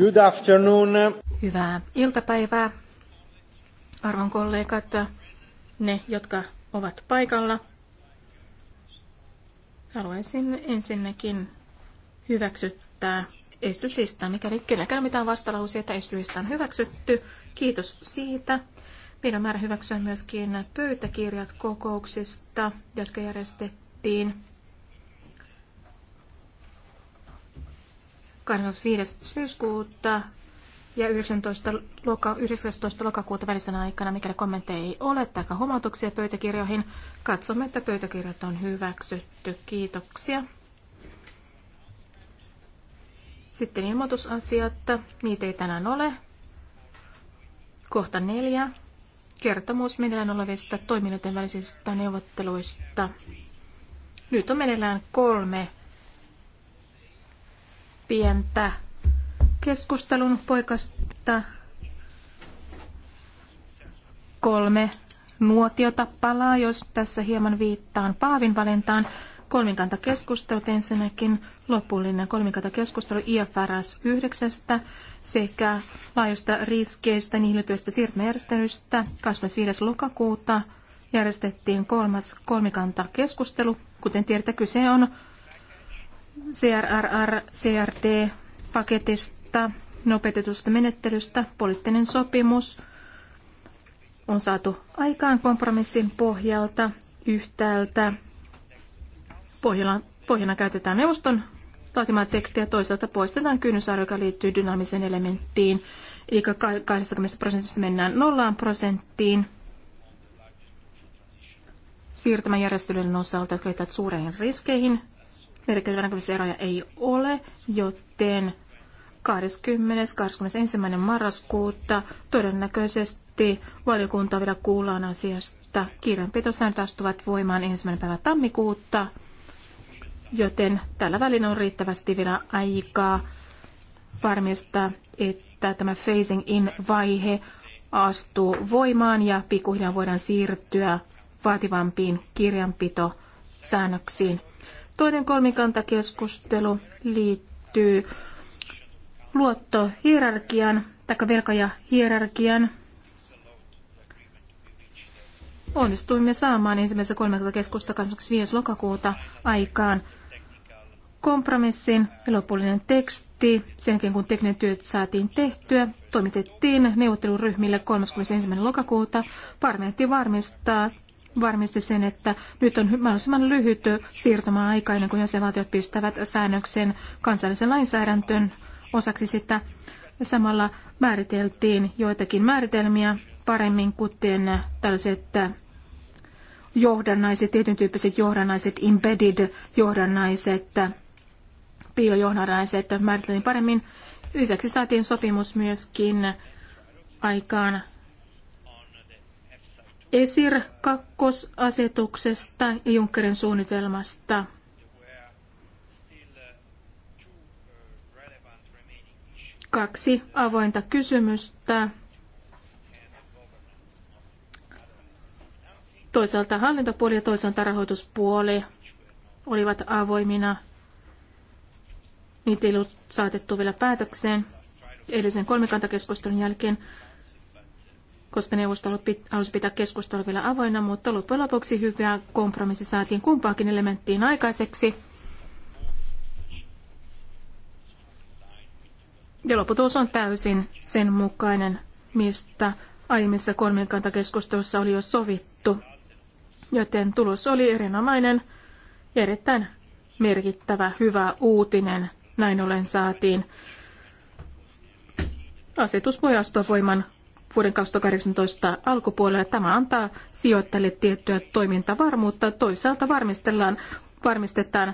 Good afternoon. Hyvää iltapäivää, arvon kollegat, ne, jotka ovat paikalla. Haluaisin ensinnäkin hyväksyttää estyslistan, Mikäli kenelläkään mitään vastalauseita, esityslista on hyväksytty. Kiitos siitä. Meidän määrä hyväksyä myöskin pöytäkirjat kokouksista, jotka järjestettiin 25. syyskuuta ja 19. Loka, 19. lokakuuta välisenä aikana, mikäli kommentteja ei ole tai huomautuksia pöytäkirjoihin, katsomme, että pöytäkirjat on hyväksytty. Kiitoksia. Sitten ilmoitusasiat. Niitä ei tänään ole. Kohta neljä. Kertomus meneillään olevista toiminnoiden välisistä neuvotteluista. Nyt on meneillään kolme pientä keskustelun poikasta kolme nuotiota palaa, jos tässä hieman viittaan Paavin valintaan. Kolminkantakeskustelut ensinnäkin, lopullinen kolminkantakeskustelu IFRS 9 sekä laajoista riskeistä niihin liittyvistä siirtymäjärjestelystä 25. lokakuuta järjestettiin kolmas kolmikantakeskustelu. Kuten tiedätte, kyse on CRRR, CRD-paketista, nopeutetusta menettelystä, poliittinen sopimus on saatu aikaan kompromissin pohjalta yhtäältä. Pohjana, pohjana käytetään neuvoston laatimaa tekstiä, toisaalta poistetaan kynnysarvo, joka liittyy dynaamiseen elementtiin, eli 20 prosentista mennään nollaan prosenttiin siirtymäjärjestelyiden osalta, jotka liittyvät suureihin riskeihin Merkittävä näkemyseroja ei ole, joten 20. 21. marraskuuta todennäköisesti valiokunta vielä kuullaan asiasta. Kirjanpitosäännöt astuvat voimaan ensimmäinen päivä tammikuuta, joten tällä välin on riittävästi vielä aikaa varmistaa, että tämä phasing in vaihe astuu voimaan ja pikkuhiljaa voidaan siirtyä vaativampiin kirjanpitosäännöksiin. Toinen kolmikantakeskustelu liittyy luottohierarkian tai velkajahierarkian. Onnistuimme saamaan ensimmäisen kolmannelta keskusta 25. lokakuuta aikaan kompromissin ja lopullinen teksti. Sen jälkeen kun tekninen työt saatiin tehtyä, toimitettiin neuvotteluryhmille 31. lokakuuta. Parlamentti varmistaa varmisti sen, että nyt on mahdollisimman lyhyt siirtymäaika ennen kuin jäsenvaltiot pistävät säännöksen kansallisen lainsäädäntöön osaksi sitä. Samalla määriteltiin joitakin määritelmiä paremmin, kuten tällaiset äh, johdannaiset, tietyn tyyppiset johdannaiset, embedded johdannaiset, piilojohdannaiset äh, määriteltiin paremmin. Lisäksi saatiin sopimus myöskin aikaan ESIR kakkosasetuksesta ja Junckerin suunnitelmasta. Kaksi avointa kysymystä. Toisaalta hallintopuoli ja toisaalta rahoituspuoli olivat avoimina. Niitä ei ollut saatettu vielä päätökseen edellisen kolmikantakeskustelun jälkeen koska neuvosto halusi pitää keskustelua vielä avoinna, mutta loppujen lopuksi hyvä kompromissi saatiin kumpaakin elementtiin aikaiseksi. Ja lopputulos on täysin sen mukainen, mistä aiemmissa kolmikantakeskustelussa oli jo sovittu. Joten tulos oli erinomainen ja erittäin merkittävä hyvä uutinen. Näin ollen saatiin asetuspojastovoiman vuoden 2018 alkupuolella. Tämä antaa sijoittajille tiettyä toimintavarmuutta. Toisaalta varmistellaan, varmistetaan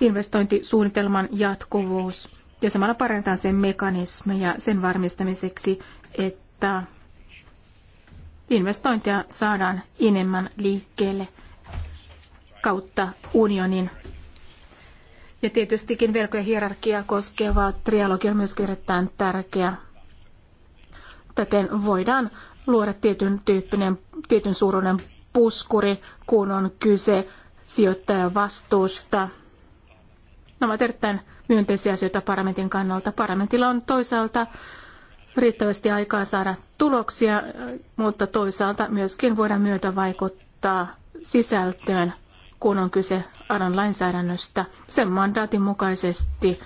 investointisuunnitelman jatkuvuus ja samalla parantaa sen mekanismeja sen varmistamiseksi, että investointeja saadaan enemmän liikkeelle kautta unionin. Ja tietystikin velkojen hierarkiaa koskeva trialogi on myös erittäin tärkeä Täten voidaan luoda tietyn, tyyppinen, tietyn suuruinen puskuri, kun on kyse sijoittajan vastuusta. Nämä ovat erittäin myönteisiä asioita parlamentin kannalta. Parlamentilla on toisaalta riittävästi aikaa saada tuloksia, mutta toisaalta myöskin voidaan myötä vaikuttaa sisältöön, kun on kyse ARAN lainsäädännöstä sen mandaatin mukaisesti,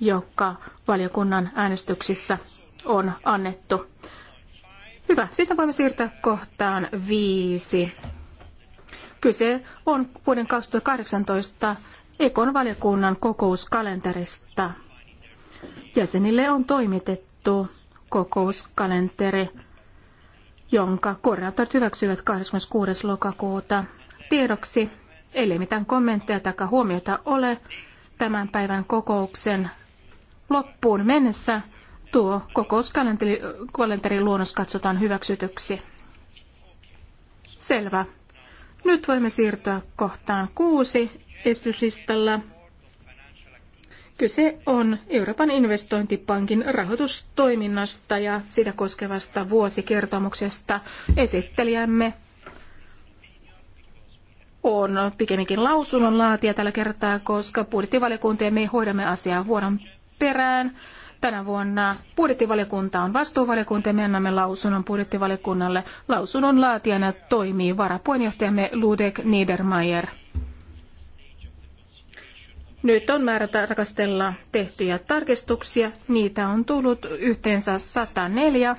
joka valiokunnan äänestyksissä on annettu. Hyvä, sitten voimme siirtää kohtaan viisi. Kyse on vuoden 2018 Ekon valiokunnan kokouskalenterista. Jäsenille on toimitettu kokouskalenteri, jonka koordinaattorit hyväksyivät 26. lokakuuta. Tiedoksi, ellei mitään kommentteja tai huomiota ole, tämän päivän kokouksen loppuun mennessä tuo kokouskalenterin luonnos katsotaan hyväksytyksi. Selvä. Nyt voimme siirtyä kohtaan kuusi esityslistalla. Kyse on Euroopan investointipankin rahoitustoiminnasta ja sitä koskevasta vuosikertomuksesta. Esittelijämme on pikemminkin lausunnon laatia tällä kertaa, koska ja me hoidamme asiaa vuoron perään. Tänä vuonna budjettivaliokunta on vastuuvaliokunta ja me annamme lausunnon budjettivaliokunnalle. Lausunnon laatijana toimii varapuheenjohtajamme Ludek Niedermayer. Nyt on määrä tarkastella tehtyjä tarkistuksia. Niitä on tullut yhteensä 104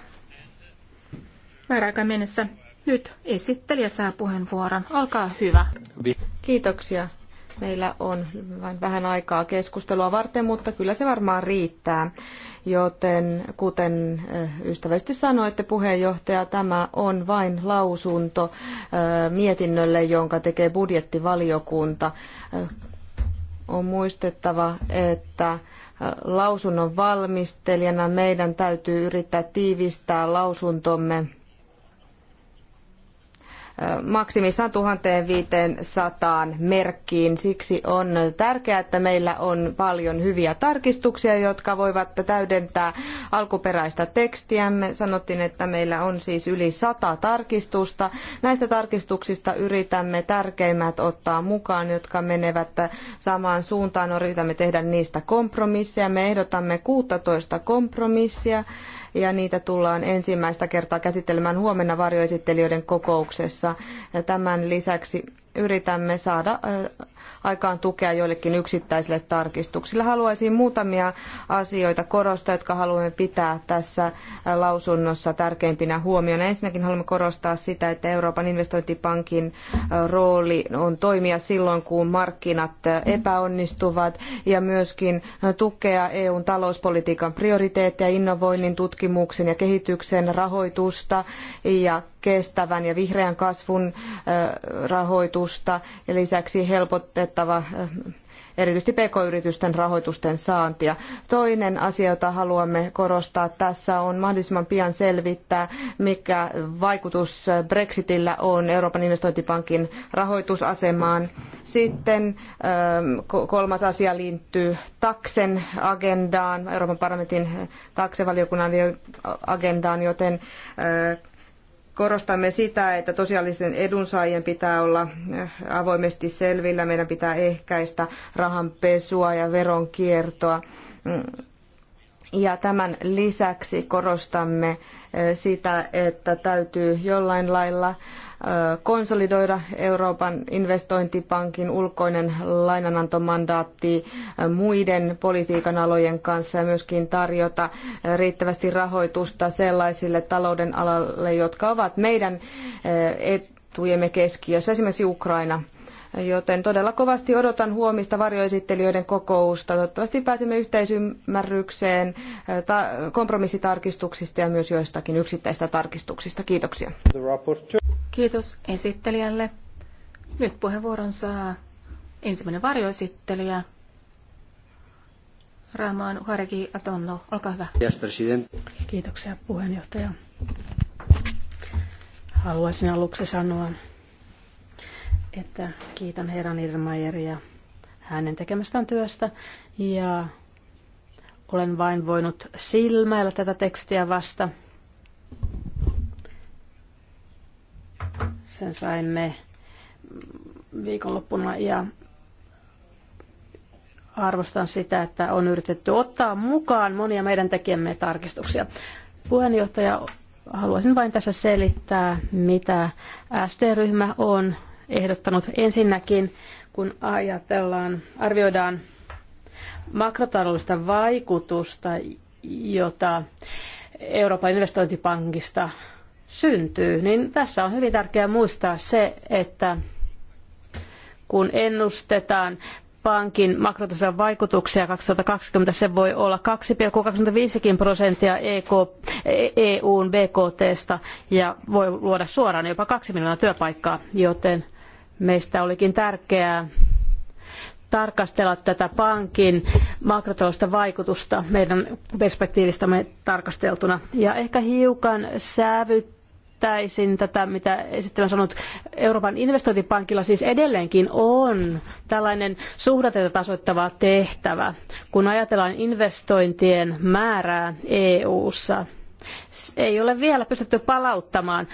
määräaikaan mennessä. Nyt esittelijä saa puheenvuoron. Olkaa hyvä. Kiitoksia Meillä on vain vähän aikaa keskustelua varten, mutta kyllä se varmaan riittää. Joten kuten eh, ystävällisesti sanoitte puheenjohtaja, tämä on vain lausunto eh, mietinnölle, jonka tekee budjettivaliokunta. Eh, on muistettava, että lausunnon valmistelijana meidän täytyy yrittää tiivistää lausuntomme maksimissaan 1500 merkkiin. Siksi on tärkeää, että meillä on paljon hyviä tarkistuksia, jotka voivat täydentää alkuperäistä tekstiämme. Sanottiin, että meillä on siis yli 100 tarkistusta. Näistä tarkistuksista yritämme tärkeimmät ottaa mukaan, jotka menevät samaan suuntaan. No, yritämme tehdä niistä kompromisseja. Me ehdotamme 16 kompromissia ja niitä tullaan ensimmäistä kertaa käsittelemään huomenna varjoesittelijöiden kokouksessa. Ja tämän lisäksi yritämme saada aikaan tukea joillekin yksittäisille tarkistuksille. Haluaisin muutamia asioita korostaa, jotka haluamme pitää tässä äh, lausunnossa tärkeimpinä huomioina. Ensinnäkin haluamme korostaa sitä, että Euroopan investointipankin äh, rooli on toimia silloin, kun markkinat äh, epäonnistuvat ja myöskin tukea EUn talouspolitiikan prioriteetteja, innovoinnin, tutkimuksen ja kehityksen rahoitusta ja kestävän ja vihreän kasvun rahoitusta ja lisäksi helpotettava erityisesti pk-yritysten rahoitusten saantia. Toinen asia, jota haluamme korostaa tässä, on mahdollisimman pian selvittää, mikä vaikutus Brexitillä on Euroopan investointipankin rahoitusasemaan. Sitten kolmas asia liittyy taksen agendaan, Euroopan parlamentin taksevaliokunnan agendaan, joten Korostamme sitä, että tosiaalisen edunsaajien pitää olla eh, avoimesti selvillä. Meidän pitää ehkäistä rahanpesua ja veronkiertoa. Mm. Ja tämän lisäksi korostamme eh, sitä, että täytyy jollain lailla konsolidoida Euroopan investointipankin ulkoinen lainanantomandaatti muiden politiikan alojen kanssa ja myöskin tarjota riittävästi rahoitusta sellaisille talouden alalle, jotka ovat meidän etujemme keskiössä, esimerkiksi Ukraina Joten todella kovasti odotan huomista varjoesittelijöiden kokousta. Toivottavasti pääsemme yhteisymmärrykseen kompromissitarkistuksista ja myös joistakin yksittäistä tarkistuksista. Kiitoksia. Kiitos esittelijälle. Nyt puheenvuoron saa ensimmäinen varjoesittelijä, Rahman Hareki Atonno, olkaa hyvä. Kiitoksia puheenjohtaja. Haluaisin aluksi sanoa, että kiitän herran Niedermayeria hänen tekemästään työstä ja olen vain voinut silmäillä tätä tekstiä vasta. Sen saimme viikonloppuna ja arvostan sitä, että on yritetty ottaa mukaan monia meidän tekemme tarkistuksia. Puheenjohtaja, haluaisin vain tässä selittää, mitä st ryhmä on ehdottanut. Ensinnäkin, kun ajatellaan, arvioidaan makrotaloudellista vaikutusta, jota Euroopan investointipankista syntyy, niin tässä on hyvin tärkeää muistaa se, että kun ennustetaan pankin makrotaloudellisia vaikutuksia 2020, se voi olla 2,25 prosenttia EK, EUn BKTstä ja voi luoda suoraan jopa 2 miljoonaa työpaikkaa, joten – Meistä olikin tärkeää tarkastella tätä pankin makrotaloudellista vaikutusta meidän perspektiivistämme tarkasteltuna. Ja ehkä hiukan sävyttäisin tätä, mitä sitten on sanonut, Euroopan investointipankilla siis edelleenkin on tällainen suhdateita tasoittava tehtävä, kun ajatellaan investointien määrää EU-ssa. Ei ole vielä pystytty palauttamaan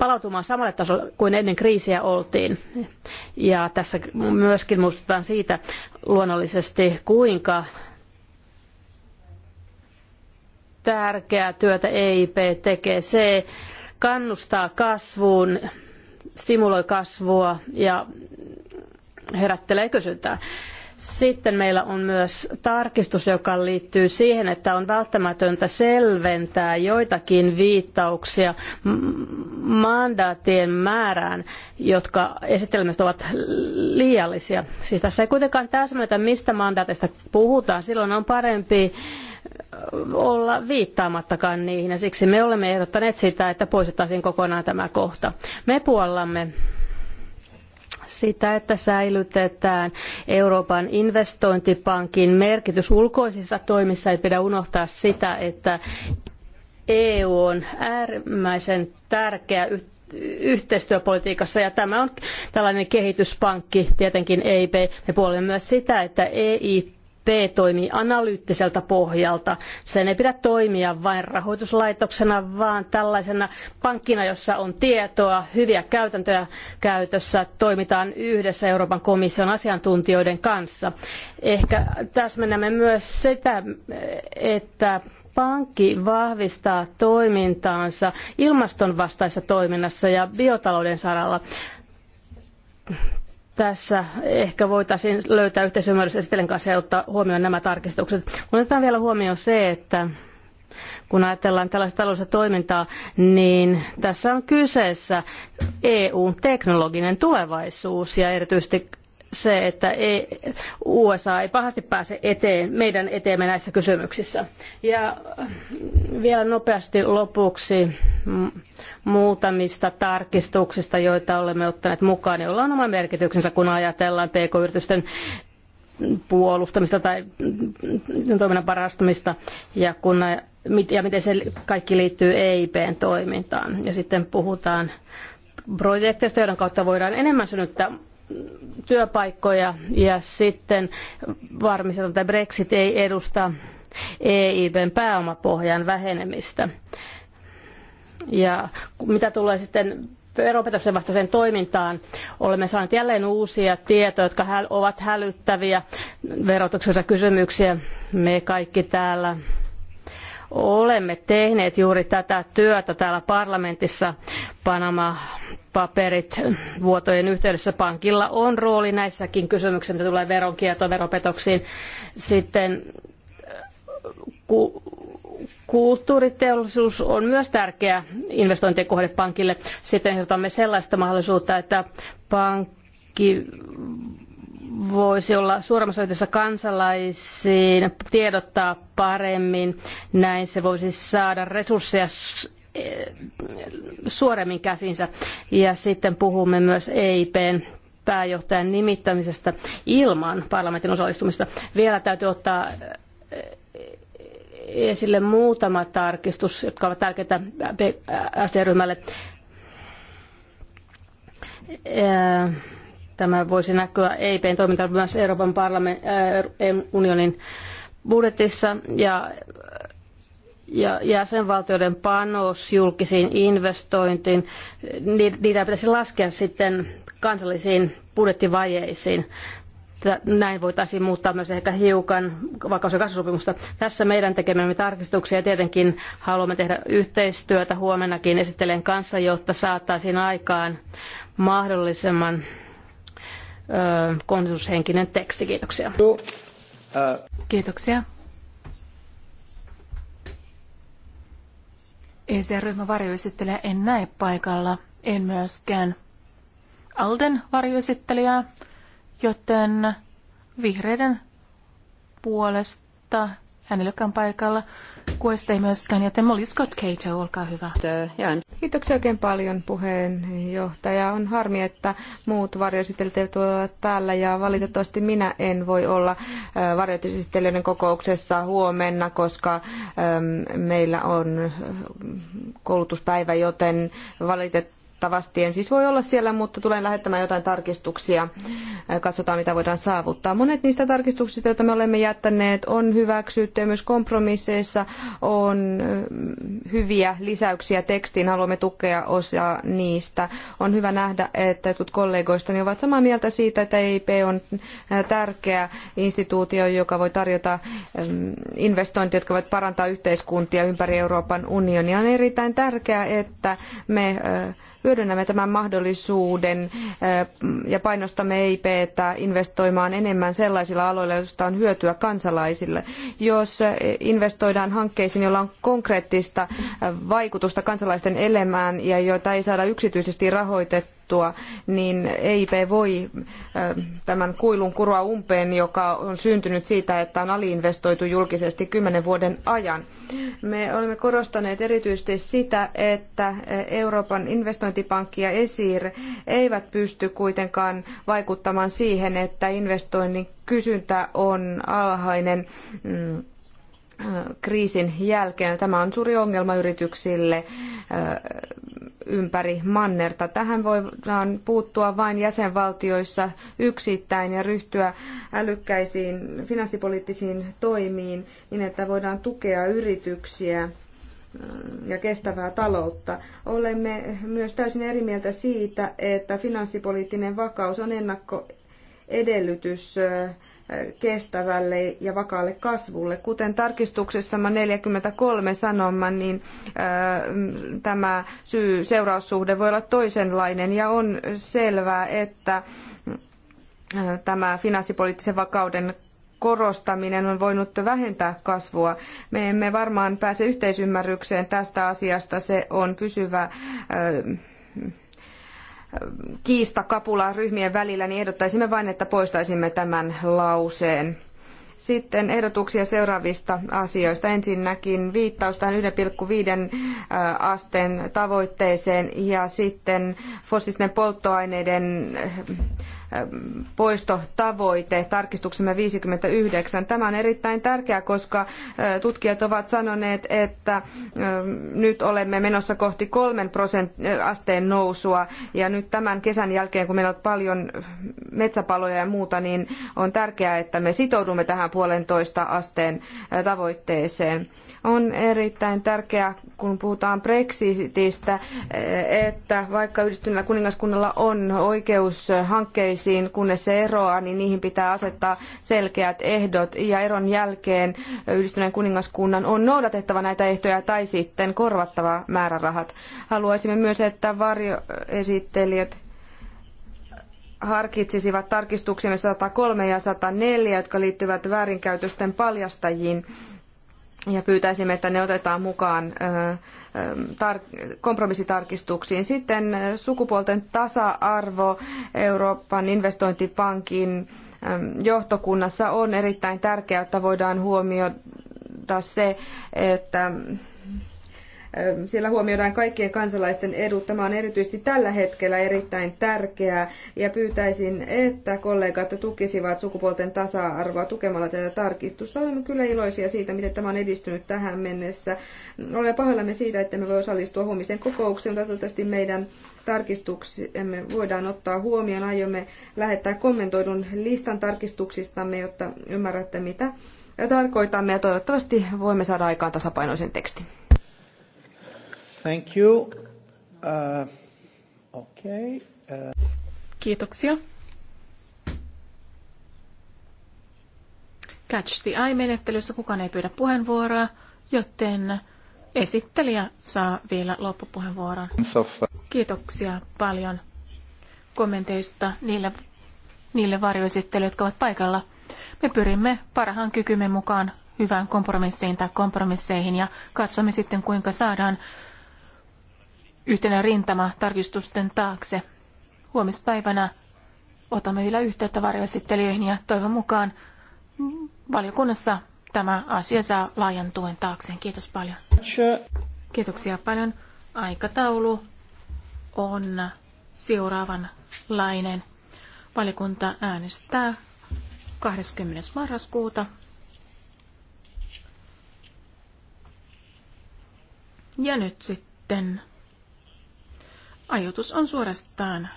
palautumaan samalle tasolle kuin ennen kriisiä oltiin. Ja tässä myöskin muistutaan siitä luonnollisesti, kuinka tärkeää työtä EIP tekee. Se kannustaa kasvuun, stimuloi kasvua ja herättelee kysyntää. Sitten meillä on myös tarkistus, joka liittyy siihen, että on välttämätöntä selventää joitakin viittauksia mandaattien määrään, jotka esittelemiset ovat liiallisia. Siis tässä ei kuitenkaan täsmennetä, mistä mandaateista puhutaan. Silloin on parempi olla viittaamattakaan niihin ja siksi me olemme ehdottaneet sitä, että poistettaisiin kokonaan tämä kohta. Me puollamme sitä, että säilytetään Euroopan investointipankin merkitys ulkoisissa toimissa. Ei pidä unohtaa sitä, että EU on äärimmäisen tärkeä yhteistyöpolitiikassa ja tämä on tällainen kehityspankki, tietenkin EIP. Me puolemme myös sitä, että EIP toimii analyyttiseltä pohjalta. Sen ei pidä toimia vain rahoituslaitoksena, vaan tällaisena pankkina, jossa on tietoa, hyviä käytäntöjä käytössä, toimitaan yhdessä Euroopan komission asiantuntijoiden kanssa. Ehkä täsmennämme myös sitä, että pankki vahvistaa toimintaansa ilmastonvastaisessa toiminnassa ja biotalouden saralla tässä ehkä voitaisiin löytää yhteisymmärrys esittelen kanssa ja ottaa huomioon nämä tarkistukset. Otetaan vielä huomioon se, että kun ajatellaan tällaista taloudellista toimintaa, niin tässä on kyseessä EUn teknologinen tulevaisuus ja erityisesti se, että ei, USA ei pahasti pääse eteen, meidän eteemme näissä kysymyksissä. Ja mm, vielä nopeasti lopuksi mm, muutamista tarkistuksista, joita olemme ottaneet mukaan, joilla on oma merkityksensä, kun ajatellaan pk-yritysten puolustamista tai mm, toiminnan parastamista ja, kun, ja miten se kaikki liittyy EIPn toimintaan. Ja sitten puhutaan projekteista, joiden kautta voidaan enemmän synnyttää työpaikkoja ja sitten varmistetaan, että Brexit ei edusta EIBn pääomapohjan vähenemistä. Ja mitä tulee sitten veropetoksen vastaiseen toimintaan, olemme saaneet jälleen uusia tietoja, jotka ovat hälyttäviä verotuksensa kysymyksiä. Me kaikki täällä Olemme tehneet juuri tätä työtä täällä parlamentissa Panama-paperit vuotojen yhteydessä. Pankilla on rooli näissäkin kysymyksissä, mitä tulee veronkiertoon, veropetoksiin. Sitten äh, ku, kulttuuriteollisuus on myös tärkeä investointien kohde pankille. Sitten ehdotamme sellaista mahdollisuutta, että pankki voisi olla suoremmassa yhteydessä kansalaisiin, tiedottaa paremmin. Näin se voisi saada resursseja e- suoremmin käsinsä. Ja sitten puhumme myös EIPn pääjohtajan nimittämisestä ilman parlamentin osallistumista. Vielä täytyy ottaa e- e- esille muutama tarkistus, jotka ovat tärkeitä SD-ryhmälle. Ää Tämä voisi näkyä EIPn toiminta myös Euroopan parlament, äh, unionin budjetissa ja, ja jäsenvaltioiden panos julkisiin investointiin, niitä pitäisi laskea sitten kansallisiin budjettivajeisiin näin voitaisiin muuttaa myös ehkä hiukan vakaus- ja kasvusopimusta. Tässä meidän tekemämme tarkistuksia ja tietenkin haluamme tehdä yhteistyötä huomennakin esittelen kanssa, jotta saataisiin aikaan mahdollisimman konsensushenkinen teksti. Kiitoksia. Kiitoksia. ECR-ryhmän varjoesittelijä en näe paikalla, en myöskään Alden varjoesittelijää, joten vihreiden puolesta hänellekään paikalla. Kuesta ei myöskään, joten Molly Scott Cato, olkaa hyvä. Kiitoksia oikein paljon puheenjohtaja. On harmi, että muut varjoesittelijät eivät täällä ja valitettavasti minä en voi olla äh, varjoesittelijöiden kokouksessa huomenna, koska ähm, meillä on äh, koulutuspäivä, joten valitettavasti valitettavasti en siis voi olla siellä, mutta tulen lähettämään jotain tarkistuksia. Katsotaan, mitä voidaan saavuttaa. Monet niistä tarkistuksista, joita me olemme jättäneet, on hyväksytty ja myös kompromisseissa on hyviä lisäyksiä tekstiin. Haluamme tukea osaa niistä. On hyvä nähdä, että jotkut kollegoistani ovat samaa mieltä siitä, että EIP on tärkeä instituutio, joka voi tarjota investointeja, jotka voivat parantaa yhteiskuntia ympäri Euroopan unionia. On erittäin tärkeää, että me hyödynnämme tämän mahdollisuuden ja painostamme EIPtä investoimaan enemmän sellaisilla aloilla, joista on hyötyä kansalaisille. Jos investoidaan hankkeisiin, joilla on konkreettista vaikutusta kansalaisten elämään ja joita ei saada yksityisesti rahoitettua, puuttua, niin EIP voi tämän kuilun kuroa umpeen, joka on syntynyt siitä, että on aliinvestoitu julkisesti kymmenen vuoden ajan. Me olemme korostaneet erityisesti sitä, että Euroopan investointipankki ja ESIR eivät pysty kuitenkaan vaikuttamaan siihen, että investoinnin kysyntä on alhainen mm, kriisin jälkeen. Tämä on suuri ongelma yrityksille ympäri mannerta. Tähän voidaan puuttua vain jäsenvaltioissa yksittäin ja ryhtyä älykkäisiin finanssipoliittisiin toimiin niin, että voidaan tukea yrityksiä äh, ja kestävää taloutta. Olemme myös täysin eri mieltä siitä, että finanssipoliittinen vakaus on ennakkoedellytys edellytys äh, kestävälle ja vakaalle kasvulle. Kuten tarkistuksessa 43 sanomme, niin tämä syy-seuraussuhde voi olla toisenlainen ja on selvää, että tämä finanssipoliittisen vakauden korostaminen on voinut vähentää kasvua. Me emme varmaan pääse yhteisymmärrykseen tästä asiasta. Se on pysyvä kiistakapulaa ryhmien välillä, niin ehdottaisimme vain, että poistaisimme tämän lauseen. Sitten ehdotuksia seuraavista asioista. Ensinnäkin viittaus tähän 1,5 asteen tavoitteeseen ja sitten fossiilisten polttoaineiden poistotavoite, tarkistuksemme 59. Tämä on erittäin tärkeää, koska tutkijat ovat sanoneet, että nyt olemme menossa kohti kolmen asteen nousua ja nyt tämän kesän jälkeen, kun meillä on paljon metsäpaloja ja muuta, niin on tärkeää, että me sitoudumme tähän puolentoista asteen tavoitteeseen. On erittäin tärkeää, kun puhutaan Brexitistä, että vaikka yhdistyneellä kuningaskunnalla on oikeus hankkeisiin, maisiin, kunnes se eroaa, niin niihin pitää asettaa selkeät ehdot. Ja eron jälkeen yhdistyneen kuningaskunnan on noudatettava näitä ehtoja tai sitten korvattava määrärahat. Haluaisimme myös, että varjoesittelijät harkitsisivat tarkistuksemme 103 ja 104, jotka liittyvät väärinkäytösten paljastajiin ja pyytäisimme, että ne otetaan mukaan kompromissitarkistuksiin. Sitten sukupuolten tasa-arvo Euroopan investointipankin johtokunnassa on erittäin tärkeää, että voidaan huomioida se, että siellä huomioidaan kaikkien kansalaisten edut. Tämä on erityisesti tällä hetkellä erittäin tärkeää ja pyytäisin, että kollegat tukisivat sukupuolten tasa-arvoa tukemalla tätä tarkistusta. Olemme kyllä iloisia siitä, miten tämä on edistynyt tähän mennessä. Olemme pahoillamme siitä, että me voi osallistua huomisen kokoukseen, mutta toivottavasti meidän tarkistuksemme voidaan ottaa huomioon. Aiomme lähettää kommentoidun listan tarkistuksistamme, jotta ymmärrätte mitä tarkoitamme ja toivottavasti voimme saada aikaan tasapainoisen tekstin. Thank you. Uh, okay. Uh. Kiitoksia. Catch the Eye-menettelyssä kukaan ei pyydä puheenvuoroa, joten esittelijä saa vielä loppupuheenvuoron. Kiitoksia paljon kommenteista niille, niille varjoesittelyille, jotka ovat paikalla. Me pyrimme parhaan kykymme mukaan hyvään kompromissiin tai kompromisseihin ja katsomme sitten, kuinka saadaan yhtenä rintama tarkistusten taakse. Huomispäivänä otamme vielä yhteyttä varjoesittelijöihin ja toivon mukaan valiokunnassa tämä asia saa laajan tuen taakseen. Kiitos paljon. Kiitoksia paljon. Aikataulu on seuraavanlainen. Valiokunta äänestää 20. marraskuuta. Ja nyt sitten Ajoitus on suorastaan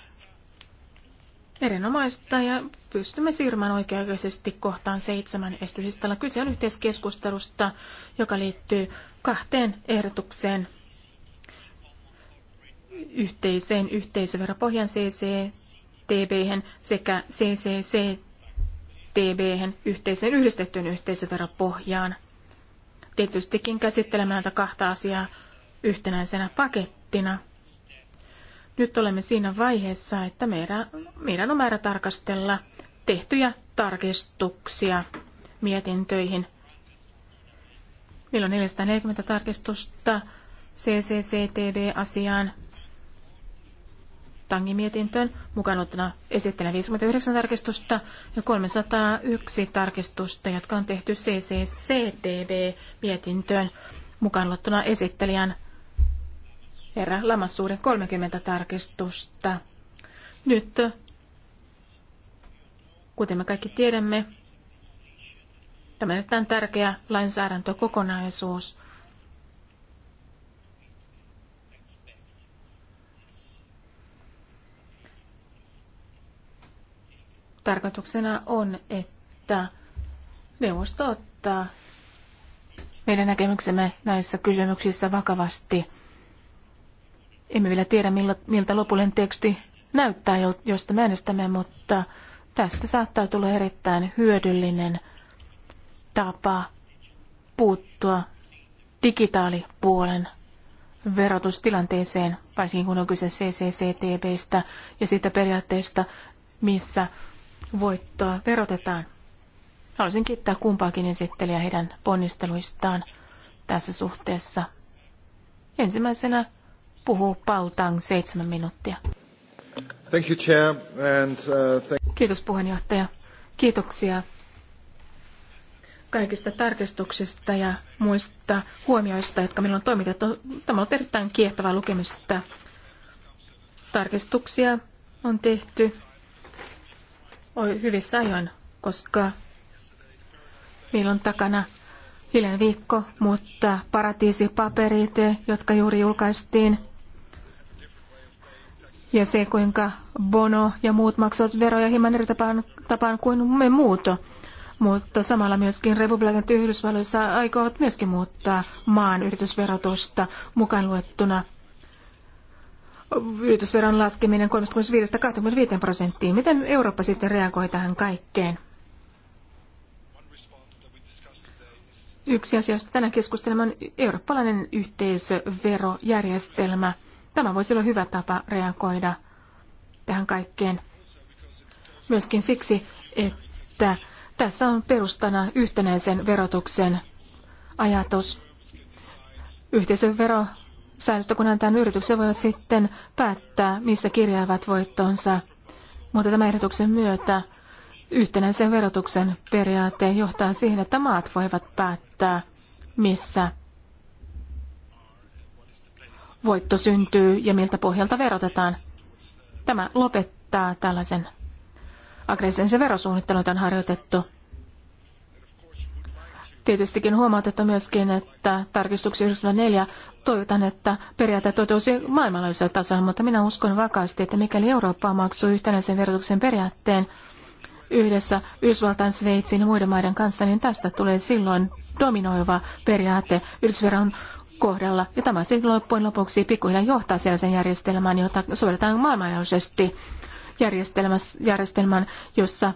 erinomaista ja pystymme siirrymään oikeaikaisesti kohtaan seitsemän estysistalla. Kyse on yhteiskeskustelusta, joka liittyy kahteen ehdotukseen yhteiseen yhteisöveropohjan CCTB sekä CCCTB yhteiseen yhdistettyyn yhteisöveropohjaan. Tietystikin käsittelemään kahta asiaa yhtenäisenä pakettina – nyt olemme siinä vaiheessa, että meidän, meidän on määrä tarkastella tehtyjä tarkistuksia mietintöihin. Meillä on 440 tarkistusta CCCTV-asiaan Tangin mietintöön mukaan ottana esittelen 59 tarkistusta ja 301 tarkistusta, jotka on tehty CCCTV-mietintöön mukaan ottana esittelijän Herra Lamassuuden 30 tarkistusta. Nyt, kuten me kaikki tiedämme, tämä on erittäin tärkeä lainsäädäntökokonaisuus. Tarkoituksena on, että neuvosto ottaa meidän näkemyksemme näissä kysymyksissä vakavasti – emme vielä tiedä, miltä lopullinen teksti näyttää, josta me äänestämme, mutta tästä saattaa tulla erittäin hyödyllinen tapa puuttua digitaalipuolen verotustilanteeseen, varsinkin kun on kyse CCCTBstä ja siitä periaatteesta, missä voittoa verotetaan. Haluaisin kiittää kumpaakin esittelijä heidän ponnisteluistaan tässä suhteessa. Ensimmäisenä puhuu Paltang seitsemän minuuttia. Thank you, chair, and, uh, thank... Kiitos puheenjohtaja. Kiitoksia kaikista tarkistuksista ja muista huomioista, jotka minulla on toimitettu. Tämä on erittäin kiehtovaa lukemista. Tarkistuksia on tehty Oi, hyvissä ajoin, koska meillä on takana hiljainen viikko, mutta paratiisipaperit, jotka juuri julkaistiin, ja se, kuinka Bono ja muut maksavat veroja hieman eri tapaan, tapaan kuin me muut. Mutta samalla myöskin republikaanit Yhdysvalloissa aikovat myöskin muuttaa maan yritysverotusta mukaan luettuna yritysveron laskeminen 35-25 prosenttiin. Miten Eurooppa sitten reagoi tähän kaikkeen? Yksi asia, josta tänään keskustelemme, on eurooppalainen yhteisöverojärjestelmä – Tämä voisi olla hyvä tapa reagoida tähän kaikkeen. Myöskin siksi, että tässä on perustana yhtenäisen verotuksen ajatus. Yhteisövero säännöstä, kun antaa niin yrityksen, voivat sitten päättää, missä kirjaavat voittonsa. Mutta tämän ehdotuksen myötä yhtenäisen verotuksen periaate johtaa siihen, että maat voivat päättää, missä voitto syntyy ja miltä pohjalta verotetaan. Tämä lopettaa tällaisen aggressiivisen verosuunnittelun, jota on harjoitettu. Tietystikin huomautettu myöskin, että tarkistuksen 94 toivotan, että periaate toteutuisi maailmanlaajuisella tasolla, mutta minä uskon vakaasti, että mikäli Eurooppa maksuu yhtenäisen verotuksen periaatteen yhdessä Yhdysvaltain, Sveitsin ja muiden maiden kanssa, niin tästä tulee silloin dominoiva periaate. Yhdysveron kohdalla. Ja tämä sitten loppujen lopuksi pikkuhiljaa johtaa sellaisen järjestelmään, jota sovelletaan maailmanlaajuisesti järjestelmään, jossa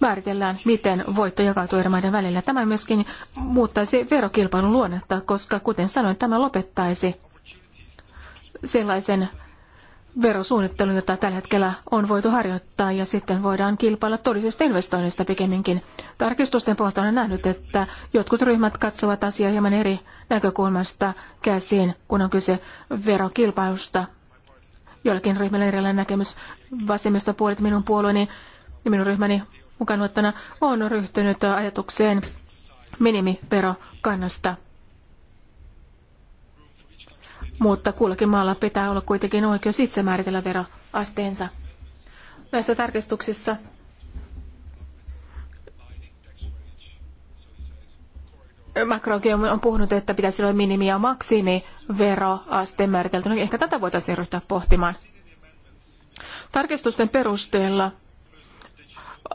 määritellään, miten voitto jakautuu eri maiden välillä. Tämä myöskin muuttaisi verokilpailun luonnetta, koska kuten sanoin, tämä lopettaisi sellaisen verosuunnittelun, jota tällä hetkellä on voitu harjoittaa, ja sitten voidaan kilpailla todellisesta investoinnista pikemminkin. Tarkistusten pohjalta on nähnyt, että jotkut ryhmät katsovat asiaa hieman eri näkökulmasta käsiin, kun on kyse verokilpailusta. Joillakin ryhmillä on erilainen näkemys. puolet minun puolueeni ja minun ryhmäni mukaan on ryhtynyt ajatukseen minimiverokannasta mutta kullakin maalla pitää olla kuitenkin oikeus itse määritellä veroasteensa. Näissä tarkistuksissa Macron on puhunut, että pitäisi olla minimi- ja maksimiveroaste No, Ehkä tätä voitaisiin ryhtyä pohtimaan. Tarkistusten perusteella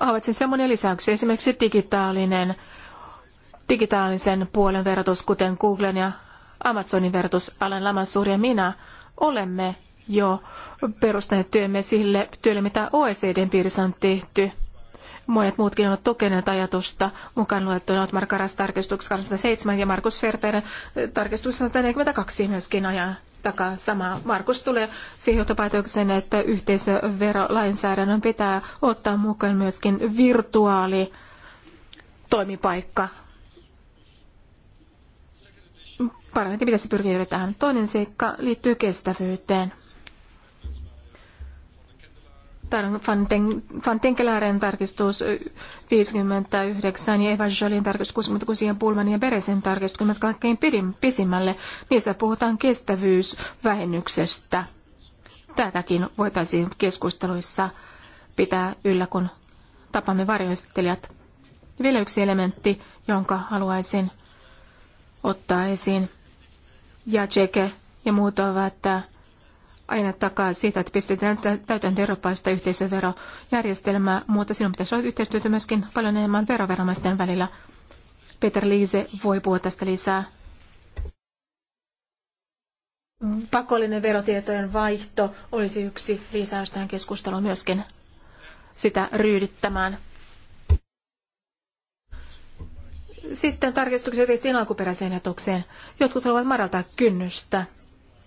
havaitsin sellainen lisäyksiä, esimerkiksi digitaalinen, digitaalisen puolen verotus, kuten Googlen ja Amazonin verotusalan laman suuri ja minä olemme jo perustaneet työmme sille työlle, mitä OECDn piirissä on tehty. Monet muutkin ovat tukeneet ajatusta, mukaan luettuna ovat Mark Karas tarkistuksessa 27 ja Markus Ferber tarkistuksessa 142 myöskin ajan takaa sama. Markus tulee siihen johtopäätöksen, että yhteisöverolainsäädännön pitää ottaa mukaan myöskin virtuaali toimipaikka Parlamentti pitäisi pyrkiä juuri tähän. Toinen seikka liittyy kestävyyteen. Van Tenkelaaren tarkistus 59 ja Eva Jolin tarkistus 66 ja Pulman ja Beresen tarkistus, kun kaikkein pisimmälle, niissä puhutaan kestävyysvähennyksestä. Tätäkin voitaisiin keskusteluissa pitää yllä, kun tapamme varjoistelijat. Vielä yksi elementti, jonka haluaisin ottaa esiin ja Tseke ja muut ovat aina takaa siitä, että pistetään täytäntöön eurooppalaista yhteisöverojärjestelmää, mutta silloin pitäisi olla yhteistyötä myöskin paljon enemmän veroveromaisten välillä. Peter Liise voi puhua tästä lisää. Pakollinen verotietojen vaihto olisi yksi lisäys tähän keskusteluun myöskin sitä ryydittämään. Sitten tarkistukset tehtiin alkuperäiseen ehdotukseen. Jotkut haluavat madaltaa kynnystä.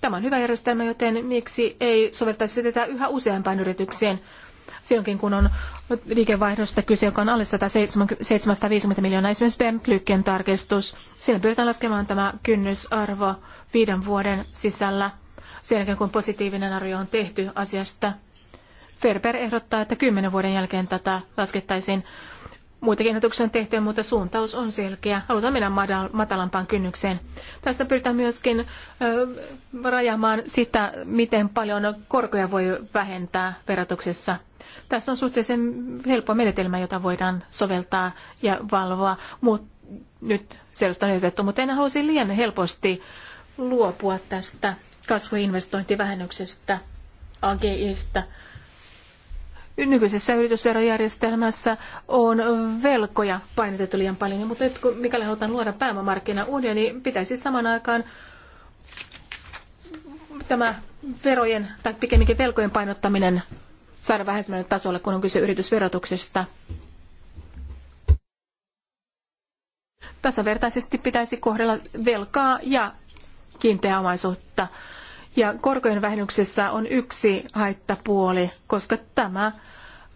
Tämä on hyvä järjestelmä, joten miksi ei sovittaisi sitä yhä useampaan yritykseen? silloinkin, kun on liikevaihdosta kyse, joka on alle 750 miljoonaa, esimerkiksi Ben Lykken tarkistus. Siinä pyritään laskemaan tämä kynnysarvo viiden vuoden sisällä, sen jälkeen kun positiivinen arvio on tehty asiasta. Ferber ehdottaa, että kymmenen vuoden jälkeen tätä laskettaisiin Muitakin ehdotuksia on tehty, mutta suuntaus on selkeä. Halutaan mennä matalampaan kynnykseen. Tässä pyritään myöskin rajamaan sitä, miten paljon korkoja voi vähentää verotuksessa. Tässä on suhteellisen helppo menetelmä, jota voidaan soveltaa ja valvoa, Mut nyt sellaista on otettu, mutta en haluaisi liian helposti luopua tästä kasvuinvestointivähennyksestä, AGIstä, Nykyisessä yritysverojärjestelmässä on velkoja painotettu liian paljon, mutta nyt kun mikäli halutaan luoda pääomamarkkinaunioni, niin pitäisi saman aikaan tämä verojen tai pikemminkin velkojen painottaminen saada vähäisemmälle tasolle, kun on kyse yritysverotuksesta. Tasavertaisesti pitäisi kohdella velkaa ja kiinteää omaisuutta ja korkojen vähennyksessä on yksi haittapuoli, koska tämä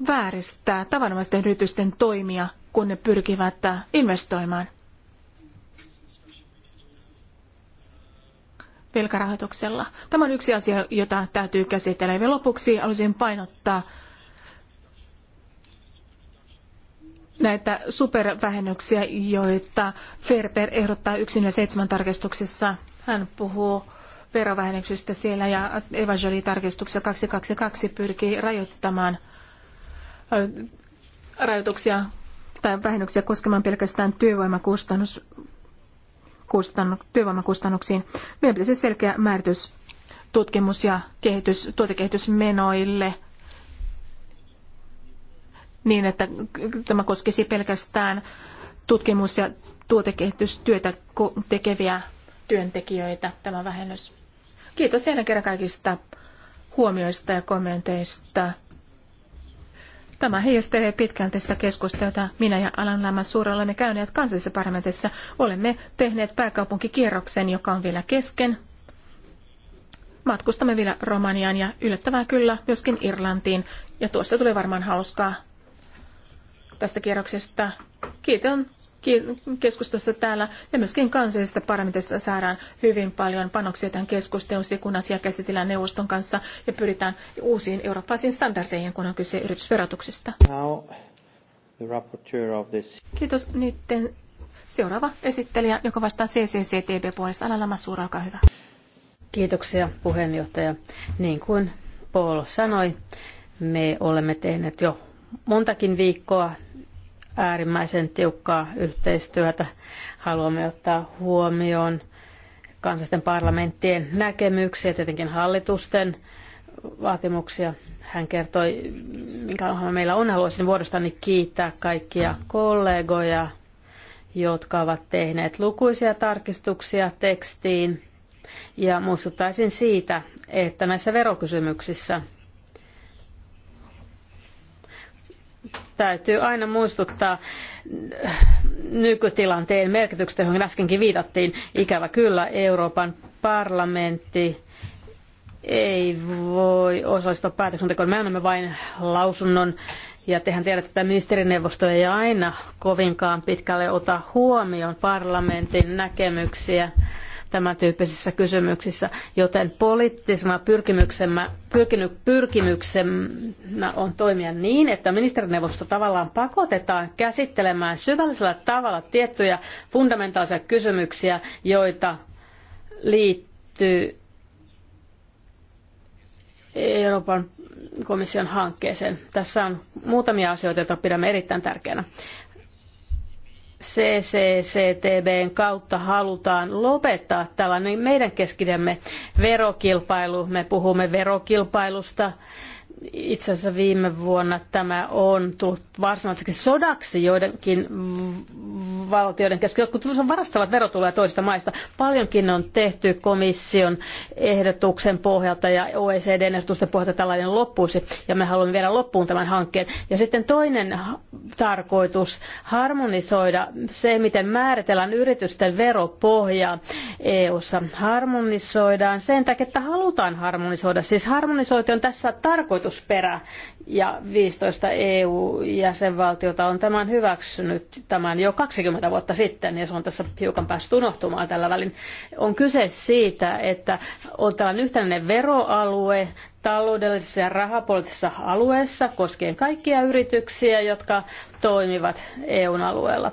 vääristää tavanomaisten yritysten toimia, kun ne pyrkivät investoimaan velkarahoituksella. Tämä on yksi asia, jota täytyy käsitellä. Ja lopuksi haluaisin painottaa näitä supervähennyksiä, joita Ferber ehdottaa yksin ja seitsemän tarkistuksessa. Hän puhuu verovähennyksistä siellä ja evangelii-tarkistuksessa 222 pyrkii rajoittamaan rajoituksia tai vähennyksiä koskemaan pelkästään työvoimakustannus, kustannu, työvoimakustannuksiin. Meidän pitäisi selkeä määritys tutkimus- ja kehitys, tuotekehitysmenoille niin, että tämä koskisi pelkästään tutkimus- ja tuotekehitystyötä tekeviä työntekijöitä, tämä vähennys. Kiitos jälleen kerran kaikista huomioista ja kommenteista. Tämä heijastelee pitkälti sitä keskustelua, minä ja Alan Lämmä Suura olemme käyneet kansallisessa parlamentissa. Olemme tehneet pääkaupunkikierroksen, joka on vielä kesken. Matkustamme vielä Romaniaan ja yllättävää kyllä myöskin Irlantiin. Ja tuossa tulee varmaan hauskaa tästä kierroksesta. Kiitän keskustelusta täällä ja myöskin kansallisesta parlamentista saadaan hyvin paljon panoksia tähän keskusteluun, kun asia käsitellään neuvoston kanssa ja pyritään uusiin eurooppalaisiin standardeihin, kun on kyse yritysverotuksesta. Kiitos. Nyt seuraava esittelijä, joka vastaa CCCTB-puolesta. Alala Massuura, olkaa hyvä. Kiitoksia puheenjohtaja. Niin kuin Paul sanoi, me olemme tehneet jo montakin viikkoa äärimmäisen tiukkaa yhteistyötä. Haluamme ottaa huomioon kansallisten parlamenttien näkemyksiä, tietenkin hallitusten vaatimuksia. Hän kertoi, minkä meillä on. Haluaisin vuorostani kiittää kaikkia kollegoja, jotka ovat tehneet lukuisia tarkistuksia tekstiin. Ja muistuttaisin siitä, että näissä verokysymyksissä – täytyy aina muistuttaa nykytilanteen merkityksestä, johon äskenkin viitattiin. Ikävä kyllä Euroopan parlamentti ei voi osallistua päätöksentekoon. Me annamme vain lausunnon ja tehän tiedätte, että ministerineuvosto ei aina kovinkaan pitkälle ota huomioon parlamentin näkemyksiä tämän tyyppisissä kysymyksissä, joten poliittisena pyrkimyksenä on toimia niin, että ministerineuvosto tavallaan pakotetaan käsittelemään syvällisellä tavalla tiettyjä fundamentaalisia kysymyksiä, joita liittyy Euroopan komission hankkeeseen. Tässä on muutamia asioita, joita pidämme erittäin tärkeänä n kautta halutaan lopettaa tällainen meidän keskidemme verokilpailu. Me puhumme verokilpailusta itse asiassa viime vuonna tämä on tullut varsinaiseksi sodaksi joidenkin valtioiden kesken. Jotkut varastavat verotuloja toisista maista. Paljonkin on tehty komission ehdotuksen pohjalta ja OECDn ehdotusten pohjalta tällainen loppuisi. Ja me haluamme vielä loppuun tämän hankkeen. Ja sitten toinen tarkoitus, harmonisoida se, miten määritellään yritysten veropohjaa EU-ssa. Harmonisoidaan sen takia, että halutaan harmonisoida. Siis harmonisointi on tässä tarkoitus tarkoitusperä ja 15 EU-jäsenvaltiota on tämän hyväksynyt tämän jo 20 vuotta sitten ja se on tässä hiukan päässyt unohtumaan tällä välin. On kyse siitä, että on tällainen yhtenäinen veroalue taloudellisessa ja rahapoliittisessa alueessa koskien kaikkia yrityksiä, jotka toimivat eu alueella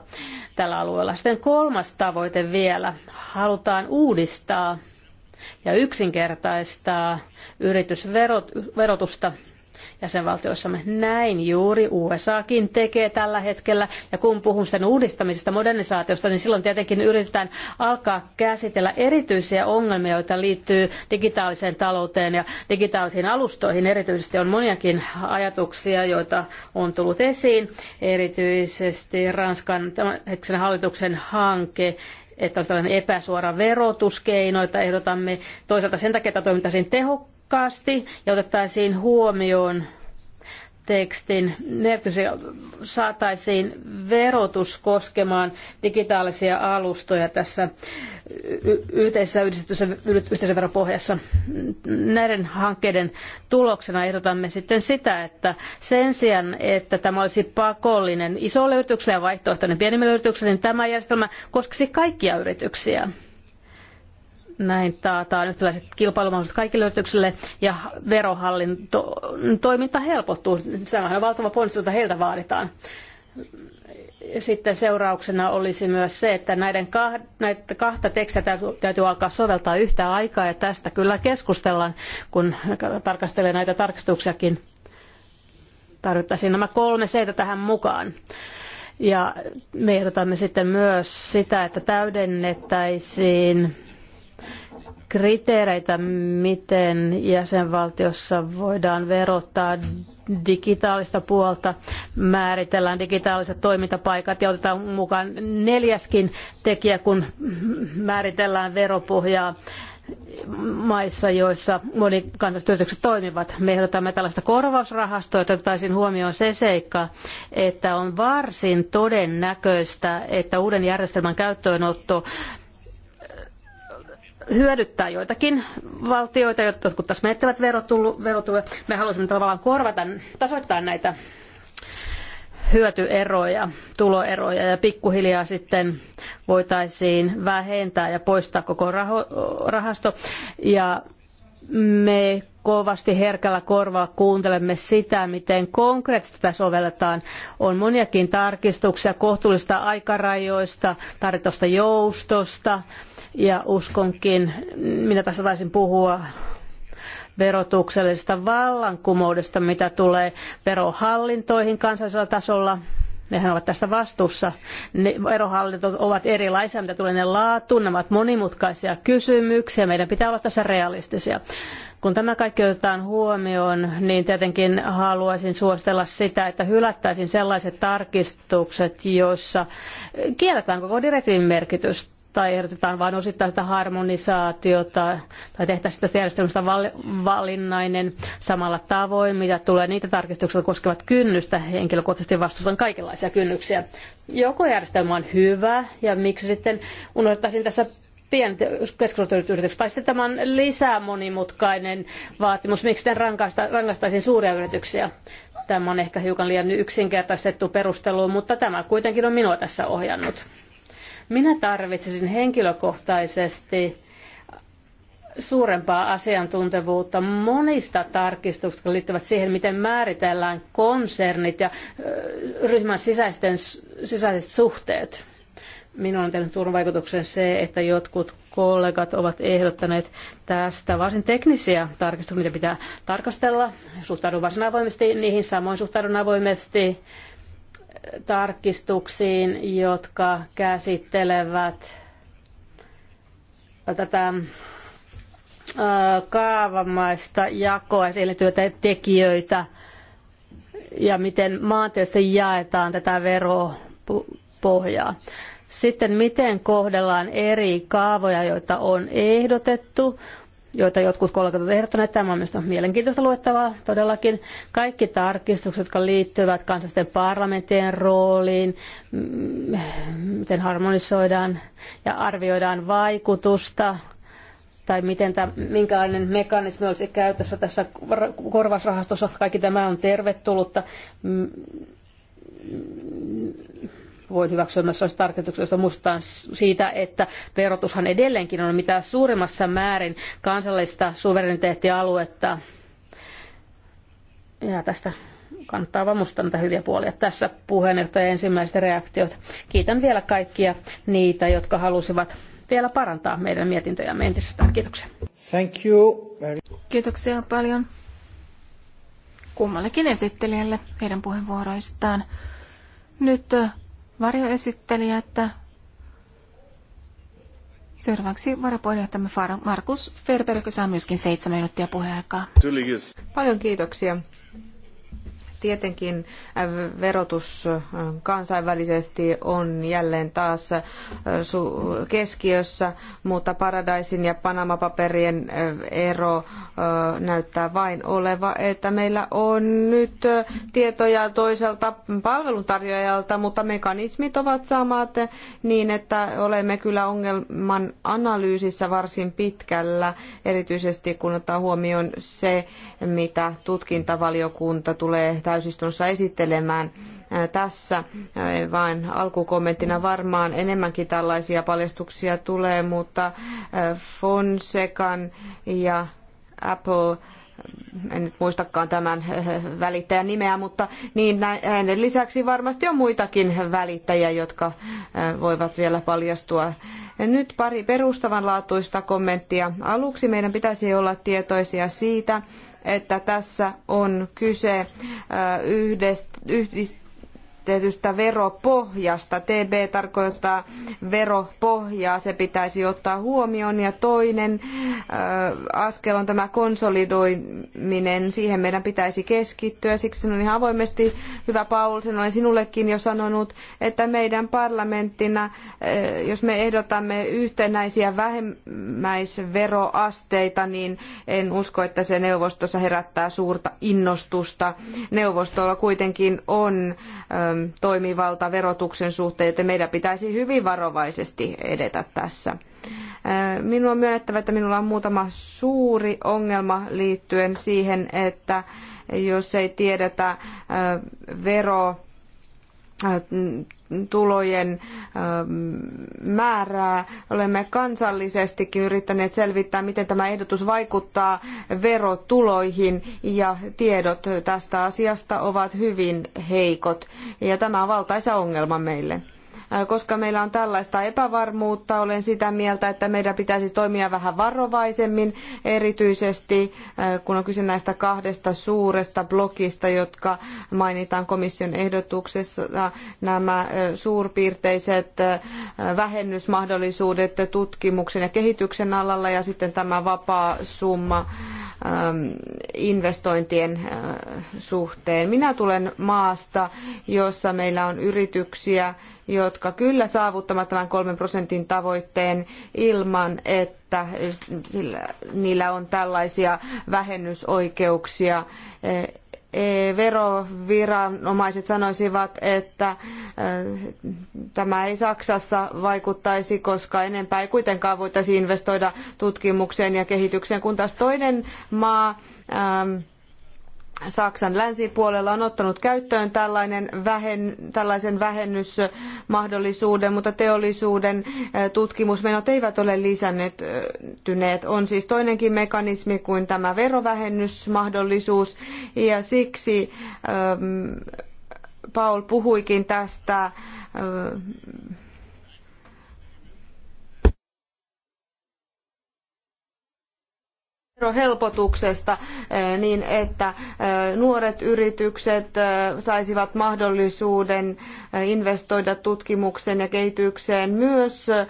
tällä alueella. Sitten kolmas tavoite vielä. Halutaan uudistaa ja yksinkertaistaa yritysverotusta jäsenvaltioissamme. Näin juuri USAkin tekee tällä hetkellä. Ja kun puhun sen uudistamisesta, modernisaatiosta, niin silloin tietenkin yritetään alkaa käsitellä erityisiä ongelmia, joita liittyy digitaaliseen talouteen ja digitaalisiin alustoihin. Erityisesti on moniakin ajatuksia, joita on tullut esiin. Erityisesti Ranskan hallituksen hanke, että olisi tällainen epäsuora verotuskeino, että ehdotamme toisaalta sen takia, että toimittaisiin tehokkaasti tarkasti ja otettaisiin huomioon tekstin merkitys saataisiin verotus koskemaan digitaalisia alustoja tässä yhteisessä yhdistetyssä yhteisöveropohjassa. Näiden hankkeiden tuloksena ehdotamme sitten sitä, että sen sijaan, että tämä olisi pakollinen iso yritykselle ja vaihtoehtoinen pienemmille yrityksille, niin tämä järjestelmä koskisi kaikkia yrityksiä. Näin taataan tällaiset kilpailumahdollisuudet kaikille yrityksille ja verohallinto toiminta helpottuu. Sehän on valtava ponnistus, jota heiltä vaaditaan. Sitten seurauksena olisi myös se, että näiden kah- näitä kahta tekstiä täytyy, täytyy alkaa soveltaa yhtä aikaa ja tästä kyllä keskustellaan, kun tarkastelee näitä tarkistuksiakin. Tarvittaisiin nämä kolme seitä tähän mukaan. Ja me ehdotamme sitten myös sitä, että täydennettäisiin kriteereitä, miten jäsenvaltiossa voidaan verottaa digitaalista puolta, määritellään digitaaliset toimintapaikat ja otetaan mukaan neljäskin tekijä, kun määritellään veropohjaa maissa, joissa monikansalliset yritykset toimivat. Me ehdotamme tällaista korvausrahastoa, että otettaisiin huomioon se seikka, että on varsin todennäköistä, että uuden järjestelmän käyttöönotto hyödyttää joitakin valtioita, jotka taas menettävät verotuloja. Me haluaisimme tavallaan korvata, tasoittaa näitä hyötyeroja, tuloeroja ja pikkuhiljaa sitten voitaisiin vähentää ja poistaa koko rahasto. Ja me kovasti herkällä korvalla kuuntelemme sitä, miten konkreettisesti tätä sovelletaan. On moniakin tarkistuksia kohtuullista aikarajoista, tarjotusta joustosta, ja uskonkin, minä tässä taisin puhua verotuksellisesta vallankumoudesta, mitä tulee verohallintoihin kansallisella tasolla. Nehän ovat tästä vastuussa. Ne ovat erilaisia, mitä tulee ne laatuun. Nämä ovat monimutkaisia kysymyksiä. Meidän pitää olla tässä realistisia. Kun tämä kaikki otetaan huomioon, niin tietenkin haluaisin suostella sitä, että hylättäisiin sellaiset tarkistukset, joissa kielletään koko direktiivin merkitys tai ehdotetaan vain osittaista harmonisaatiota tai tehtäisiin tästä järjestelmästä valinnainen samalla tavoin, mitä tulee niitä tarkistuksia koskevat kynnystä. Henkilökohtaisesti vastustan kaikenlaisia kynnyksiä. Joko järjestelmä on hyvä ja miksi sitten unohtaisin tässä pienet keskisuuret yritykset, tai sitten tämä on lisää monimutkainen vaatimus, miksi sitten rankaista, rangaistaisiin suuria yrityksiä. Tämä on ehkä hiukan liian yksinkertaistettu perustelu, mutta tämä kuitenkin on minua tässä ohjannut. Minä tarvitsisin henkilökohtaisesti suurempaa asiantuntevuutta monista tarkistuksista, jotka liittyvät siihen, miten määritellään konsernit ja ryhmän sisäisten, sisäiset suhteet. Minulla on tehnyt vaikutuksen se, että jotkut kollegat ovat ehdottaneet tästä varsin teknisiä tarkistuksia, mitä pitää tarkastella. Suhtaudun varsin avoimesti niihin, samoin suhtaudun avoimesti tarkistuksiin, jotka käsittelevät tätä kaavamaista jakoa eli työtä tekijöitä ja miten maantieteellisesti jaetaan tätä veropohjaa. Sitten miten kohdellaan eri kaavoja, joita on ehdotettu, joita jotkut kollegat ovat ehdottaneet. Tämä on myös mielenkiintoista luettavaa todellakin. Kaikki tarkistukset, jotka liittyvät kansallisten parlamenttien rooliin, mm, miten harmonisoidaan ja arvioidaan vaikutusta, tai miten tämä, minkälainen mekanismi olisi käytössä tässä korvausrahastossa. Kaikki tämä on tervetullutta mm, voin hyväksyä myös sellaisen tarkoituksen, jossa muistetaan siitä, että verotushan edelleenkin on mitä suurimmassa määrin kansallista suvereniteettialuetta. Ja tästä kannattaa vaan muistaa näitä hyviä puolia tässä puheenjohtaja ensimmäiset reaktiot. Kiitän vielä kaikkia niitä, jotka halusivat vielä parantaa meidän mietintöjämme entisestään. Kiitoksia. Thank you. Kiitoksia paljon kummallekin esittelijälle heidän puheenvuoroistaan. Nyt varjoesittelijät. Seuraavaksi varapuheenjohtajamme Markus Ferberg saa myöskin seitsemän minuuttia puheaikaa. Paljon kiitoksia Tietenkin äh, verotus äh, kansainvälisesti on jälleen taas äh, keskiössä, mutta Paradaisin ja Panama-paperien ero näyttää vain oleva, että meillä on nyt tietoja toiselta palveluntarjoajalta, mutta mekanismit ovat samat niin, että olemme kyllä ongelman analyysissä varsin pitkällä, erityisesti kun ottaa huomioon se, mitä tutkintavaliokunta tulee täysistunnossa esittelemään tässä, vain alkukommenttina varmaan enemmänkin tällaisia paljastuksia tulee, mutta Fonsecan ja Apple en nyt muistakaan tämän välittäjän nimeä, mutta niin hänen lisäksi varmasti on muitakin välittäjiä, jotka voivat vielä paljastua. Nyt pari perustavanlaatuista kommenttia. Aluksi meidän pitäisi olla tietoisia siitä, että tässä on kyse yhdestä, yhdist, esitetystä veropohjasta. TB tarkoittaa veropohjaa, se pitäisi ottaa huomioon. Ja toinen äh, askel on tämä konsolidoiminen, siihen meidän pitäisi keskittyä. Siksi on ihan avoimesti, hyvä Paul, sen olen sinullekin jo sanonut, että meidän parlamenttina, äh, jos me ehdotamme yhtenäisiä vähemmäisveroasteita, niin en usko, että se neuvostossa herättää suurta innostusta. Neuvostolla kuitenkin on ähm, toimivalta verotuksen suhteen, joten meidän pitäisi hyvin varovaisesti edetä tässä. Äh, minun on myönnettävä, että minulla on muutama suuri ongelma liittyen siihen, että jos ei tiedetä äh, vero äh, tulojen ähm, määrää. Olemme kansallisestikin yrittäneet selvittää, miten tämä ehdotus vaikuttaa verotuloihin ja tiedot tästä asiasta ovat hyvin heikot. Ja tämä on valtaisa ongelma meille. Koska meillä on tällaista epävarmuutta, olen sitä mieltä, että meidän pitäisi toimia vähän varovaisemmin, erityisesti kun on kyse näistä kahdesta suuresta blokista, jotka mainitaan komission ehdotuksessa, nämä suurpiirteiset vähennysmahdollisuudet tutkimuksen ja kehityksen alalla ja sitten tämä vapaa summa Ähm, investointien äh, suhteen. Minä tulen maasta, jossa meillä on yrityksiä, jotka kyllä saavuttavat tämän kolmen prosentin tavoitteen ilman, että niillä on tällaisia vähennysoikeuksia äh, veroviranomaiset sanoisivat, että äh, tämä ei Saksassa vaikuttaisi, koska enempää ei kuitenkaan voitaisi investoida tutkimukseen ja kehitykseen, kun taas toinen maa ähm, Saksan länsipuolella on ottanut käyttöön tällainen vähen, tällaisen vähennysmahdollisuuden, mutta teollisuuden eh, tutkimusmenot eivät ole lisännettyneet. On siis toinenkin mekanismi kuin tämä verovähennysmahdollisuus ja siksi ähm, Paul puhuikin tästä ähm, helpotuksesta eh, niin, että eh, nuoret yritykset eh, saisivat mahdollisuuden investoida tutkimukseen ja kehitykseen myös, äh,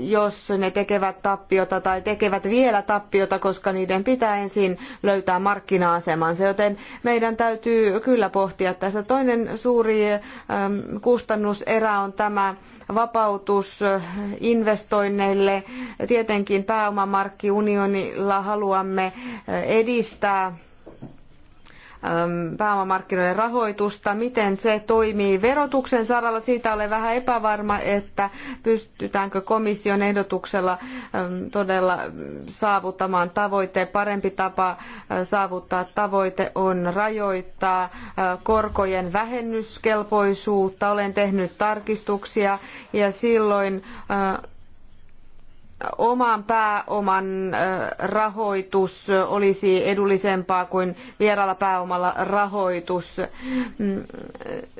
jos ne tekevät tappiota tai tekevät vielä tappiota, koska niiden pitää ensin löytää markkina-asemansa. Joten meidän täytyy kyllä pohtia tässä. Toinen suuri ähm, kustannuserä on tämä vapautus äh, investoinneille. Tietenkin pääomamarkkiunionilla haluamme äh, edistää Ähm, pääomamarkkinoiden rahoitusta, miten se toimii verotuksen saralla. Siitä olen vähän epävarma, että pystytäänkö komission ehdotuksella ähm, todella saavuttamaan tavoite. Parempi tapa äh, saavuttaa tavoite on rajoittaa äh, korkojen vähennyskelpoisuutta. Olen tehnyt tarkistuksia ja silloin äh, oman pääoman rahoitus olisi edullisempaa kuin vieraalla pääomalla rahoitus. Mm,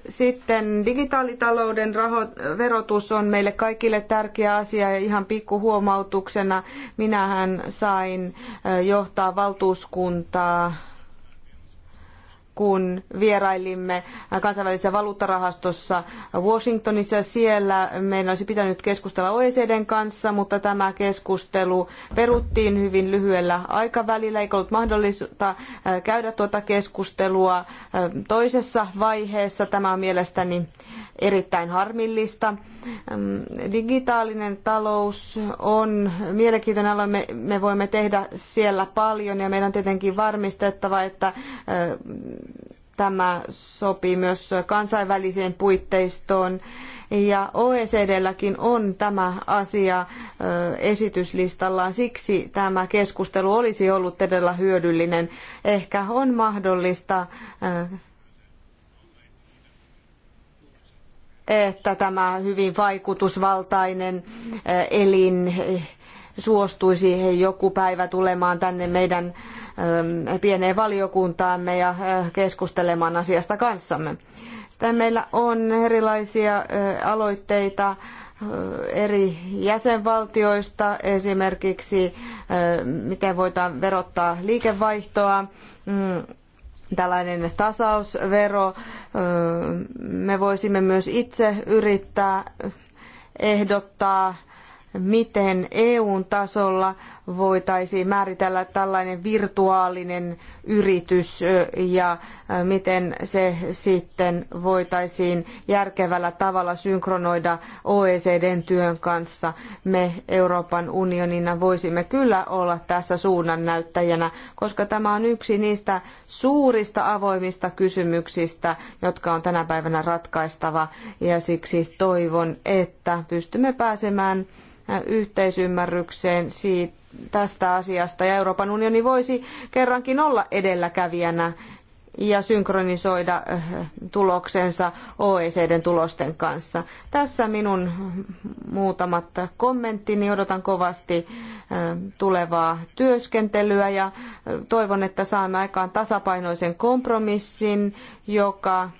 sitten digitaalitalouden raho- verotus on meille kaikille tärkeä asia ja ihan pikkuhuomautuksena minähän sain johtaa valtuuskuntaa kun vierailimme kansainvälisessä valuuttarahastossa Washingtonissa. Siellä meidän olisi pitänyt keskustella OECDn kanssa, mutta tämä keskustelu peruttiin hyvin lyhyellä aikavälillä. Eikä ollut mahdollista äh, käydä tuota keskustelua äh, toisessa vaiheessa. Tämä on mielestäni erittäin harmillista. Digitaalinen talous on mielenkiintoinen alue, me, me voimme tehdä siellä paljon ja meidän on tietenkin varmistettava, että äh, tämä sopii myös kansainväliseen puitteistoon. Ja OECDlläkin on tämä asia äh, esityslistallaan. Siksi tämä keskustelu olisi ollut todella hyödyllinen. Ehkä on mahdollista äh, että tämä hyvin vaikutusvaltainen eh, elin eh, suostuisi joku päivä tulemaan tänne meidän eh, pieneen valiokuntaamme ja keskustelemaan asiasta kanssamme. Sitten meillä on erilaisia aloitteita eri jäsenvaltioista, esimerkiksi miten voidaan verottaa liikevaihtoa, mm, tällainen tasausvero. Me voisimme myös itse yrittää ehdottaa miten EUn tasolla voitaisiin määritellä tällainen virtuaalinen yritys ja miten se sitten voitaisiin järkevällä tavalla synkronoida OECDn työn kanssa. Me Euroopan unionina voisimme kyllä olla tässä suunnannäyttäjänä, koska tämä on yksi niistä suurista avoimista kysymyksistä, jotka on tänä päivänä ratkaistava ja siksi toivon, että pystymme pääsemään yhteisymmärrykseen siitä, tästä asiasta ja Euroopan unioni voisi kerrankin olla edelläkävijänä ja synkronisoida äh, tuloksensa OECDn tulosten kanssa. Tässä minun muutamat kommenttini. Odotan kovasti äh, tulevaa työskentelyä ja äh, toivon, että saamme aikaan tasapainoisen kompromissin, joka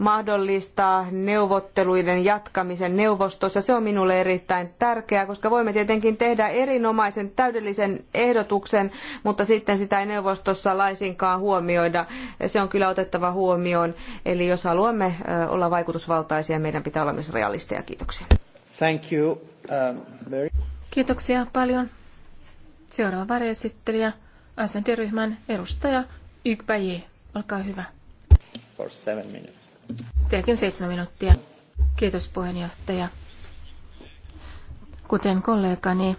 mahdollistaa neuvotteluiden jatkamisen neuvostossa. Se on minulle erittäin tärkeää, koska voimme tietenkin tehdä erinomaisen täydellisen ehdotuksen, mutta sitten sitä ei neuvostossa laisinkaan huomioida. Se on kyllä otettava huomioon. Eli jos haluamme olla vaikutusvaltaisia, meidän pitää olla myös realisteja. Kiitoksia. Thank you, um, Kiitoksia paljon. Seuraava varjoesittelijä, SND-ryhmän edustaja Ykpäji. Olkaa hyvä. For seven minutes. Teilläkin seitsemän minuuttia. Kiitos puheenjohtaja. Kuten kollegani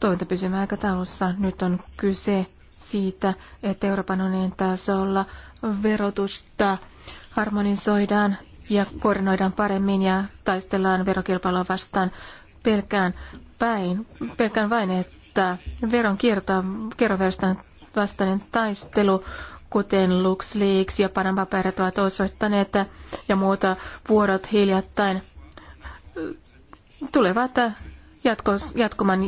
tointa pysymään aikataulussa, nyt on kyse siitä, että Euroopan unionin tasolla verotusta harmonisoidaan ja koordinoidaan paremmin ja taistellaan verokilpailua vastaan pelkään päin, pelkään vain, että veron kiertoa, vastainen taistelu kuten LuxLeaks ja Panama paperit ovat osoittaneet ja muuta vuorot hiljattain tulevat jatkos, jatkumaan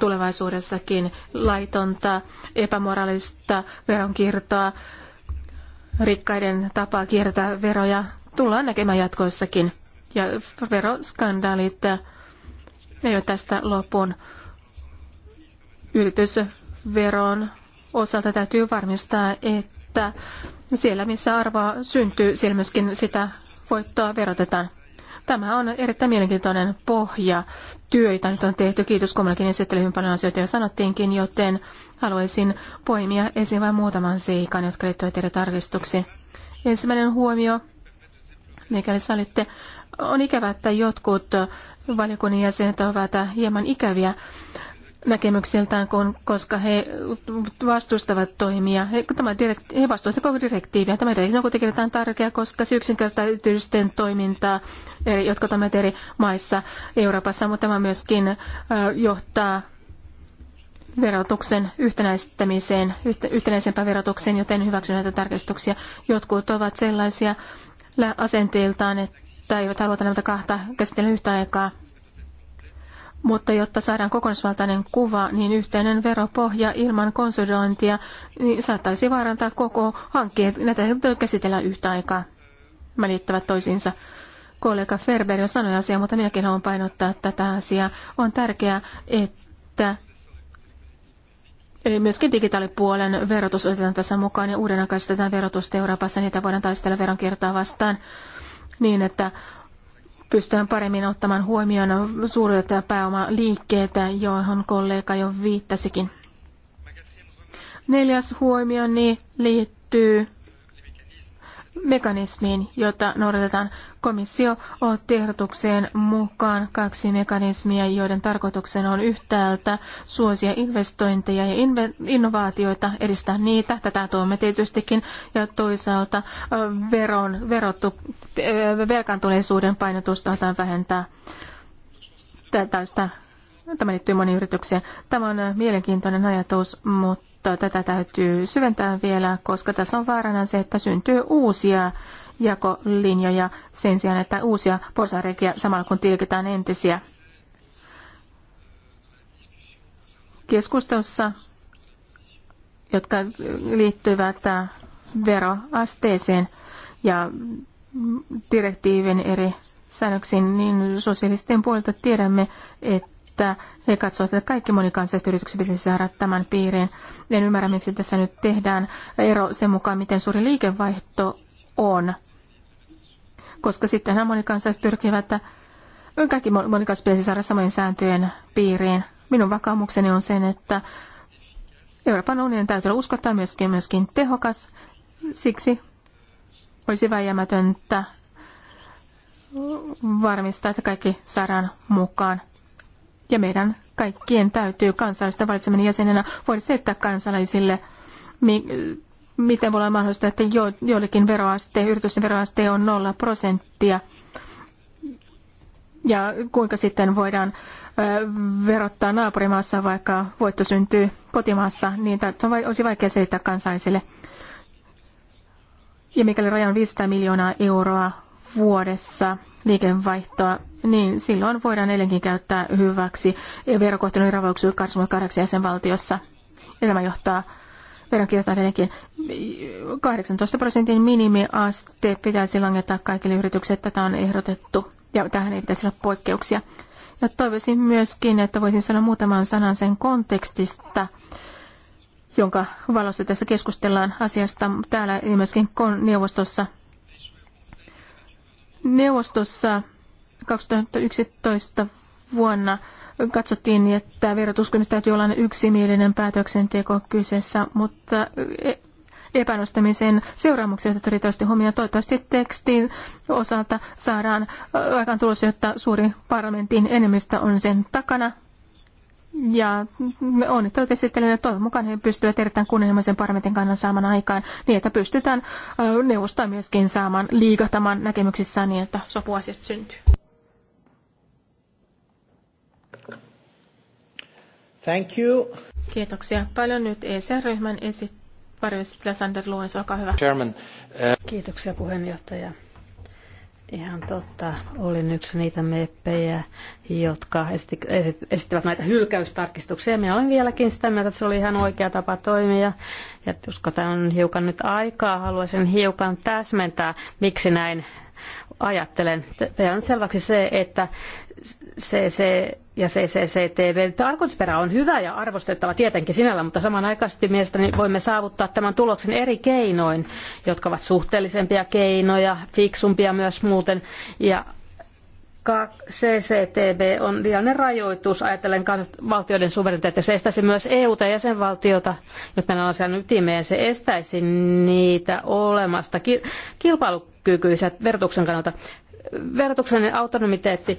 tulevaisuudessakin laitonta, epämoraalista veronkiertoa, rikkaiden tapaa kiertää veroja tullaan näkemään jatkossakin. Ja veroskandaalit ei ole tästä lopun. Yritysveron osalta täytyy varmistaa, että että siellä missä arvoa syntyy, siellä myöskin sitä voittoa verotetaan. Tämä on erittäin mielenkiintoinen pohja työ, jota nyt on tehty. Kiitos kummallakin esittely hyvin paljon asioita jo sanottiinkin, joten haluaisin poimia esiin vain muutaman seikan, jotka liittyvät eri tarkistuksiin. Ensimmäinen huomio, mikäli sallitte, on ikävä, että jotkut valiokunnan jäsenet ovat hieman ikäviä näkemyksiltään, kun, koska he vastustavat toimia. He, tämä direkti, he vastustavat koko direktiiviä. Tämä direktiivi on kuitenkin erittäin tärkeä, koska se yksinkertaistaa yritysten toimintaa, eri, jotka toimivat eri maissa Euroopassa, mutta tämä myöskin äh, johtaa verotuksen yhtenäistämiseen, yhtä, yhtenäisempään verotukseen, joten hyväksyn näitä tarkistuksia. Jotkut ovat sellaisia asenteiltaan, että eivät halua näitä kahta käsitellä yhtä aikaa. Mutta jotta saadaan kokonaisvaltainen kuva, niin yhteinen veropohja ilman konsolidointia niin saattaisi vaarantaa koko hankkeet. Näitä käsitellä yhtä aikaa. Mä liittävät toisiinsa kollega Ferber jo sanoi asiaa, mutta minäkin haluan painottaa tätä asiaa. On tärkeää, että myöskin digitaalipuolen verotus otetaan tässä mukaan ja uuden aikaistetaan verotusta Euroopassa, niitä voidaan taistella veronkiertoa vastaan niin, että pystytään paremmin ottamaan huomioon suuret pääomaliikkeitä, johon kollega jo viittasikin. Neljäs huomioni liittyy mekanismiin, jota noudatetaan. Komissio otti ehdotukseen mukaan kaksi mekanismia, joiden tarkoituksena on yhtäältä suosia investointeja ja innovaatioita, edistää niitä, tätä tuomme tietystikin, ja toisaalta veron, verottu, velkaantuneisuuden painotusta otetaan vähentää tästä Tämä liittyy moniin yrityksiin. Tämä on mielenkiintoinen ajatus, mutta mutta tätä täytyy syventää vielä, koska tässä on vaarana se, että syntyy uusia jakolinjoja sen sijaan, että uusia porsareikiä samalla kun tilkitään entisiä. Keskustelussa, jotka liittyvät veroasteeseen ja direktiivin eri säännöksiin, niin sosiaalisten puolelta tiedämme, että että he katsovat, että kaikki monikansalliset yritykset pitäisi saada tämän piiriin. En ymmärrä, miksi tässä nyt tehdään ero sen mukaan, miten suuri liikevaihto on. Koska nämä monikansalliset pyrkivät, että kaikki monikansalliset pitäisi saada samojen sääntöjen piiriin. Minun vakaumukseni on sen, että Euroopan unionin täytyy olla uskottava myöskin, myöskin tehokas. Siksi olisi väijämätöntä varmistaa, että kaikki saadaan mukaan. Ja meidän kaikkien täytyy kansallista valitseminen jäsenenä voida selittää kansalaisille, mi- miten voi olla mahdollista, että jo- joillekin veroaste, yritysten veroaste on nolla prosenttia. Ja kuinka sitten voidaan verottaa naapurimaassa, vaikka voitto syntyy kotimaassa, niin on olisi vaikea selittää kansalaisille. Ja mikäli raja on 500 miljoonaa euroa vuodessa, liikevaihtoa, niin silloin voidaan edelleenkin käyttää hyväksi verokohtelun ravauksia 28 jäsenvaltiossa. Elämä tämä johtaa veronkiertoon edelleenkin 18 prosentin minimiaste pitäisi langettaa kaikille yrityksille. Tätä on ehdotettu ja tähän ei pitäisi olla poikkeuksia. Ja toivoisin myöskin, että voisin sanoa muutaman sanan sen kontekstista, jonka valossa tässä keskustellaan asiasta täällä myöskin neuvostossa Neuvostossa 2011 vuonna katsottiin, että verotuskunnassa täytyy olla yksimielinen päätöksenteko kyseessä, mutta e- epänostamisen seuraamuksia otettu riittävästi huomioon. Toivottavasti tekstin osalta saadaan aikaan tulos, jotta suuri parlamentin enemmistö on sen takana ja me onnittelut esittelyyn ja toivon mukaan he pystyvät erittäin kunnianhimoisen parlamentin kannan saamaan aikaan niin, että pystytään neuvostoa myöskin saamaan liikahtamaan näkemyksissään niin, että sopuasiasta syntyy. Thank you. Kiitoksia paljon nyt ESR-ryhmän esittelyyn Sander Luunis, olkaa hyvä. Chairman, uh, Kiitoksia puheenjohtaja. Ihan totta. Olin yksi niitä meppejä, jotka esittivät näitä hylkäystarkistuksia. Minä olen vieläkin sitä mieltä, että se oli ihan oikea tapa toimia. Ja koska tämä on hiukan nyt aikaa, haluaisin hiukan täsmentää, miksi näin ajattelen. Tehdään on selväksi se, että CC ja CCCTV. Tarkoitusperä on hyvä ja arvostettava tietenkin sinällä, mutta samanaikaisesti mielestäni voimme saavuttaa tämän tuloksen eri keinoin, jotka ovat suhteellisempia keinoja, fiksumpia myös muuten. Ja CCTV on liiallinen rajoitus, ajatellen valtioiden suvereniteettia. Se estäisi myös eu ja jäsenvaltiota, nyt mennään asian ytimeen, se estäisi niitä olemasta kilpailukykyiset verotuksen kannalta verotuksen autonomiteetti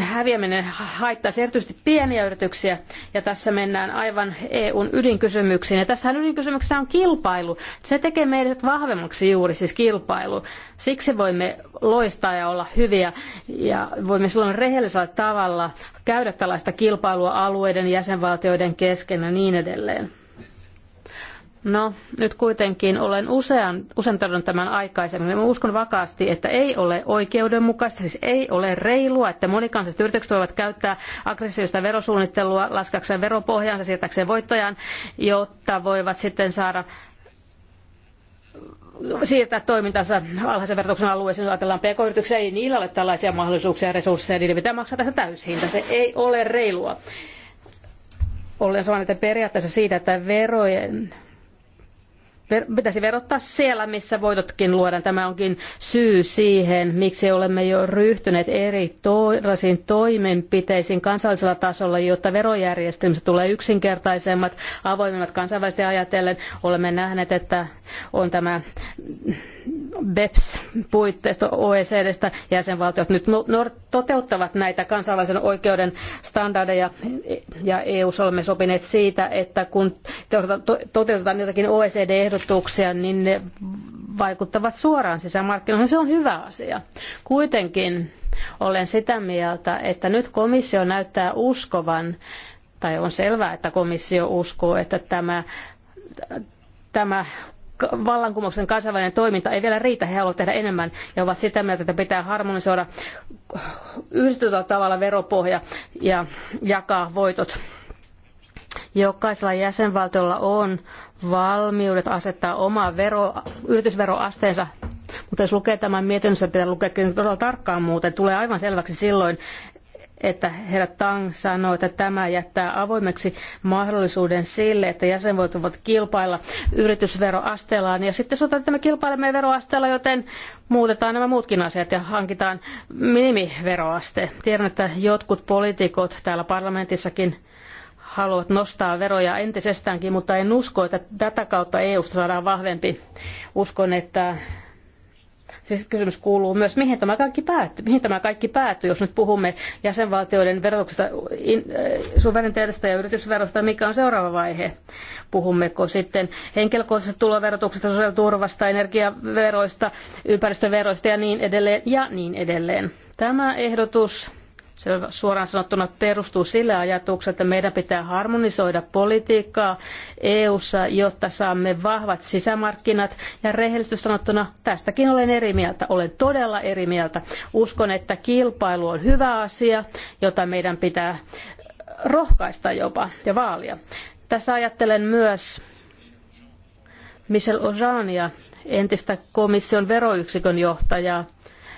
häviäminen haittaisi erityisesti pieniä yrityksiä, ja tässä mennään aivan EUn ydinkysymyksiin. Ja tässähän ydinkysymyksessä on kilpailu. Se tekee meidät vahvemmaksi juuri, siis kilpailu. Siksi voimme loistaa ja olla hyviä, ja voimme silloin rehellisellä tavalla käydä tällaista kilpailua alueiden, jäsenvaltioiden kesken ja niin edelleen. No, nyt kuitenkin olen usean, usein todennut tämän aikaisemmin. Mä uskon vakaasti, että ei ole oikeudenmukaista, siis ei ole reilua, että monikansalliset yritykset voivat käyttää aggressiivista verosuunnittelua laskakseen veropohjaansa, siirtäkseen voittojaan, jotta voivat sitten saada siirtää toimintansa alhaisen verotuksen alueeseen, jos ajatellaan pk-yrityksiä, ei niillä ole tällaisia mahdollisuuksia ja resursseja, niiden pitää maksaa tässä täyshinta. Se ei ole reilua. Olen samaa mieltä periaatteessa siitä, että verojen pitäisi verottaa siellä, missä voitotkin luodaan. Tämä onkin syy siihen, miksi olemme jo ryhtyneet eri toisiin toimenpiteisiin kansallisella tasolla, jotta verojärjestelmistä tulee yksinkertaisemmat, avoimemmat kansainvälisesti ajatellen. Olemme nähneet, että on tämä BEPS-puitteisto OECDstä jäsenvaltiot nyt no- toteuttavat näitä kansainvälisen oikeuden standardeja ja EU-ssa e olemme sopineet siitä, että kun toteutetaan jotakin oecd ehdotuksia, niin ne vaikuttavat suoraan sisämarkkinoihin. Se on hyvä asia. Kuitenkin olen sitä mieltä, että nyt komissio näyttää uskovan, tai on selvää, että komissio uskoo, että tämä, tämä vallankumouksen kansainvälinen toiminta ei vielä riitä, he haluavat tehdä enemmän ja ovat sitä mieltä, että pitää harmonisoida yhdistetyllä tavalla veropohja ja jakaa voitot Jokaisella jäsenvaltiolla on valmiudet asettaa oma vero, yritysveroasteensa, mutta jos lukee tämän mietinnössä, pitää lukea kyllä todella tarkkaan muuten, tulee aivan selväksi silloin, että herra Tang sanoi, että tämä jättää avoimeksi mahdollisuuden sille, että jäsenvaltiot voivat kilpailla yritysveroasteellaan. Ja sitten sanotaan, että me kilpailemme veroasteella, joten muutetaan nämä muutkin asiat ja hankitaan minimiveroaste. Tiedän, että jotkut poliitikot täällä parlamentissakin haluavat nostaa veroja entisestäänkin, mutta en usko, että tätä kautta EUsta saadaan vahvempi. Uskon, että Siis kysymys kuuluu myös, mihin tämä kaikki päättyy, mihin tämä kaikki päättyy, jos nyt puhumme jäsenvaltioiden verotuksesta, äh, suvereniteetista ja yritysverosta, mikä on seuraava vaihe. Puhummeko sitten henkilökohtaisesta tuloverotuksesta, sosiaaliturvasta, energiaveroista, ympäristöveroista ja niin edelleen ja niin edelleen. Tämä ehdotus se suoraan sanottuna perustuu sille ajatukselle, että meidän pitää harmonisoida politiikkaa EU-ssa, jotta saamme vahvat sisämarkkinat. Ja rehellisesti sanottuna tästäkin olen eri mieltä. Olen todella eri mieltä. Uskon, että kilpailu on hyvä asia, jota meidän pitää rohkaista jopa ja vaalia. Tässä ajattelen myös Michel Ojania, entistä komission veroyksikön johtajaa,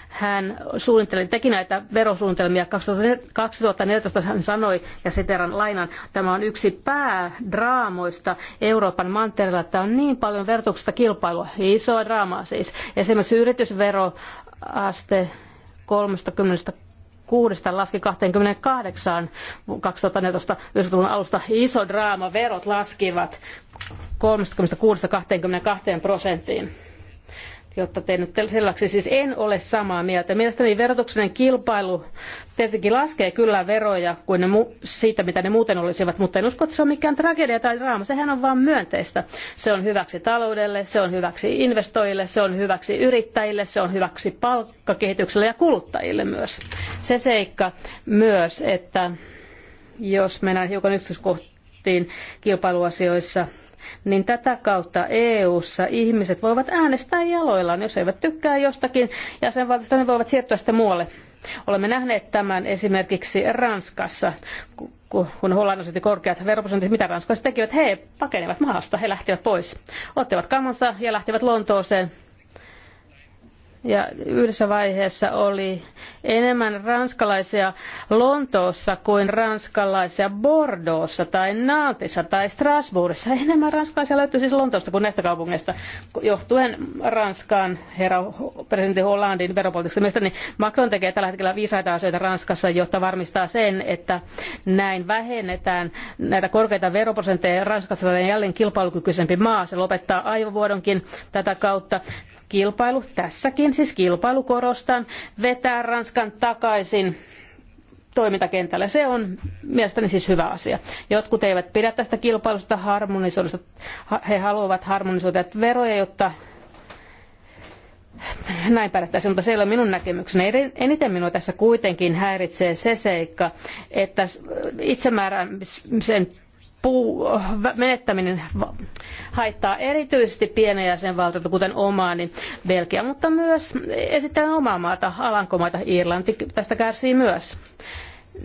hän suunnitteli, teki näitä verosuunnitelmia 2014, hän sanoi, ja siteran lainan, tämä on yksi päädraamoista Euroopan mantereella, että on niin paljon verotuksesta kilpailua, isoa draamaa siis. Esimerkiksi yritysveroaste 30 kuudesta laski 28 2014 90-luvun alusta. Iso draama, verot laskivat 36-22 prosenttiin jotta teen nyt selväksi. Siis en ole samaa mieltä. Mielestäni verotuksellinen kilpailu tietenkin laskee kyllä veroja kuin ne mu- siitä, mitä ne muuten olisivat, mutta en usko, että se on mikään tragedia tai draama. Sehän on vain myönteistä. Se on hyväksi taloudelle, se on hyväksi investoijille, se on hyväksi yrittäjille, se on hyväksi palkkakehitykselle ja kuluttajille myös. Se seikka myös, että jos mennään hiukan yksityiskohtiin kilpailuasioissa, niin tätä kautta EU-ssa ihmiset voivat äänestää jaloillaan. Jos eivät tykkää jostakin jäsenvaltiosta, niin voivat siirtyä sitten muualle. Olemme nähneet tämän esimerkiksi Ranskassa, kun Hollannin asetti korkeat veroprosentit, mitä ranskalaiset tekivät, he pakenivat maasta, he lähtivät pois, ottivat kamansa ja lähtivät Lontooseen ja yhdessä vaiheessa oli enemmän ranskalaisia Lontoossa kuin ranskalaisia Bordeauxssa tai Nantissa tai Strasbourgissa. Enemmän ranskalaisia löytyy siis Lontoosta kuin näistä kaupungeista, johtuen Ranskan herra presidentti Hollandin veropolitiikasta. Mielestäni niin Macron tekee tällä hetkellä viisaita asioita Ranskassa, jotta varmistaa sen, että näin vähennetään näitä korkeita veroprosentteja. Ranskasta jälleen kilpailukykyisempi maa. Se lopettaa aivovuodonkin tätä kautta Kilpailu, tässäkin siis kilpailu korostan, vetää Ranskan takaisin toimintakentällä. Se on mielestäni siis hyvä asia. Jotkut eivät pidä tästä kilpailusta harmonisoidusta. He haluavat harmonisoida veroja, jotta näin pärjättäisiin, mutta se ei ole minun näkemykseni. Eniten minua tässä kuitenkin häiritsee se seikka, että itsemääräämisen puu, menettäminen haittaa erityisesti pienen jäsenvaltiota, kuten omaani niin Belgia, mutta myös esittelen omaa maata, Alankomaita, Irlanti tästä kärsii myös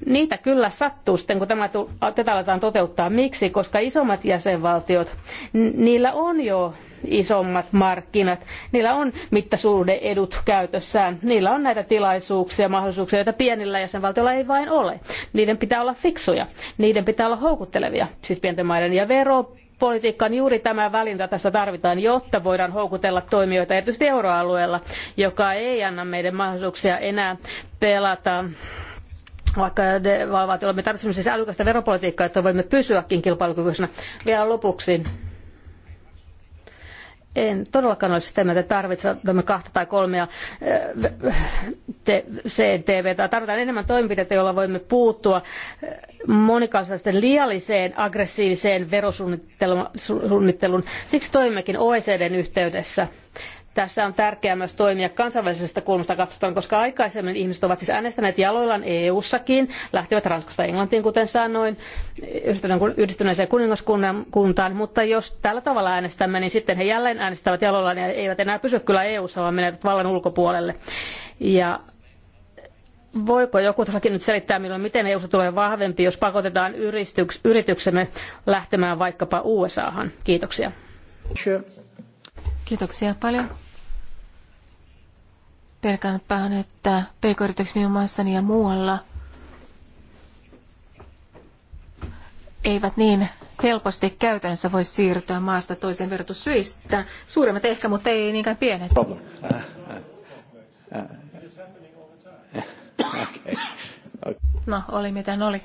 niitä kyllä sattuu sitten, kun tämä, tätä aletaan toteuttaa. Miksi? Koska isommat jäsenvaltiot, niillä on jo isommat markkinat, niillä on mittasuhde edut käytössään, niillä on näitä tilaisuuksia ja mahdollisuuksia, joita pienillä jäsenvaltioilla ei vain ole. Niiden pitää olla fiksuja, niiden pitää olla houkuttelevia, siis pienten maiden ja vero politiikan juuri tämä valinta tässä tarvitaan, jotta voidaan houkutella toimijoita erityisesti euroalueella, joka ei anna meidän mahdollisuuksia enää pelata vaikka devalvaatio, me tarvitsemme siis älykästä veropolitiikkaa, että voimme pysyäkin kilpailukykyisenä. Vielä lopuksi. En todellakaan ole sitä, että tarvitsemme kahta tai kolmea eh, CTV-ta. Tarvitaan enemmän toimenpiteitä, joilla voimme puuttua eh, monikansallisten liialliseen aggressiiviseen verosuunnitteluun. Siksi toimimmekin OECDn yhteydessä. Tässä on tärkeää myös toimia kansainvälisestä kulmasta katsotaan, koska aikaisemmin ihmiset ovat siis äänestäneet jaloillaan EU-sakin, lähtevät Ranskasta Englantiin, kuten sanoin, yhdistyneeseen kuningaskuntaan, mutta jos tällä tavalla äänestämme, niin sitten he jälleen äänestävät jaloillaan ja eivät enää pysy kyllä EU-ssa, vaan menevät vallan ulkopuolelle. Ja voiko joku todellakin nyt selittää minulle, miten EU tulee vahvempi, jos pakotetaan yrityks, yrityksemme lähtemään vaikkapa USAhan? Kiitoksia. Kiitoksia paljon. Pelkäänpä on, että pk minun maassani ja muualla eivät niin helposti käytännössä voi siirtyä maasta toiseen verotussyistä. Suuremmat ehkä, mutta ei niinkään pienet. Uh, Uh, uh, uh, okay. Okay. No, oli miten oli.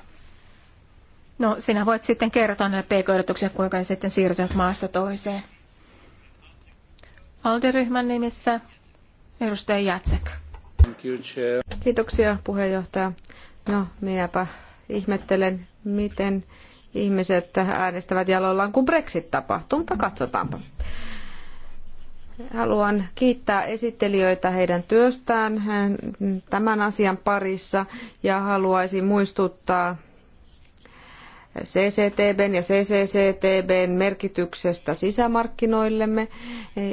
No, sinä voit sitten kertoa näille pk-yrityksille, kuinka ne sitten siirtyvät maasta toiseen. Alderyhmän nimissä Edustaja Jatsek. Kiitoksia puheenjohtaja. No, minäpä ihmettelen, miten ihmiset äänestävät jaloillaan, kun Brexit tapahtuu, mutta katsotaanpa. Haluan kiittää esittelijöitä heidän työstään tämän asian parissa ja haluaisin muistuttaa CCTBn ja CCCTBn merkityksestä sisämarkkinoillemme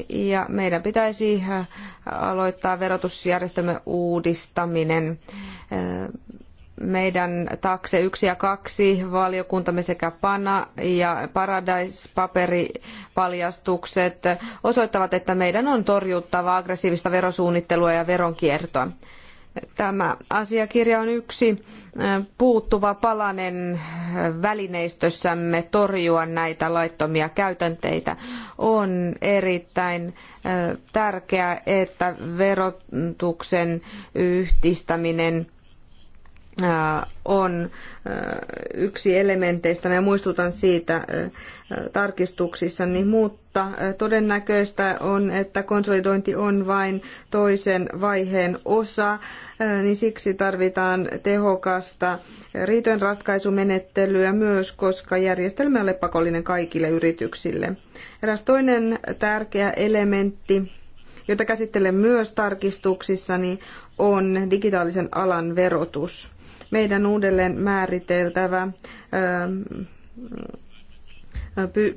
ja meidän pitäisi äh, aloittaa verotusjärjestelmän uudistaminen. Äh, meidän takse 1 ja 2 valiokuntamme sekä PANA ja Paradise-paperipaljastukset osoittavat, että meidän on torjuttava aggressiivista verosuunnittelua ja veronkiertoa. Tämä asiakirja on yksi puuttuva palanen välineistössämme torjua näitä laittomia käytänteitä. On erittäin tärkeää, että verotuksen yhdistäminen on yksi elementeistä. Mä muistutan siitä tarkistuksissa, niin, mutta todennäköistä on, että konsolidointi on vain toisen vaiheen osa, niin siksi tarvitaan tehokasta riitojenratkaisumenettelyä myös, koska järjestelmä on pakollinen kaikille yrityksille. Eräs toinen tärkeä elementti, jota käsittelen myös tarkistuksissani, on digitaalisen alan verotus meidän uudelleen määriteltävä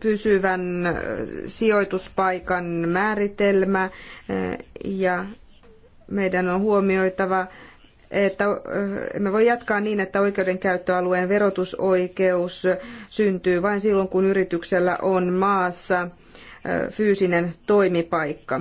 pysyvän sijoituspaikan määritelmä ja meidän on huomioitava, että me voi jatkaa niin, että oikeudenkäyttöalueen verotusoikeus syntyy vain silloin, kun yrityksellä on maassa fyysinen toimipaikka.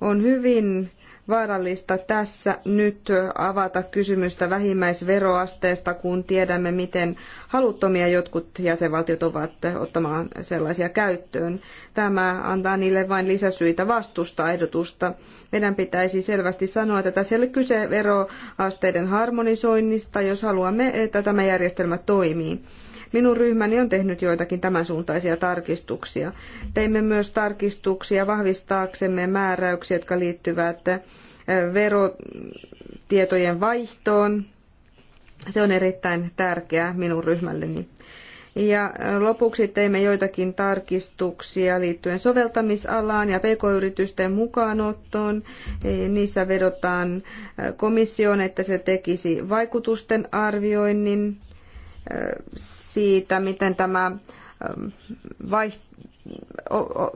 On hyvin vaarallista tässä nyt avata kysymystä vähimmäisveroasteesta, kun tiedämme, miten haluttomia jotkut jäsenvaltiot ovat ottamaan sellaisia käyttöön. Tämä antaa niille vain lisäsyitä vastustaa ehdotusta. Meidän pitäisi selvästi sanoa, että tässä ei ole kyse veroasteiden harmonisoinnista, jos haluamme, että tämä järjestelmä toimii. Minun ryhmäni on tehnyt joitakin tämän suuntaisia tarkistuksia. Teimme myös tarkistuksia vahvistaaksemme määräyksiä, jotka liittyvät eh, verotietojen vaihtoon. Se on erittäin tärkeää minun ryhmälleni. Ja lopuksi teimme joitakin tarkistuksia liittyen soveltamisalaan ja pk-yritysten mukaanottoon. Eh, Niissä vedotaan eh, komissioon, että se tekisi vaikutusten arvioinnin siitä, miten tämä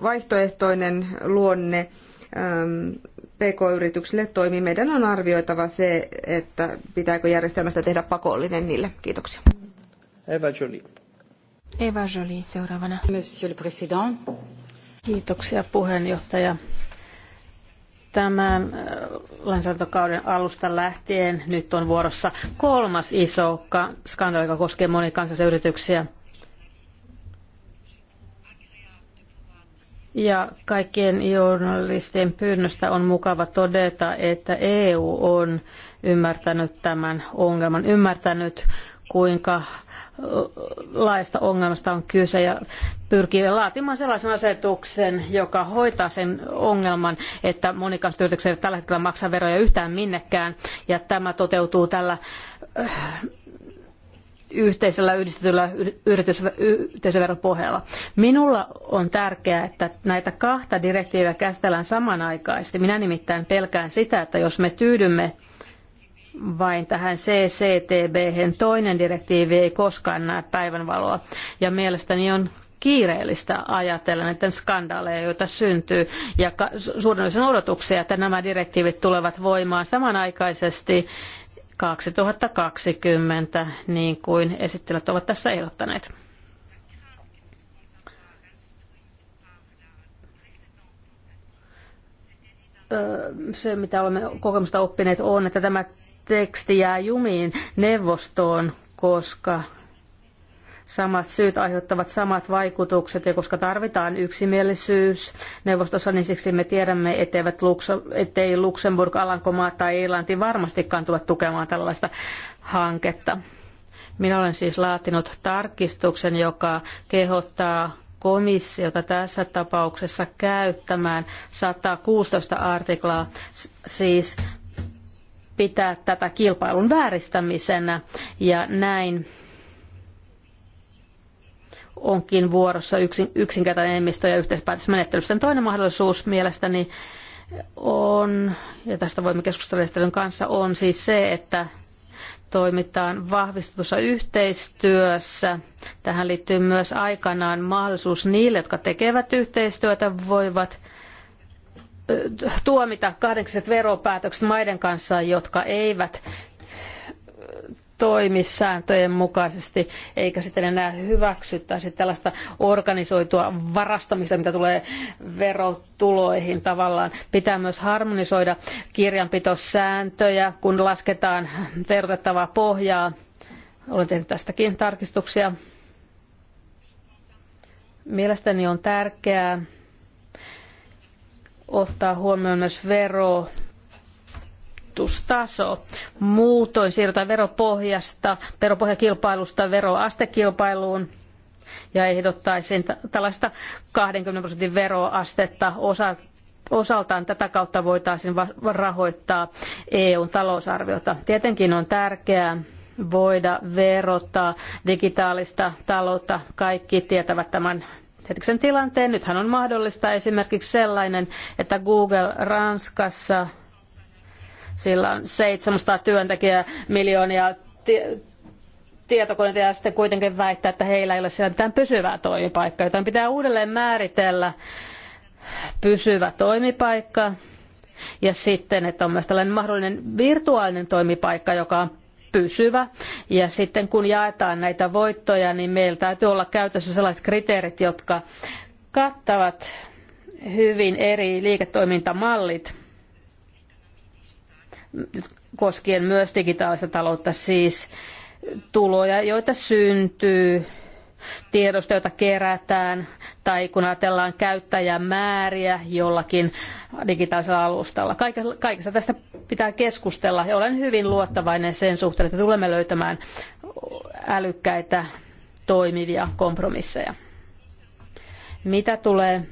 vaihtoehtoinen luonne PK-yrityksille toimii. Meidän on arvioitava se, että pitääkö järjestelmästä tehdä pakollinen niille. Kiitoksia. Eva Jolie. Eva Jolie seuraavana. Monsieur le Président. Kiitoksia puheenjohtaja. Tämän äh, lainsäädäntökauden alusta lähtien nyt on vuorossa kolmas iso skandaali, joka koskee monikansallisia yrityksiä. Ja kaikkien journalistien pyynnöstä on mukava todeta, että EU on ymmärtänyt tämän ongelman, ymmärtänyt kuinka laajasta ongelmasta on kyse ja pyrkii laatimaan sellaisen asetuksen, joka hoitaa sen ongelman, että monikansalliset yritykset eivät tällä hetkellä maksa veroja yhtään minnekään. Ja tämä toteutuu tällä yhteisellä yhdistetyllä yritys, yhteisöveropohjalla. Minulla on tärkeää, että näitä kahta direktiiviä käsitellään samanaikaisesti. Minä nimittäin pelkään sitä, että jos me tyydymme vain tähän CCTB. -hen. Toinen direktiivi ei koskaan näe päivänvaloa. Ja mielestäni on kiireellistä ajatella näiden skandaaleja, joita syntyy, ja suurennollisen odotuksia, että nämä direktiivit tulevat voimaan samanaikaisesti 2020, niin kuin esittelijät ovat tässä ehdottaneet. Se, mitä olemme kokemusta oppineet, on, että tämä teksti jää jumiin neuvostoon, koska samat syyt aiheuttavat samat vaikutukset ja koska tarvitaan yksimielisyys neuvostossa, niin siksi me tiedämme, etteivät ettei Luxemburg, Alankomaa tai Irlanti varmastikaan tule tukemaan tällaista hanketta. Minä olen siis laatinut tarkistuksen, joka kehottaa komissiota tässä tapauksessa käyttämään 116 artiklaa, siis pitää tätä kilpailun vääristämisenä ja näin onkin vuorossa yksin, yksinkertainen enemmistö ja yhteispäätösmenettely. Sitten toinen mahdollisuus mielestäni on, ja tästä voimme keskustella kanssa, on siis se, että toimitaan vahvistetussa yhteistyössä. Tähän liittyy myös aikanaan mahdollisuus niille, jotka tekevät yhteistyötä, voivat tuomita kahdeksit veropäätökset maiden kanssa, jotka eivät toimi sääntöjen mukaisesti, eikä sitten enää hyväksyttäisi tällaista organisoitua varastamista, mitä tulee verotuloihin tavallaan. Pitää myös harmonisoida kirjanpitosääntöjä, kun lasketaan verotettavaa pohjaa. Olen tehnyt tästäkin tarkistuksia. Mielestäni on tärkeää, ottaa huomioon myös verotustaso. Muutoin siirrytään veropohjasta, veropohjakilpailusta veroastekilpailuun ja ehdottaisin tällaista 20 prosentin veroastetta osa, osaltaan tätä kautta voitaisiin rahoittaa EUn talousarviota. Tietenkin on tärkeää voida verottaa digitaalista taloutta. Kaikki tietävät tämän hetkisen tilanteen. Nythän on mahdollista esimerkiksi sellainen, että Google Ranskassa, sillä on 700 työntekijää, miljoonia tietokoneita ja sitten kuitenkin väittää, että heillä ei ole siellä mitään pysyvää toimipaikkaa, joten pitää uudelleen määritellä pysyvä toimipaikka ja sitten, että on myös tällainen mahdollinen virtuaalinen toimipaikka, joka on pysyvä. Ja sitten kun jaetaan näitä voittoja, niin meillä täytyy olla käytössä sellaiset kriteerit, jotka kattavat hyvin eri liiketoimintamallit koskien myös digitaalista taloutta, siis tuloja, joita syntyy tiedosta, jota kerätään, tai kun ajatellaan käyttäjämääriä jollakin digitaalisella alustalla. Kaikesta tästä pitää keskustella, ja olen hyvin luottavainen sen suhteen, että tulemme löytämään älykkäitä toimivia kompromisseja. Mitä tulee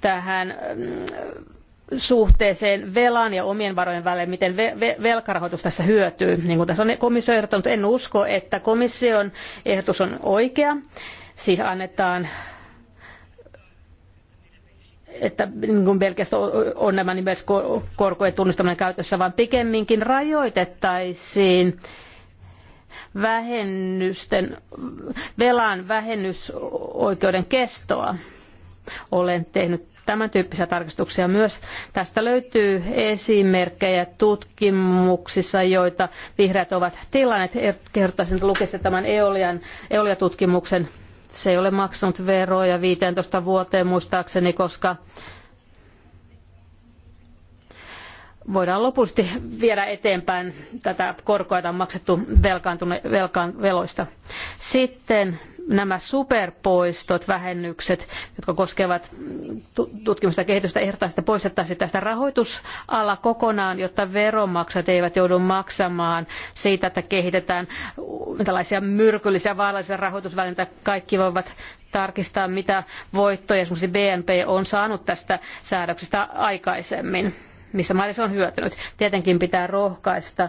tähän mm, suhteeseen velan ja omien varojen välillä, miten velkarahoitus tässä hyötyy. Niin kuin tässä on komissio ehdottanut, en usko, että komission ehdotus on oikea. Siis annetaan että niin kuin Belgiasta on nämä nimes korkojen tunnistaminen käytössä, vaan pikemminkin rajoitettaisiin vähennysten, velan vähennysoikeuden kestoa. Olen tehnyt tämän tyyppisiä tarkistuksia myös. Tästä löytyy esimerkkejä tutkimuksissa, joita vihreät ovat tilanneet. Kehottaisin, että lukisitte tämän Eolian, Eolia-tutkimuksen. Se ei ole maksanut veroja 15 vuoteen muistaakseni, koska voidaan lopullisesti viedä eteenpäin tätä korkoa, jota on maksettu velkaan, velkaan, veloista. Sitten nämä superpoistot, vähennykset, jotka koskevat tutkimusta ja kehitystä, ehdottaisiin, että poistettaisiin tästä rahoitusala kokonaan, jotta veronmaksajat eivät joudu maksamaan siitä, että kehitetään tällaisia myrkyllisiä vaarallisia rahoitusvälineitä. Kaikki voivat tarkistaa, mitä voittoja esimerkiksi BNP on saanut tästä säädöksestä aikaisemmin missä se on hyötynyt. Tietenkin pitää rohkaista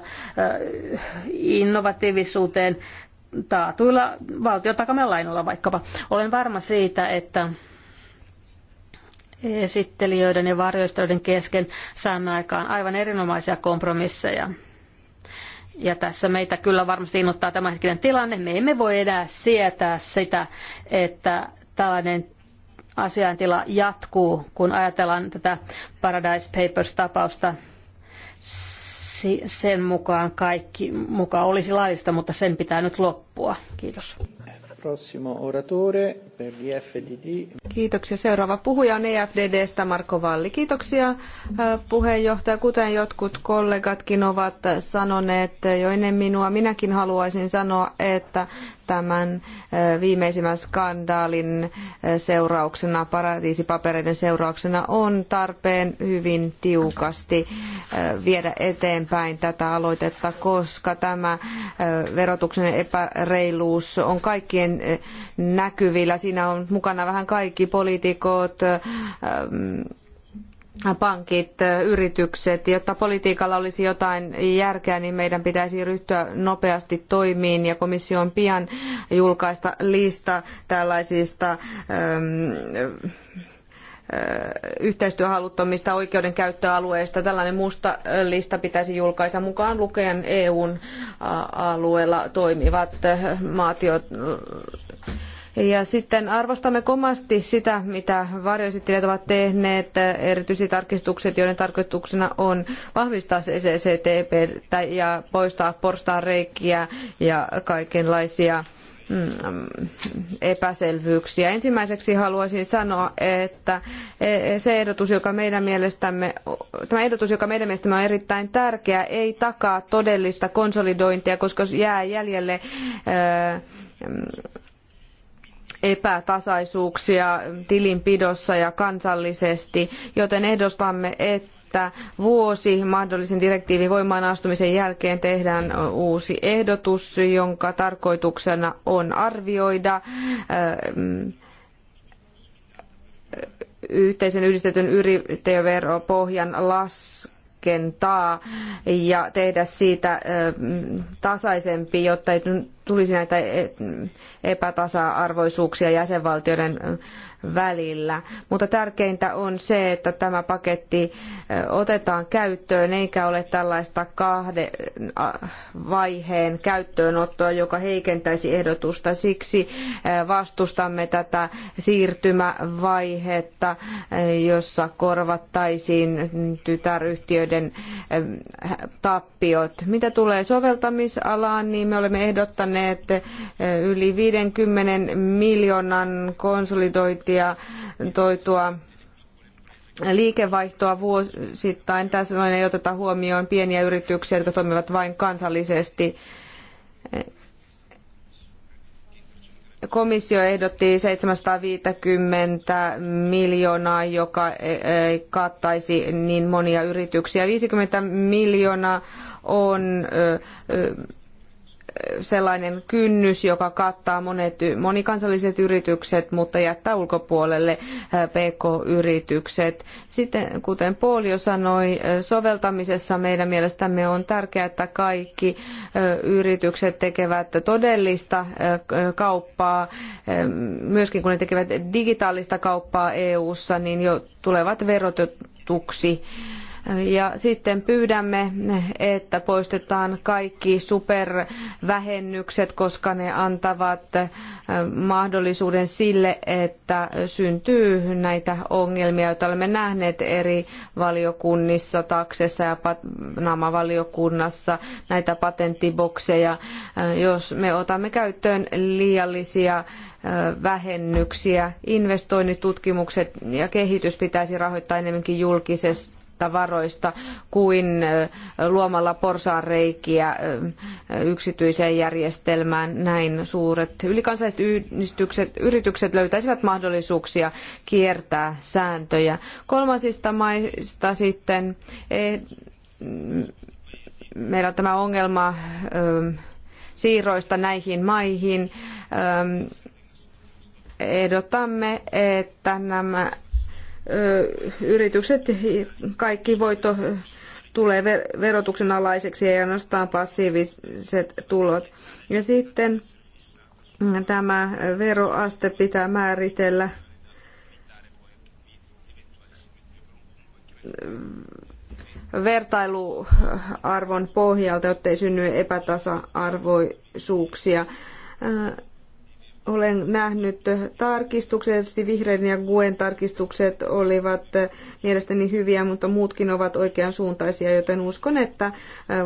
innovatiivisuuteen taatuilla lainoilla vaikkapa. Olen varma siitä, että esittelijöiden ja varjoistelijoiden kesken saamme aikaan aivan erinomaisia kompromisseja. Ja tässä meitä kyllä varmasti innoittaa tämänhetkinen tilanne. Me emme voi enää sietää sitä, että tällainen asiantila jatkuu, kun ajatellaan tätä Paradise Papers-tapausta sen mukaan kaikki mukaan olisi laillista, mutta sen pitää nyt loppua. Kiitos. Prossimo oratore. Kiitoksia. Seuraava puhuja on EFDDstä Marko Valli. Kiitoksia äh, puheenjohtaja. Kuten jotkut kollegatkin ovat sanoneet jo ennen minua, minäkin haluaisin sanoa, että tämän äh, viimeisimmän skandaalin äh, seurauksena, paratiisipapereiden seurauksena, on tarpeen hyvin tiukasti viedä eteenpäin tätä aloitetta, koska tämä verotuksen epäreiluus on kaikkien näkyvillä siinä on mukana vähän kaikki poliitikot, ähm, pankit, yritykset. Jotta politiikalla olisi jotain järkeä, niin meidän pitäisi ryhtyä nopeasti toimiin ja komissio on pian julkaista lista tällaisista ähm, äh, yhteistyöhaluttomista oikeudenkäyttöalueista. Tällainen musta lista pitäisi julkaista mukaan lukien EUn alueella toimivat maat, ja sitten arvostamme komasti sitä, mitä varjoesittelijät ovat tehneet, erityisesti tarkistukset, joiden tarkoituksena on vahvistaa tä ja poistaa porstaan reikiä ja kaikenlaisia mm, epäselvyyksiä. Ensimmäiseksi haluaisin sanoa, että se ehdotus, joka meidän mielestämme, tämä ehdotus, joka meidän mielestämme on erittäin tärkeä, ei takaa todellista konsolidointia, koska jää jäljelle epätasaisuuksia tilinpidossa ja kansallisesti, joten ehdostamme, että että vuosi mahdollisen direktiivin voimaan astumisen jälkeen tehdään uusi ehdotus, jonka tarkoituksena on arvioida ähm, yhteisen yhdistetyn yrittäjäveropohjan lasku tarkentaa ja tehdä siitä tasaisempi, jotta ei tulisi näitä e, epätasa-arvoisuuksia jäsenvaltioiden välillä. Mutta tärkeintä on se, että tämä paketti otetaan käyttöön, eikä ole tällaista kahden vaiheen käyttöönottoa, joka heikentäisi ehdotusta. Siksi vastustamme tätä siirtymävaihetta, jossa korvattaisiin tytäryhtiöiden tappiot. Mitä tulee soveltamisalaan, niin me olemme ehdottaneet yli 50 miljoonan konsolidointia toitua liikevaihtoa vuosittain. Tässä ei oteta huomioon pieniä yrityksiä, jotka toimivat vain kansallisesti. Komissio ehdotti 750 miljoonaa, joka ei kattaisi niin monia yrityksiä. 50 miljoonaa on sellainen kynnys, joka kattaa monet monikansalliset yritykset, mutta jättää ulkopuolelle äh, PK-yritykset. Sitten, kuten Paul jo sanoi, äh, soveltamisessa meidän mielestämme on tärkeää, että kaikki äh, yritykset tekevät todellista kauppaa, myöskin kun ne tekevät digitaalista kauppaa EU-ssa, niin jo tulevat verotetuksi. Ja sitten pyydämme, että poistetaan kaikki supervähennykset, koska ne antavat mahdollisuuden sille, että syntyy näitä ongelmia, joita olemme nähneet eri valiokunnissa, taksessa ja naamavaliokunnassa, näitä patenttibokseja. Jos me otamme käyttöön liiallisia vähennyksiä. Investoinnit, tutkimukset ja kehitys pitäisi rahoittaa enemmänkin julkisesti tavaroista kuin luomalla porsaanreikiä yksityiseen järjestelmään. Näin suuret ylikansalliset yhdistykset, yritykset löytäisivät mahdollisuuksia kiertää sääntöjä. Kolmansista maista sitten e, meillä on tämä ongelma siirroista näihin maihin ehdotamme, että nämä yritykset, kaikki voitto tulee verotuksen alaiseksi ja ainoastaan passiiviset tulot. Ja sitten tämä veroaste pitää määritellä vertailuarvon pohjalta, jottei synny epätasa-arvoisuuksia olen nähnyt tarkistukset, tietysti vihreiden ja Guen tarkistukset olivat mielestäni hyviä, mutta muutkin ovat oikean suuntaisia, joten uskon, että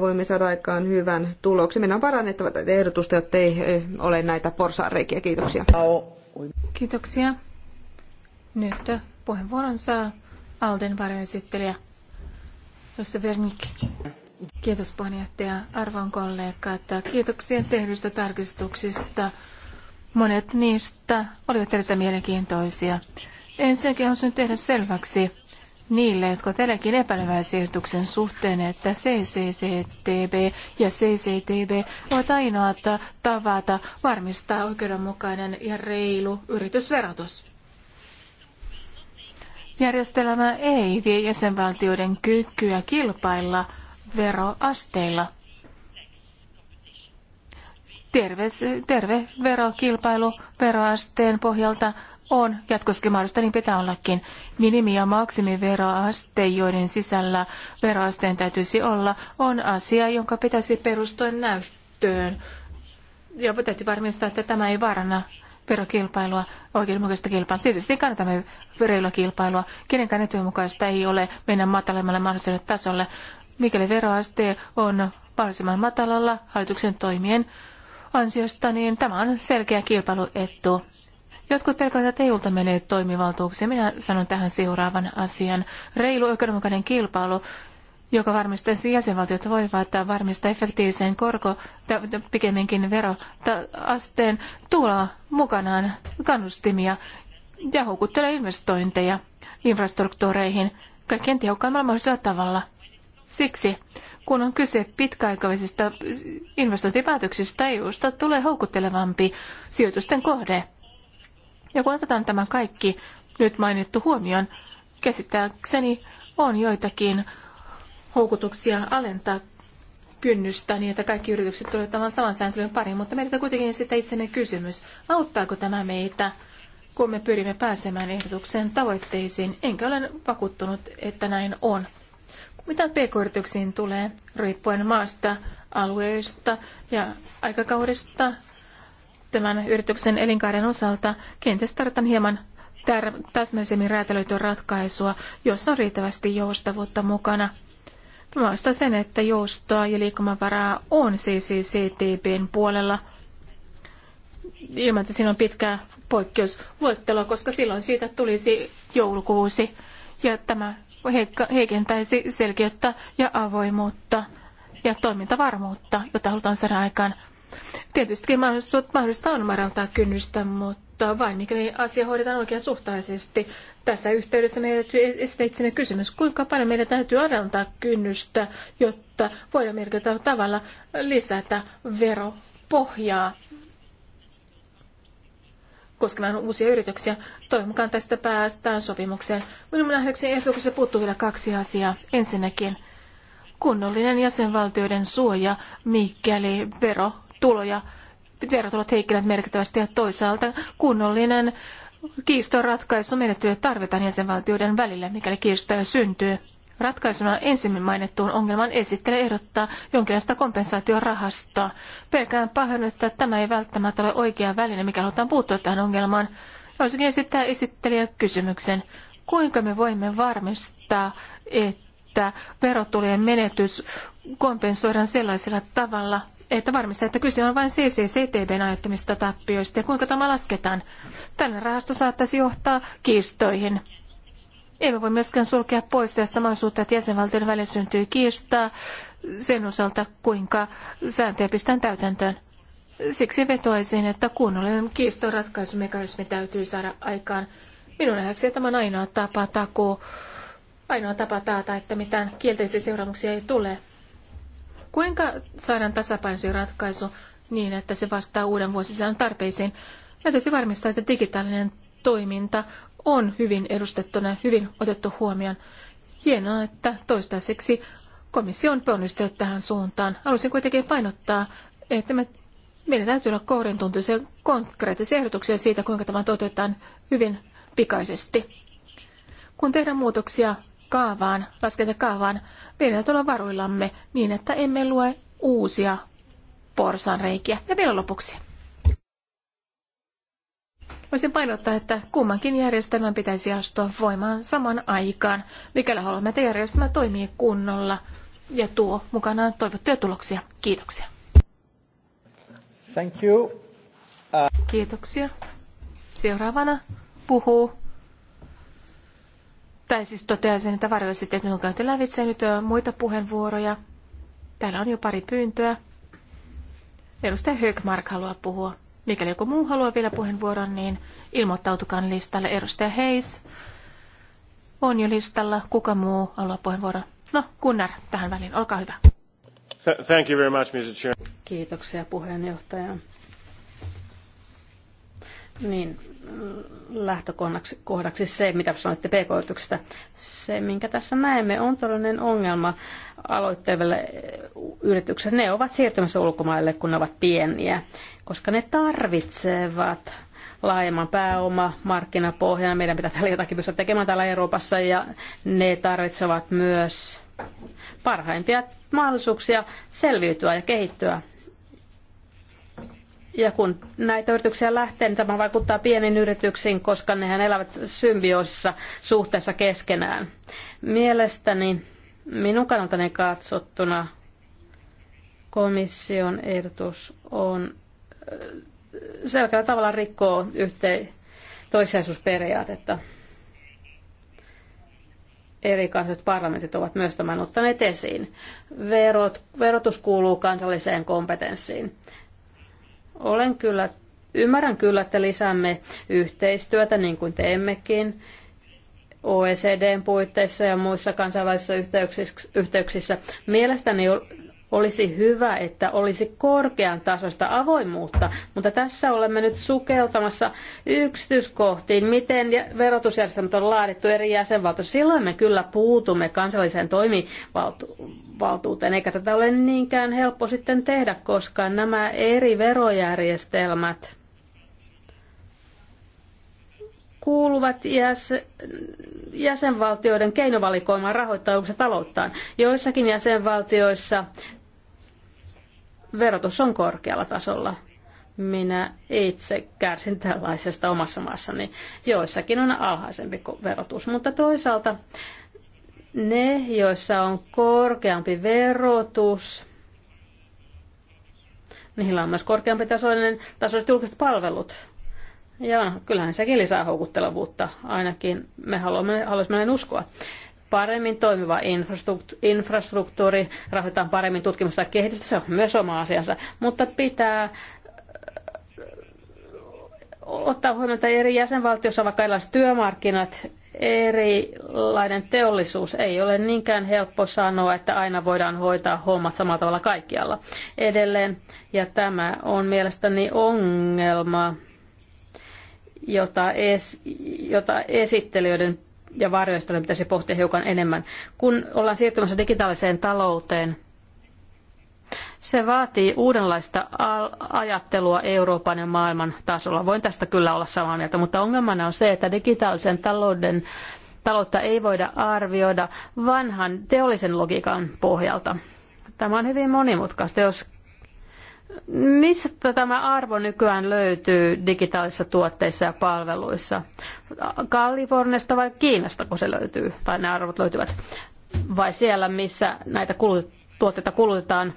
voimme saada aikaan hyvän tuloksen. Meidän on parannettava tätä ehdotusta, jotta ei ole näitä porsaanreikiä. Kiitoksia. Kiitoksia. Nyt puheenvuoron saa Alden varjoesittelijä Jussi Vernik. Kiitos puheenjohtaja, arvon kollegat. Kiitoksia tehdyistä tarkistuksista. Monet niistä olivat erittäin mielenkiintoisia. Ensinnäkin haluaisin tehdä selväksi niille, jotka teilläkin epäilevää siirtyksen suhteen, että CCCTB ja CCTB ovat ainoat tavata varmistaa oikeudenmukainen ja reilu yritysverotus. Järjestelmä ei vie jäsenvaltioiden kykyä kilpailla veroasteilla – Terve, terve verokilpailu veroasteen pohjalta on jatkossakin mahdollista, niin pitää ollakin. Minimi- ja maksimiveroaste, joiden sisällä veroasteen täytyisi olla, on asia, jonka pitäisi perustua näyttöön. Ja täytyy varmistaa, että tämä ei vaaranna verokilpailua, oikeudenmukaista kilpailua. Tietysti kannatamme reilua kilpailua. Kenenkään etujen mukaista ei ole mennä matalemmalle mahdolliselle tasolle. Mikäli veroaste on mahdollisimman matalalla hallituksen toimien ansiosta, niin tämä on selkeä kilpailuettu. Jotkut pelkäävät, että EUlta menee toimivaltuuksia. Minä sanon tähän seuraavan asian. Reilu oikeudenmukainen kilpailu, joka varmistaisi jäsenvaltiot voivat varmistaa efektiivisen korko, pikemminkin veroasteen, tuolla mukanaan kannustimia ja houkuttelee investointeja infrastruktuureihin kaikkein tehokkaimmalla mahdollisella tavalla. Siksi, kun on kyse pitkäaikaisista investointipäätöksistä, EUsta tulee houkuttelevampi sijoitusten kohde. Ja kun otetaan tämä kaikki nyt mainittu huomioon, käsittääkseni on joitakin houkutuksia alentaa kynnystä niin, että kaikki yritykset tulevat tämän saman sääntelyn pariin, mutta meiltä kuitenkin sitä itsemme kysymys, auttaako tämä meitä, kun me pyrimme pääsemään ehdotuksen tavoitteisiin. Enkä ole vakuuttunut, että näin on. Mitä pk-yrityksiin tulee, riippuen maasta, alueesta ja aikakaudesta tämän yrityksen elinkaaren osalta, kenties tarvitaan hieman tär- täsmällisemmin räätälöityä ratkaisua, jossa on riittävästi joustavuutta mukana. Tämä vastaa sen, että joustoa ja liikkumavaraa on siis CCCTBn puolella ilman, että siinä on pitkää poikkeusluetteloa, koska silloin siitä tulisi joulukuusi. Ja tämä heikentäisi selkeyttä ja avoimuutta ja toimintavarmuutta, jota halutaan saada aikaan. Tietysti mahdollista on madaltaa kynnystä, mutta vain mikäli asia hoidetaan oikeasuhtaisesti. Tässä yhteydessä meidän täytyy esittää kysymys, kuinka paljon meidän täytyy alentaa kynnystä, jotta voidaan merkittävällä tavalla lisätä veropohjaa koskemaan uusia yrityksiä. Toivon mukaan tästä päästään sopimukseen. Minun nähdäkseni ehdotuksessa puuttuu vielä kaksi asiaa. Ensinnäkin kunnollinen jäsenvaltioiden suoja, mikäli verotuloja, verotulot heikkenevät merkittävästi ja toisaalta kunnollinen kiistonratkaisumenettely tarvitaan jäsenvaltioiden välillä, mikäli kiistoja syntyy. Ratkaisuna ensimmäinen mainittuun ongelman esittelee ehdottaa jonkinlaista kompensaatiorahastoa. Pelkään pahoin, että tämä ei välttämättä ole oikea väline, mikä halutaan puuttua tähän ongelmaan. Haluaisinkin esittää esittelijän kysymyksen. Kuinka me voimme varmistaa, että verotulojen menetys kompensoidaan sellaisella tavalla, että varmistaa, että kyse on vain CCCTBn aiheuttamista tappioista ja kuinka tämä lasketaan. Tällainen rahasto saattaisi johtaa kiistoihin emme voi myöskään sulkea pois tästä mahdollisuutta, että jäsenvaltioiden välillä syntyy kiistaa sen osalta, kuinka sääntöjä pistetään täytäntöön. Siksi vetoaisin, että kunnollinen kiistoratkaisumekanismi täytyy saada aikaan. Minun nähdäkseni tämä on ainoa tapa takuu, ainoa tapa taata, että mitään kielteisiä seuraamuksia ei tule. Kuinka saadaan tasapainoisen ratkaisu niin, että se vastaa uuden vuosisadan tarpeisiin? Ja täytyy varmistaa, että digitaalinen toiminta on hyvin edustettuna, hyvin otettu huomioon. Hienoa, että toistaiseksi komissio on ponnistellut tähän suuntaan. Haluaisin kuitenkin painottaa, että me, meidän täytyy olla kohdentuntuisia konkreettisia ehdotuksia siitä, kuinka tämä toteutetaan hyvin pikaisesti. Kun tehdään muutoksia kaavaan, laskentakaavaan, meidän täytyy olla varuillamme niin, että emme lue uusia porsaanreikiä. Ja vielä lopuksi. Voisin painottaa, että kummankin järjestelmän pitäisi astua voimaan saman aikaan, mikäli haluamme, että järjestelmä toimii kunnolla ja tuo mukanaan toivottuja tuloksia. Kiitoksia. Thank you. Uh... Kiitoksia. Seuraavana puhuu tai siis toteaisin, että varjoisit, että nyt on käyty lävitse nyt muita puheenvuoroja. Täällä on jo pari pyyntöä. Edustaja Högmark haluaa puhua. Mikäli joku muu haluaa vielä puheenvuoron, niin ilmoittautukaa listalle. Edustaja Heis on jo listalla. Kuka muu haluaa puheenvuoron? No, Gunnar, tähän väliin. Olkaa hyvä. Thank you very much, Mr. Chair. Kiitoksia puheenjohtaja. Niin, lähtökohdaksi kohdaksi se, mitä sanoitte pk yrityksestä Se, minkä tässä näemme, on todellinen ongelma aloitteille yrityksille. Ne ovat siirtymässä ulkomaille, kun ne ovat pieniä koska ne tarvitsevat laajemman pääoma markkinapohjan. Meidän pitää täällä jotakin pystyä tekemään täällä Euroopassa ja ne tarvitsevat myös parhaimpia mahdollisuuksia selviytyä ja kehittyä. Ja kun näitä yrityksiä lähtee, niin tämä vaikuttaa pieniin yrityksiin, koska nehän elävät symbioosissa suhteessa keskenään. Mielestäni minun kannaltani katsottuna komission ehdotus on selkeällä tavalla rikkoo yhteen toissijaisuusperiaatetta. Eri kansalliset parlamentit ovat myös tämän ottaneet esiin. Verot, verotus kuuluu kansalliseen kompetenssiin. Olen kyllä, ymmärrän kyllä, että lisäämme yhteistyötä niin kuin teemmekin. OECDn puitteissa ja muissa kansainvälisissä yhteyksissä. Mielestäni olisi hyvä, että olisi korkean tasosta avoimuutta, mutta tässä olemme nyt sukeltamassa yksityiskohtiin, miten verotusjärjestelmät on laadittu eri jäsenvaltioissa. Silloin me kyllä puutumme kansalliseen toimivaltuuteen, eikä tätä ole niinkään helppo sitten tehdä, koska nämä eri verojärjestelmät kuuluvat jäsenvaltioiden keinovalikoimaan rahoittaa julkista talouttaan. Joissakin jäsenvaltioissa verotus on korkealla tasolla. Minä itse kärsin tällaisesta omassa maassani. Joissakin on alhaisempi verotus, mutta toisaalta ne, joissa on korkeampi verotus, niillä on myös korkeampi tasoinen, tasoiset julkiset palvelut. Ja kyllähän sekin lisää houkuttelevuutta, ainakin me haluamme, haluaisimme näin uskoa paremmin toimiva infrastruktuuri, rahoitetaan paremmin tutkimusta ja kehitystä, se on myös oma asiansa, mutta pitää ottaa huomioon, että eri jäsenvaltioissa vaikka erilaiset työmarkkinat, erilainen teollisuus, ei ole niinkään helppo sanoa, että aina voidaan hoitaa hommat samalla tavalla kaikkialla edelleen. Ja tämä on mielestäni ongelma, jota, es, jota esittelijöiden ja ne pitäisi pohtia hiukan enemmän. Kun ollaan siirtymässä digitaaliseen talouteen, se vaatii uudenlaista ajattelua Euroopan ja maailman tasolla. Voin tästä kyllä olla samaa mieltä, mutta ongelmana on se, että digitaalisen talouden taloutta ei voida arvioida vanhan teollisen logiikan pohjalta. Tämä on hyvin monimutkaista. Jos Mistä tämä arvo nykyään löytyy digitaalisissa tuotteissa ja palveluissa? Kaliforniasta vai Kiinasta, kun se löytyy, tai ne arvot löytyvät? Vai siellä, missä näitä kulut- tuotteita kulutetaan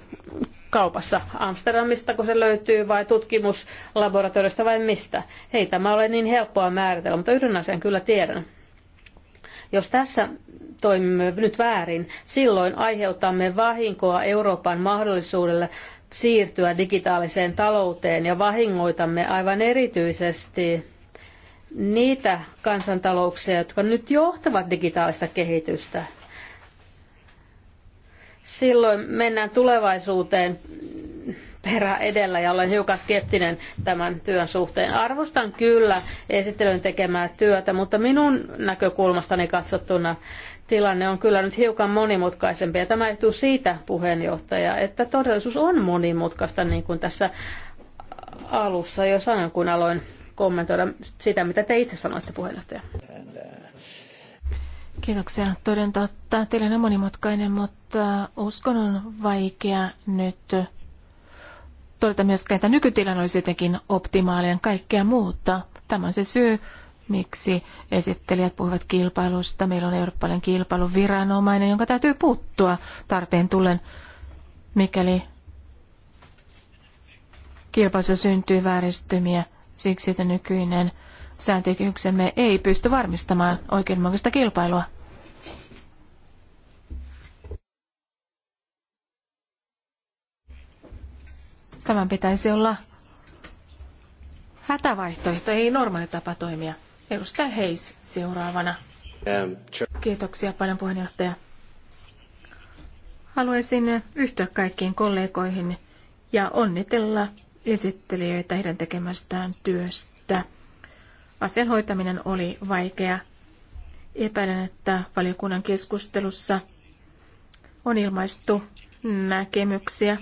kaupassa? Amsterdamista, kun se löytyy, vai tutkimuslaboratoriosta vai mistä? Ei tämä ole niin helppoa määritellä, mutta yhden asian kyllä tiedän. Jos tässä toimimme nyt väärin, silloin aiheutamme vahinkoa Euroopan mahdollisuudelle siirtyä digitaaliseen talouteen ja vahingoitamme aivan erityisesti niitä kansantalouksia, jotka nyt johtavat digitaalista kehitystä. Silloin mennään tulevaisuuteen perä edellä ja olen hiukan skeptinen tämän työn suhteen. Arvostan kyllä esittelyn tekemää työtä, mutta minun näkökulmastani katsottuna tilanne on kyllä nyt hiukan monimutkaisempi. Ja tämä johtuu siitä, puheenjohtaja, että todellisuus on monimutkaista, niin kuin tässä alussa jo sanoin, kun aloin kommentoida sitä, mitä te itse sanoitte, puheenjohtaja. Kiitoksia. Toden totta. Tilanne on monimutkainen, mutta uskon on vaikea nyt todeta myöskään, että nykytilanne olisi jotenkin optimaalinen kaikkea muuta. Tämä on se syy, miksi esittelijät puhuvat kilpailusta. Meillä on eurooppalainen kilpailuviranomainen, jonka täytyy puuttua tarpeen tullen, mikäli kilpailussa syntyy vääristymiä siksi, että nykyinen sääntökyksemme ei pysty varmistamaan oikeudenmukaista kilpailua. Tämän pitäisi olla hätävaihtoehto, ei normaali tapa toimia. Edustaja Heis seuraavana. Ähm, Kiitoksia paljon puheenjohtaja. Haluaisin yhtyä kaikkiin kollegoihin ja onnitella esittelijöitä heidän tekemästään työstä. Asian hoitaminen oli vaikea. Epäilen, että valiokunnan keskustelussa on ilmaistu näkemyksiä,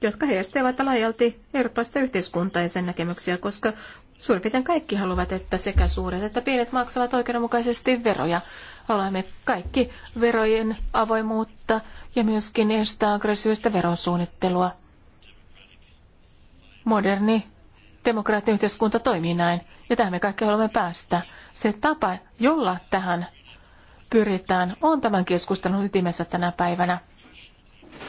jotka heijastavat laajalti eurooppalaista yhteiskuntaa ja sen näkemyksiä, koska Suurin piirtein kaikki haluavat, että sekä suuret että pienet maksavat oikeudenmukaisesti veroja. Haluamme kaikki verojen avoimuutta ja myöskin estää aggressiivista verosuunnittelua. Moderni demokraattinen yhteiskunta toimii näin, ja tähän me kaikki haluamme päästä. Se tapa, jolla tähän pyritään, on tämän keskustelun ytimessä tänä päivänä.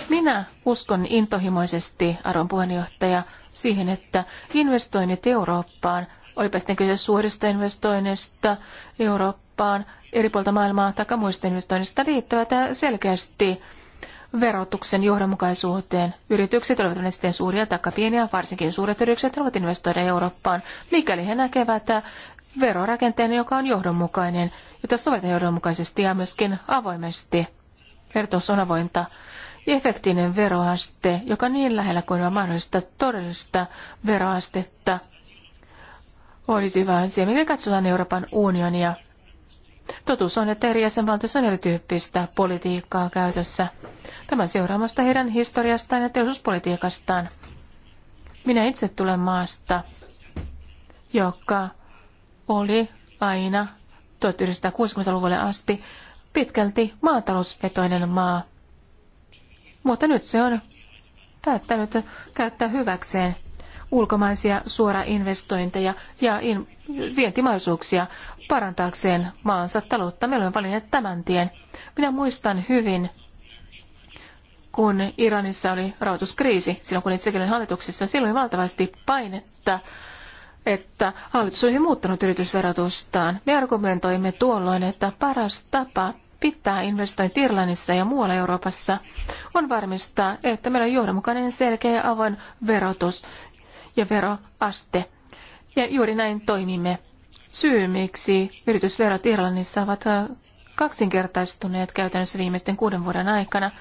Minä uskon intohimoisesti, arvon puheenjohtaja, siihen, että investoinnit Eurooppaan, olipa sitten kyse suorista investoinneista Eurooppaan, eri puolta maailmaa tai muista investoinnista, liittyvät selkeästi verotuksen johdonmukaisuuteen. Yritykset olivat ne sitten suuria tai pieniä, varsinkin suuret yritykset ovat investoida Eurooppaan, mikäli he näkevät verorakenteen, joka on johdonmukainen, jota sovelletaan johdonmukaisesti ja myöskin avoimesti. Vertaus on avointa ja efektiivinen veroaste, joka niin lähellä kuin on mahdollista todellista veroastetta, olisi hyvä asia. Mikä katsotaan Euroopan unionia? Totuus on, että eri jäsenvaltioissa on erityyppistä politiikkaa käytössä. Tämä seuraamasta heidän historiastaan ja teollisuuspolitiikastaan. Minä itse tulen maasta, joka oli aina 1960-luvulle asti pitkälti maatalousvetoinen maa. Mutta nyt se on päättänyt käyttää hyväkseen ulkomaisia suorainvestointeja ja in- vientimaisuuksia parantaakseen maansa taloutta. Me olemme valinneet tämän tien. Minä muistan hyvin, kun Iranissa oli rahoituskriisi, silloin kun itsekin olin hallituksessa, silloin oli valtavasti painetta, että hallitus olisi muuttanut yritysverotustaan. Me argumentoimme tuolloin, että paras tapa pitää investoida Irlannissa ja muualla Euroopassa, on varmistaa, että meillä on johdonmukainen, selkeä ja avoin verotus ja veroaste. Ja juuri näin toimimme. Syy, miksi yritysverot Irlannissa ovat kaksinkertaistuneet käytännössä viimeisten kuuden vuoden aikana,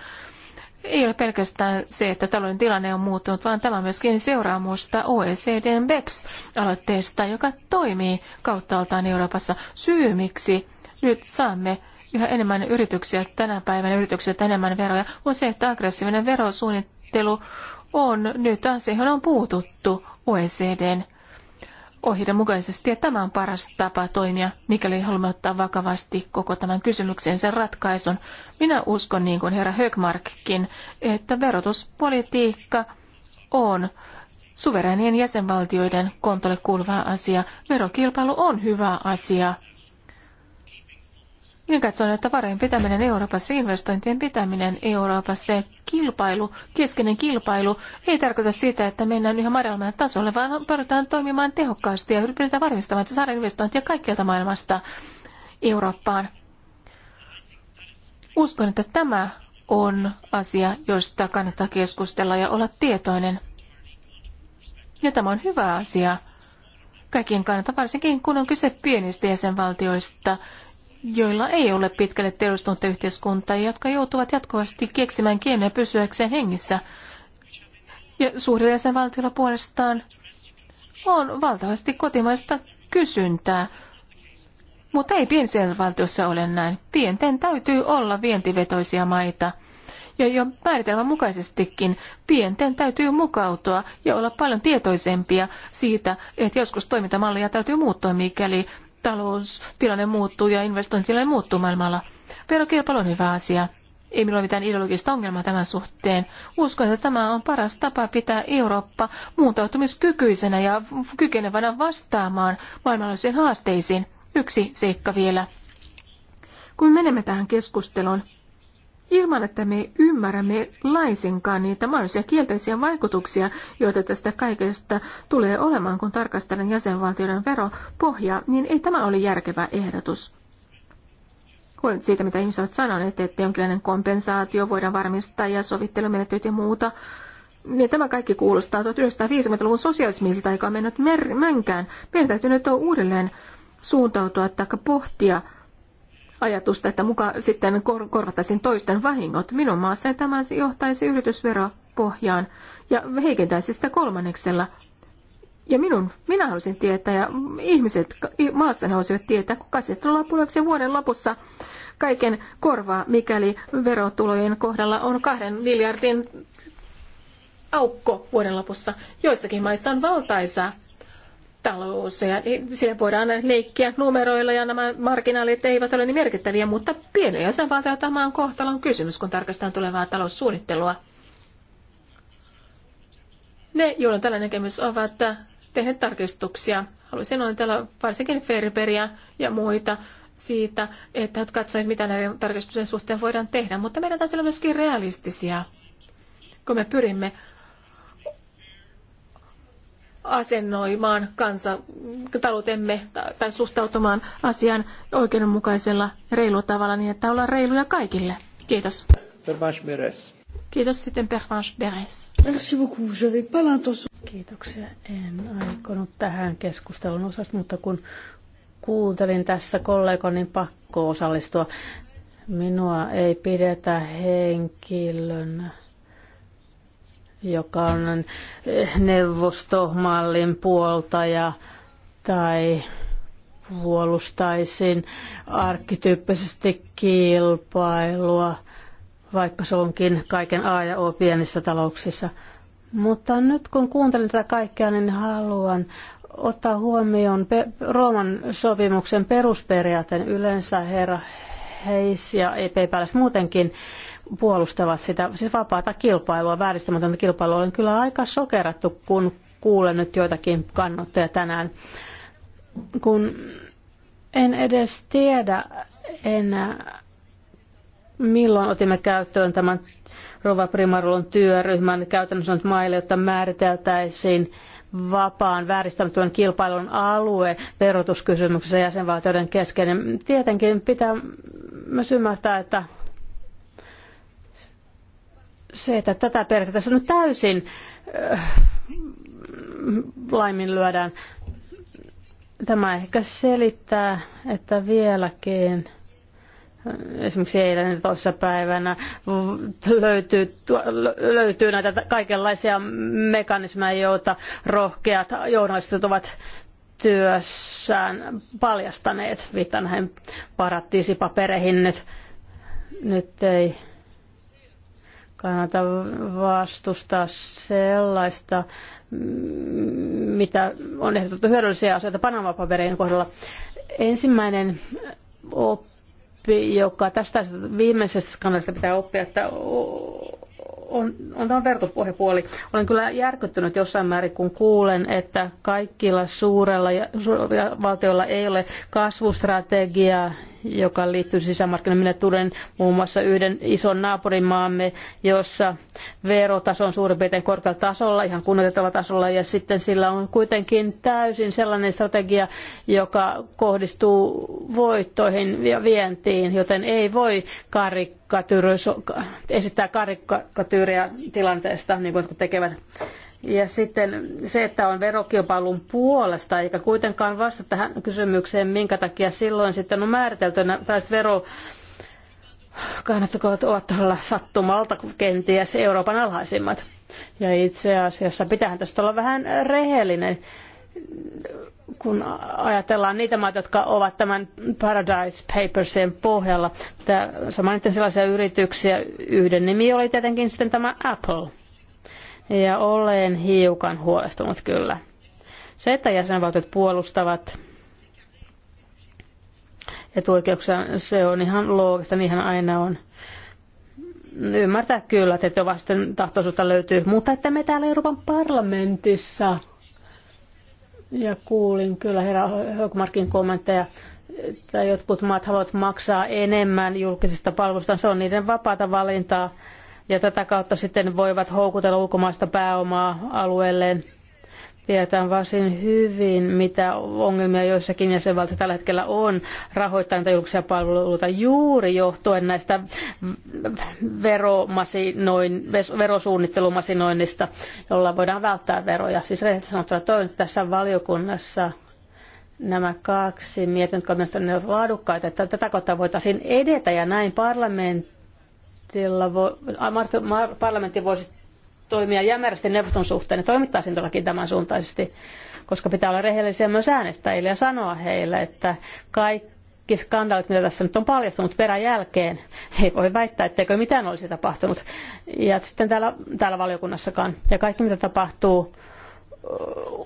ei ole pelkästään se, että talouden tilanne on muuttunut, vaan tämä on myöskin seuraamusta OECDn BEPS-aloitteesta, joka toimii kauttaaltaan Euroopassa. Syy, miksi nyt saamme yhä enemmän yrityksiä tänä päivänä, yrityksiä enemmän veroja, on se, että aggressiivinen verosuunnittelu on nyt asioihin on puututtu OECDn ohjeiden mukaisesti, ja tämä on paras tapa toimia, mikäli haluamme ottaa vakavasti koko tämän kysymyksen sen ratkaisun. Minä uskon, niin kuin herra Högmarkkin, että verotuspolitiikka on suvereenien jäsenvaltioiden kontolle kuuluva asia. Verokilpailu on hyvä asia minä katson, että varojen pitäminen Euroopassa, investointien pitäminen Euroopassa ja kilpailu, keskeinen kilpailu, ei tarkoita sitä, että mennään yhä maailman tasolle, vaan pyritään toimimaan tehokkaasti ja pyritään varmistamaan, että saadaan investointia kaikkialta maailmasta Eurooppaan. Uskon, että tämä on asia, josta kannattaa keskustella ja olla tietoinen. Ja tämä on hyvä asia kaikkien kannalta, varsinkin kun on kyse pienistä jäsenvaltioista, joilla ei ole pitkälle teollistunutta yhteiskuntaa ja jotka joutuvat jatkuvasti keksimään keinoja pysyäkseen hengissä. Ja suurilla jäsenvaltioilla puolestaan on valtavasti kotimaista kysyntää, mutta ei pienissä jäsenvaltiossa ole näin. Pienten täytyy olla vientivetoisia maita. Ja jo määritelmän mukaisestikin pienten täytyy mukautua ja olla paljon tietoisempia siitä, että joskus toimintamallia täytyy muuttua, mikäli taloustilanne muuttuu ja investointitilanne muuttuu maailmalla. Verokilpailu on hyvä asia. Ei minulla ole mitään ideologista ongelmaa tämän suhteen. Uskon, että tämä on paras tapa pitää Eurooppa muuntautumiskykyisenä ja kykenevänä vastaamaan maailmanlaisiin haasteisiin. Yksi seikka vielä. Kun menemme tähän keskusteluun, ilman, että me ymmärrämme laisinkaan niitä mahdollisia kielteisiä vaikutuksia, joita tästä kaikesta tulee olemaan, kun tarkastellaan jäsenvaltioiden veropohjaa, niin ei tämä ole järkevä ehdotus. Huolimatta siitä, mitä ihmiset ovat sanoneet, että jonkinlainen kompensaatio voidaan varmistaa ja sovittelumenettelyt ja muuta, niin tämä kaikki kuulostaa 1950-luvun sosiaalismilta, joka on mennyt mer- mänkään. Meidän täytyy nyt uudelleen suuntautua että pohtia ajatusta, että muka sitten kor- korvattaisiin toisten vahingot. Minun maassa tämä johtaisi yritysveropohjaan ja heikentäisi sitä kolmanneksella. Ja minun, minä halusin tietää ja ihmiset maassa halusivat tietää, kuka sitten lopuksi vuoden lopussa kaiken korvaa, mikäli verotulojen kohdalla on kahden miljardin aukko vuoden lopussa. Joissakin maissa on valtaisa talous. Ja siinä voidaan leikkiä numeroilla ja nämä marginaalit eivät ole niin merkittäviä, mutta pienen jäsenvaltio tämä on kohtalon kysymys, kun tarkastetaan tulevaa taloussuunnittelua. Ne, joilla tällainen näkemys ovat tehneet tarkistuksia. Haluaisin täällä varsinkin Ferberia ja muita siitä, että he katsoivat, mitä näiden tarkistusten suhteen voidaan tehdä, mutta meidän täytyy olla myöskin realistisia, kun me pyrimme asennoimaan kansa, taloutemme tai suhtautumaan asiaan oikeudenmukaisella reilulla tavalla niin, että ollaan reiluja kaikille. Kiitos. Kiitos sitten Pervanche Beres. Merci beaucoup. J'avais pas l'intention. Kiitoksia. En aikonut tähän keskustelun osasta, mutta kun kuuntelin tässä kollegon, niin pakko osallistua. Minua ei pidetä henkilönä joka on neuvostomallin puoltaja tai puolustaisin arkkityyppisesti kilpailua, vaikka se onkin kaiken A ja O pienissä talouksissa. Mutta nyt kun kuuntelen tätä kaikkea, niin haluan ottaa huomioon Rooman sopimuksen perusperiaatteen yleensä herra Heis ja ei muutenkin puolustavat sitä, siis vapaata kilpailua, vääristämätöntä kilpailua. Olen kyllä aika sokerattu, kun kuulen nyt joitakin kannattajia tänään, kun en edes tiedä enää, milloin otimme käyttöön tämän Rova Primarulon työryhmän käytännössä on maille, jotta määriteltäisiin vapaan vääristämätön kilpailun alue verotuskysymyksessä jäsenvaltioiden kesken. Tietenkin pitää myös ymmärtää, että se, että tätä tässä nyt täysin äh, laiminlyödään, tämä ehkä selittää, että vieläkin äh, esimerkiksi eilen ja toisessa päivänä löytyy, löytyy näitä kaikenlaisia mekanismeja, joita rohkeat journalistit ovat työssään paljastaneet. Viittaan näihin paratiisipapereihin nyt. Nyt ei kannata vastustaa sellaista, mm, mitä on ehdotettu hyödyllisiä asioita Panama-paperien kohdalla. Ensimmäinen oppi, joka tästä viimeisestä skandaalista pitää oppia, että on, on tämä vertuspohjapuoli. Olen kyllä järkyttynyt jossain määrin, kun kuulen, että kaikilla suurella ja, suurella valtioilla ei ole kasvustrategiaa joka liittyy sisämarkkinoihin. Minä tulen muun muassa yhden ison naapurimaamme, jossa verotaso on suurin piirtein korkealla tasolla, ihan kunnioitettavalla tasolla, ja sitten sillä on kuitenkin täysin sellainen strategia, joka kohdistuu voittoihin ja vientiin, joten ei voi karikatyyri, esittää karikatyyriä tilanteesta, niin kuin tekevät ja sitten se, että on verokilpailun puolesta, eikä kuitenkaan vasta tähän kysymykseen, minkä takia silloin sitten on määritelty tällaiset vero kannattako ovat todella sattumalta kenties Euroopan alhaisimmat. Ja itse asiassa pitää tästä olla vähän rehellinen, kun ajatellaan niitä maita, jotka ovat tämän Paradise Papersin pohjalla. Tämä, sama sellaisia yrityksiä, yhden nimi oli tietenkin sitten tämä Apple – ja olen hiukan huolestunut kyllä. Se, että jäsenvaltiot puolustavat etuoikeuksia, se on ihan loogista, niinhän aina on. Ymmärtää kyllä, että vasten tahtoisuutta löytyy, mutta että me täällä Euroopan parlamentissa, ja kuulin kyllä herra hökmarkin kommentteja, että jotkut maat haluavat maksaa enemmän julkisista palveluista, se on niiden vapaata valintaa ja tätä kautta sitten voivat houkutella ulkomaista pääomaa alueelleen. Tiedetään varsin hyvin, mitä ongelmia joissakin jäsenvaltioissa tällä hetkellä on rahoittaa näitä julkisia palveluita juuri johtuen näistä veromasinoin, verosuunnittelumasinoinnista, jolla voidaan välttää veroja. Siis rehellisesti sanottuna toivon, että tässä valiokunnassa nämä kaksi mietintöä, jotka mielestäni ovat laadukkaita, että tätä kautta voitaisiin edetä ja näin parlamentti parlamentti voisi toimia jämerästi neuvoston suhteen ja toimittaisiin todellakin tämän suuntaisesti, koska pitää olla rehellisiä myös äänestäjille ja sanoa heille, että kaikki skandaalit, mitä tässä nyt on paljastunut peräjälkeen, ei voi väittää, etteikö mitään olisi tapahtunut. Ja sitten täällä, täällä valiokunnassakaan. Ja kaikki, mitä tapahtuu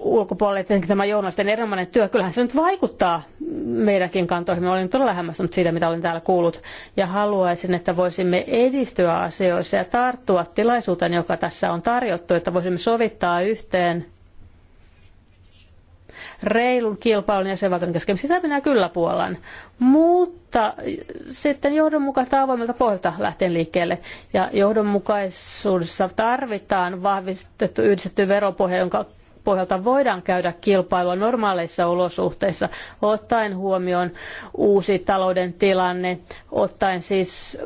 ulkopuolelle tietenkin tämä journalistien erinomainen työ, kyllähän se nyt vaikuttaa meidänkin kantoihin. Olin todella hämmästynyt siitä, mitä olen täällä kuullut. Ja haluaisin, että voisimme edistyä asioissa ja tarttua tilaisuuteen, joka tässä on tarjottu, että voisimme sovittaa yhteen reilun kilpailun sen kesken. Sitä minä kyllä puolan. Mutta sitten johdonmukaista avoimelta pohjalta lähteen liikkeelle. Ja johdonmukaisuudessa tarvitaan vahvistettu yhdistetty veropohja, jonka pohjalta voidaan käydä kilpailua normaaleissa olosuhteissa, ottaen huomioon uusi talouden tilanne, ottaen siis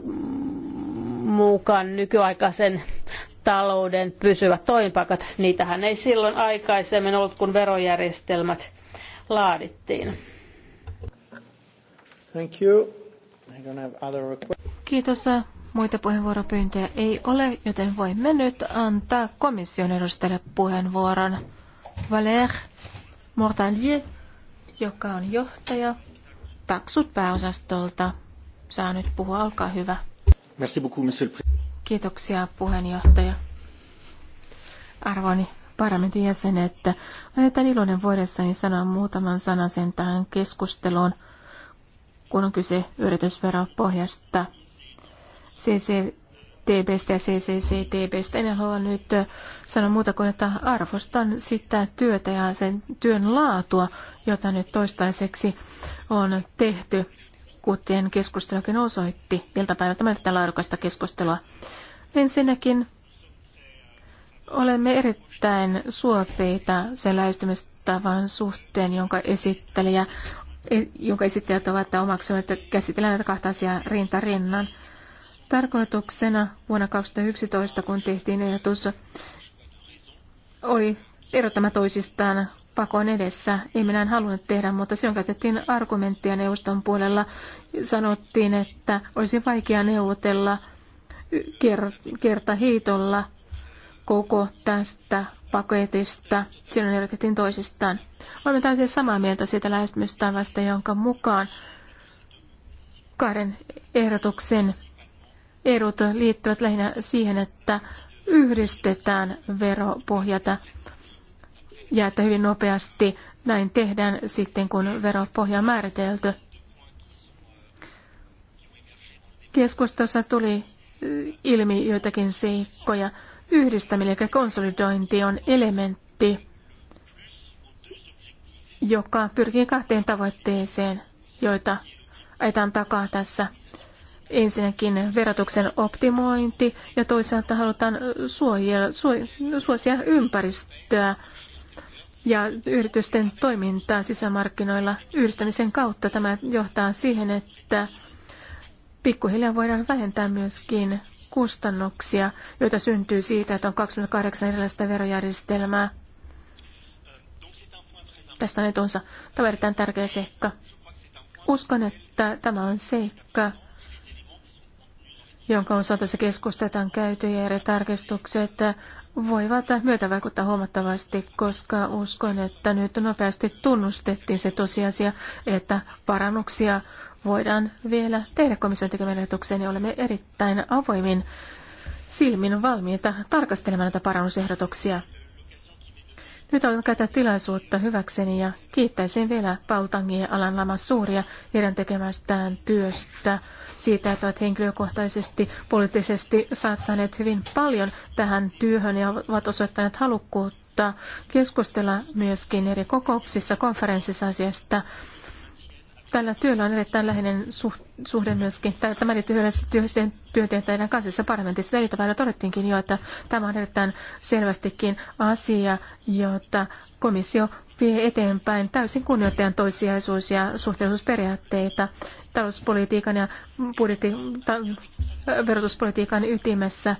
mukaan nykyaikaisen talouden pysyvät toimipaikat. Niitähän ei silloin aikaisemmin ollut, kun verojärjestelmät laadittiin. Thank you. I don't have other Kiitos. Muita puheenvuoropyyntöjä ei ole, joten voimme nyt antaa komission edustajalle puheenvuoron. Valère Mortalier, joka on johtaja taksut pääosastolta, saa nyt puhua. Olkaa hyvä. Merci beaucoup, monsieur le Kiitoksia puheenjohtaja. Arvoni parlamentin jäsenet, että olen iloinen voidessani sanoa muutaman sanan sen tähän keskusteluun, kun on kyse yritysveropohjasta. CC TBstä ja CCCTBstä. En halua nyt äh, sanoa muuta kuin, että arvostan sitä työtä ja sen työn laatua, jota nyt toistaiseksi on tehty, kuten keskustelukin osoitti iltapäivältä meiltä laadukasta keskustelua. Ensinnäkin olemme erittäin suopeita sen lähestymistavan suhteen, jonka esittelijä e, jonka esittäjät ovat omaksuneet, että käsitellään näitä kahta asiaa rinta rinnan. Tarkoituksena vuonna 2011, kun tehtiin ehdotus, oli erottama toisistaan pakon edessä. Ei minä en halunnut tehdä, mutta silloin käytettiin argumenttia neuvoston puolella. Sanottiin, että olisi vaikea neuvotella ker- kertahiitolla koko tästä paketista. Silloin erotettiin toisistaan. Olemme täysin samaa mieltä siitä lähestymistavasta, jonka mukaan kahden ehdotuksen erot liittyvät lähinnä siihen, että yhdistetään veropohjata ja että hyvin nopeasti näin tehdään sitten, kun veropohja on määritelty. Keskustossa tuli eh, ilmi joitakin seikkoja. Yhdistäminen ja konsolidointi on elementti, joka pyrkii kahteen tavoitteeseen, joita ajetaan takaa tässä ensinnäkin verotuksen optimointi ja toisaalta halutaan suojia, suosia ympäristöä ja yritysten toimintaa sisämarkkinoilla yhdistämisen kautta. Tämä johtaa siihen, että pikkuhiljaa voidaan vähentää myöskin kustannuksia, joita syntyy siitä, että on 28 erilaista verojärjestelmää. Tästä on etunsa. Tämä on erittäin tärkeä seikka. Uskon, että tämä on seikka, jonka osalta se keskustetaan käyty ja eri tarkistukset voivat myötävaikuttaa huomattavasti, koska uskon, että nyt nopeasti tunnustettiin se tosiasia, että parannuksia voidaan vielä tehdä komission tekemään ehdotukseen, niin olemme erittäin avoimin silmin valmiita tarkastelemaan näitä parannusehdotuksia. Nyt olen käytä tilaisuutta hyväkseni ja kiittäisin vielä Paltangia ja Alan Lama Suuria heidän tekemästään työstä siitä, että ovat henkilökohtaisesti, poliittisesti satsaneet hyvin paljon tähän työhön ja ovat osoittaneet halukkuutta keskustella myöskin eri kokouksissa, konferenssissa asiasta Tällä työllä on erittäin läheinen suhde myöskin. Tämä liittyy työhön työtehtäjien kanssa parlamentissa. Eli tavalla todettiinkin jo, että tämä on erittäin selvästikin asia, jota komissio vie eteenpäin täysin kunnioittajan toissijaisuus- ja suhteellisuusperiaatteita talouspolitiikan ja budjetti, ta, verotuspolitiikan ytimessä.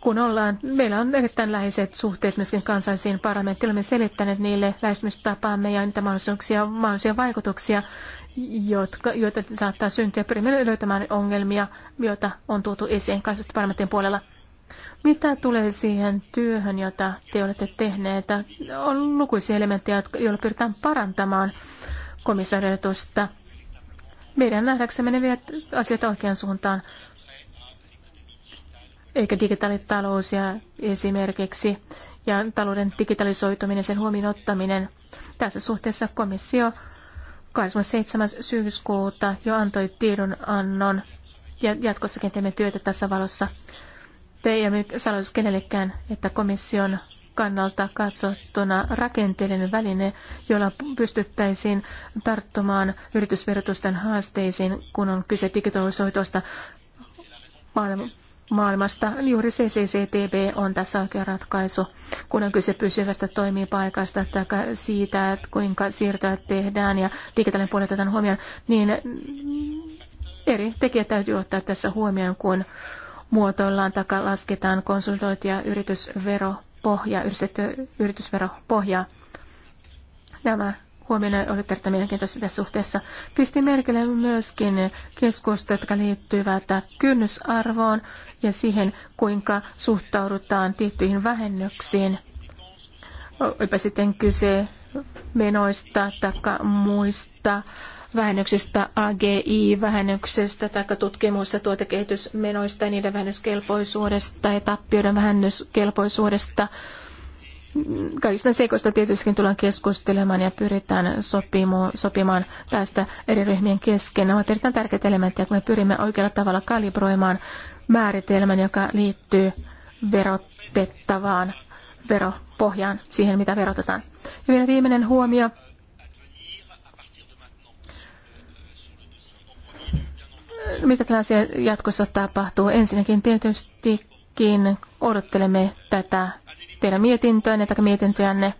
Kun ollaan, meillä on erittäin läheiset suhteet myöskin kansallisiin parlamenttiin. Olemme selittäneet niille lähestymistapaamme ja niitä mahdollisuuksia, mahdollisia vaikutuksia, jotka, joita saattaa syntyä. Pyrimme löytämään ongelmia, joita on tuotu esiin kansallisten parlamentin puolella. Mitä tulee siihen työhön, jota te olette tehneet? On lukuisia elementtejä, joilla pyritään parantamaan komissaarioitusta. Meidän nähdäksemme ne vievät asioita oikeaan suuntaan. Eikä digitaalitalous ja esimerkiksi ja talouden digitalisoituminen, sen huomioon ottaminen. Tässä suhteessa komissio 27. syyskuuta jo antoi tiedonannon ja jatkossakin teemme työtä tässä valossa. Te ei ole sanoisi kenellekään, että komission kannalta katsottuna rakenteellinen väline, jolla pystyttäisiin tarttumaan yritysverotusten haasteisiin, kun on kyse digitalisoituista maailmasta. Juuri CCTV on tässä oikea ratkaisu, kun on kyse pysyvästä toimipaikasta tai siitä, että kuinka siirtoja tehdään ja digitaalinen puoli otetaan huomioon, niin eri tekijät täytyy ottaa tässä huomioon, kun muotoillaan tai lasketaan konsultointia yritysveropohjaa, yritysveropohjaa. Nämä huomioon oli erittäin mielenkiintoista tässä suhteessa. Pisti merkille myöskin keskustelut, jotka liittyvät kynnysarvoon ja siihen, kuinka suhtaudutaan tiettyihin vähennyksiin. Olipa sitten kyse menoista tai muista vähennyksistä, AGI-vähennyksestä tai tutkimus- ja tuotekehitysmenoista ja niiden vähennyskelpoisuudesta ja tappioiden vähennyskelpoisuudesta – Kaikista seikoista tietysti tullaan keskustelemaan ja pyritään sopimaan tästä eri ryhmien kesken. Ne ovat erittäin tärkeitä elementtejä, kun me pyrimme oikealla tavalla kalibroimaan määritelmän, joka liittyy verotettavaan veropohjaan, siihen mitä verotetaan. Ja vielä viimeinen huomio. Mitä tällaisia jatkossa tapahtuu? Ensinnäkin tietystikin odottelemme tätä teidän mietintöänne tai mietintöjänne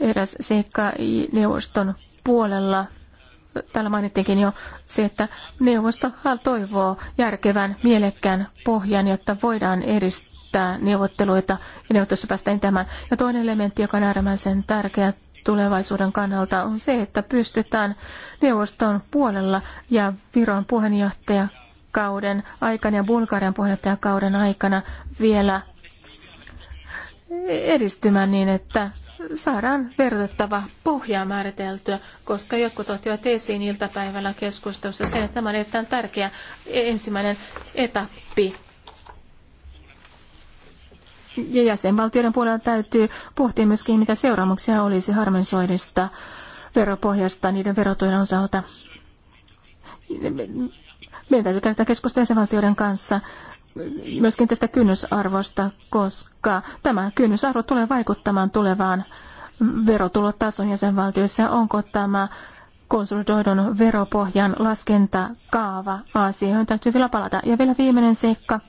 eräs seikka neuvoston puolella. Täällä mainittiinkin jo se, että neuvosto toivoo järkevän, mielekkään pohjan, jotta voidaan edistää neuvotteluita ja neuvottelussa päästään tämän. Ja toinen elementti, joka on äärimmäisen tärkeä tulevaisuuden kannalta, on se, että pystytään neuvoston puolella ja Viron puheenjohtajakauden kauden aikana ja Bulgarian puheenjohtajakauden aikana vielä edistymään niin, että saadaan verrattava pohjaa määriteltyä, koska jotkut ottivat esiin iltapäivällä keskustelussa sen, että tämä on erittäin tärkeä ensimmäinen etappi. Ja jäsenvaltioiden puolella täytyy pohtia myöskin, mitä seuraamuksia olisi harmonisoinnista veropohjasta niiden verotujen osalta. Meidän täytyy käyttää keskustelua jäsenvaltioiden kanssa myöskin tästä kynnysarvosta, koska tämä kynnysarvo tulee vaikuttamaan tulevaan verotulotason jäsenvaltioissa. Onko tämä konsolidoidun veropohjan laskentakaava johon täytyy vielä palata. Ja vielä viimeinen seikka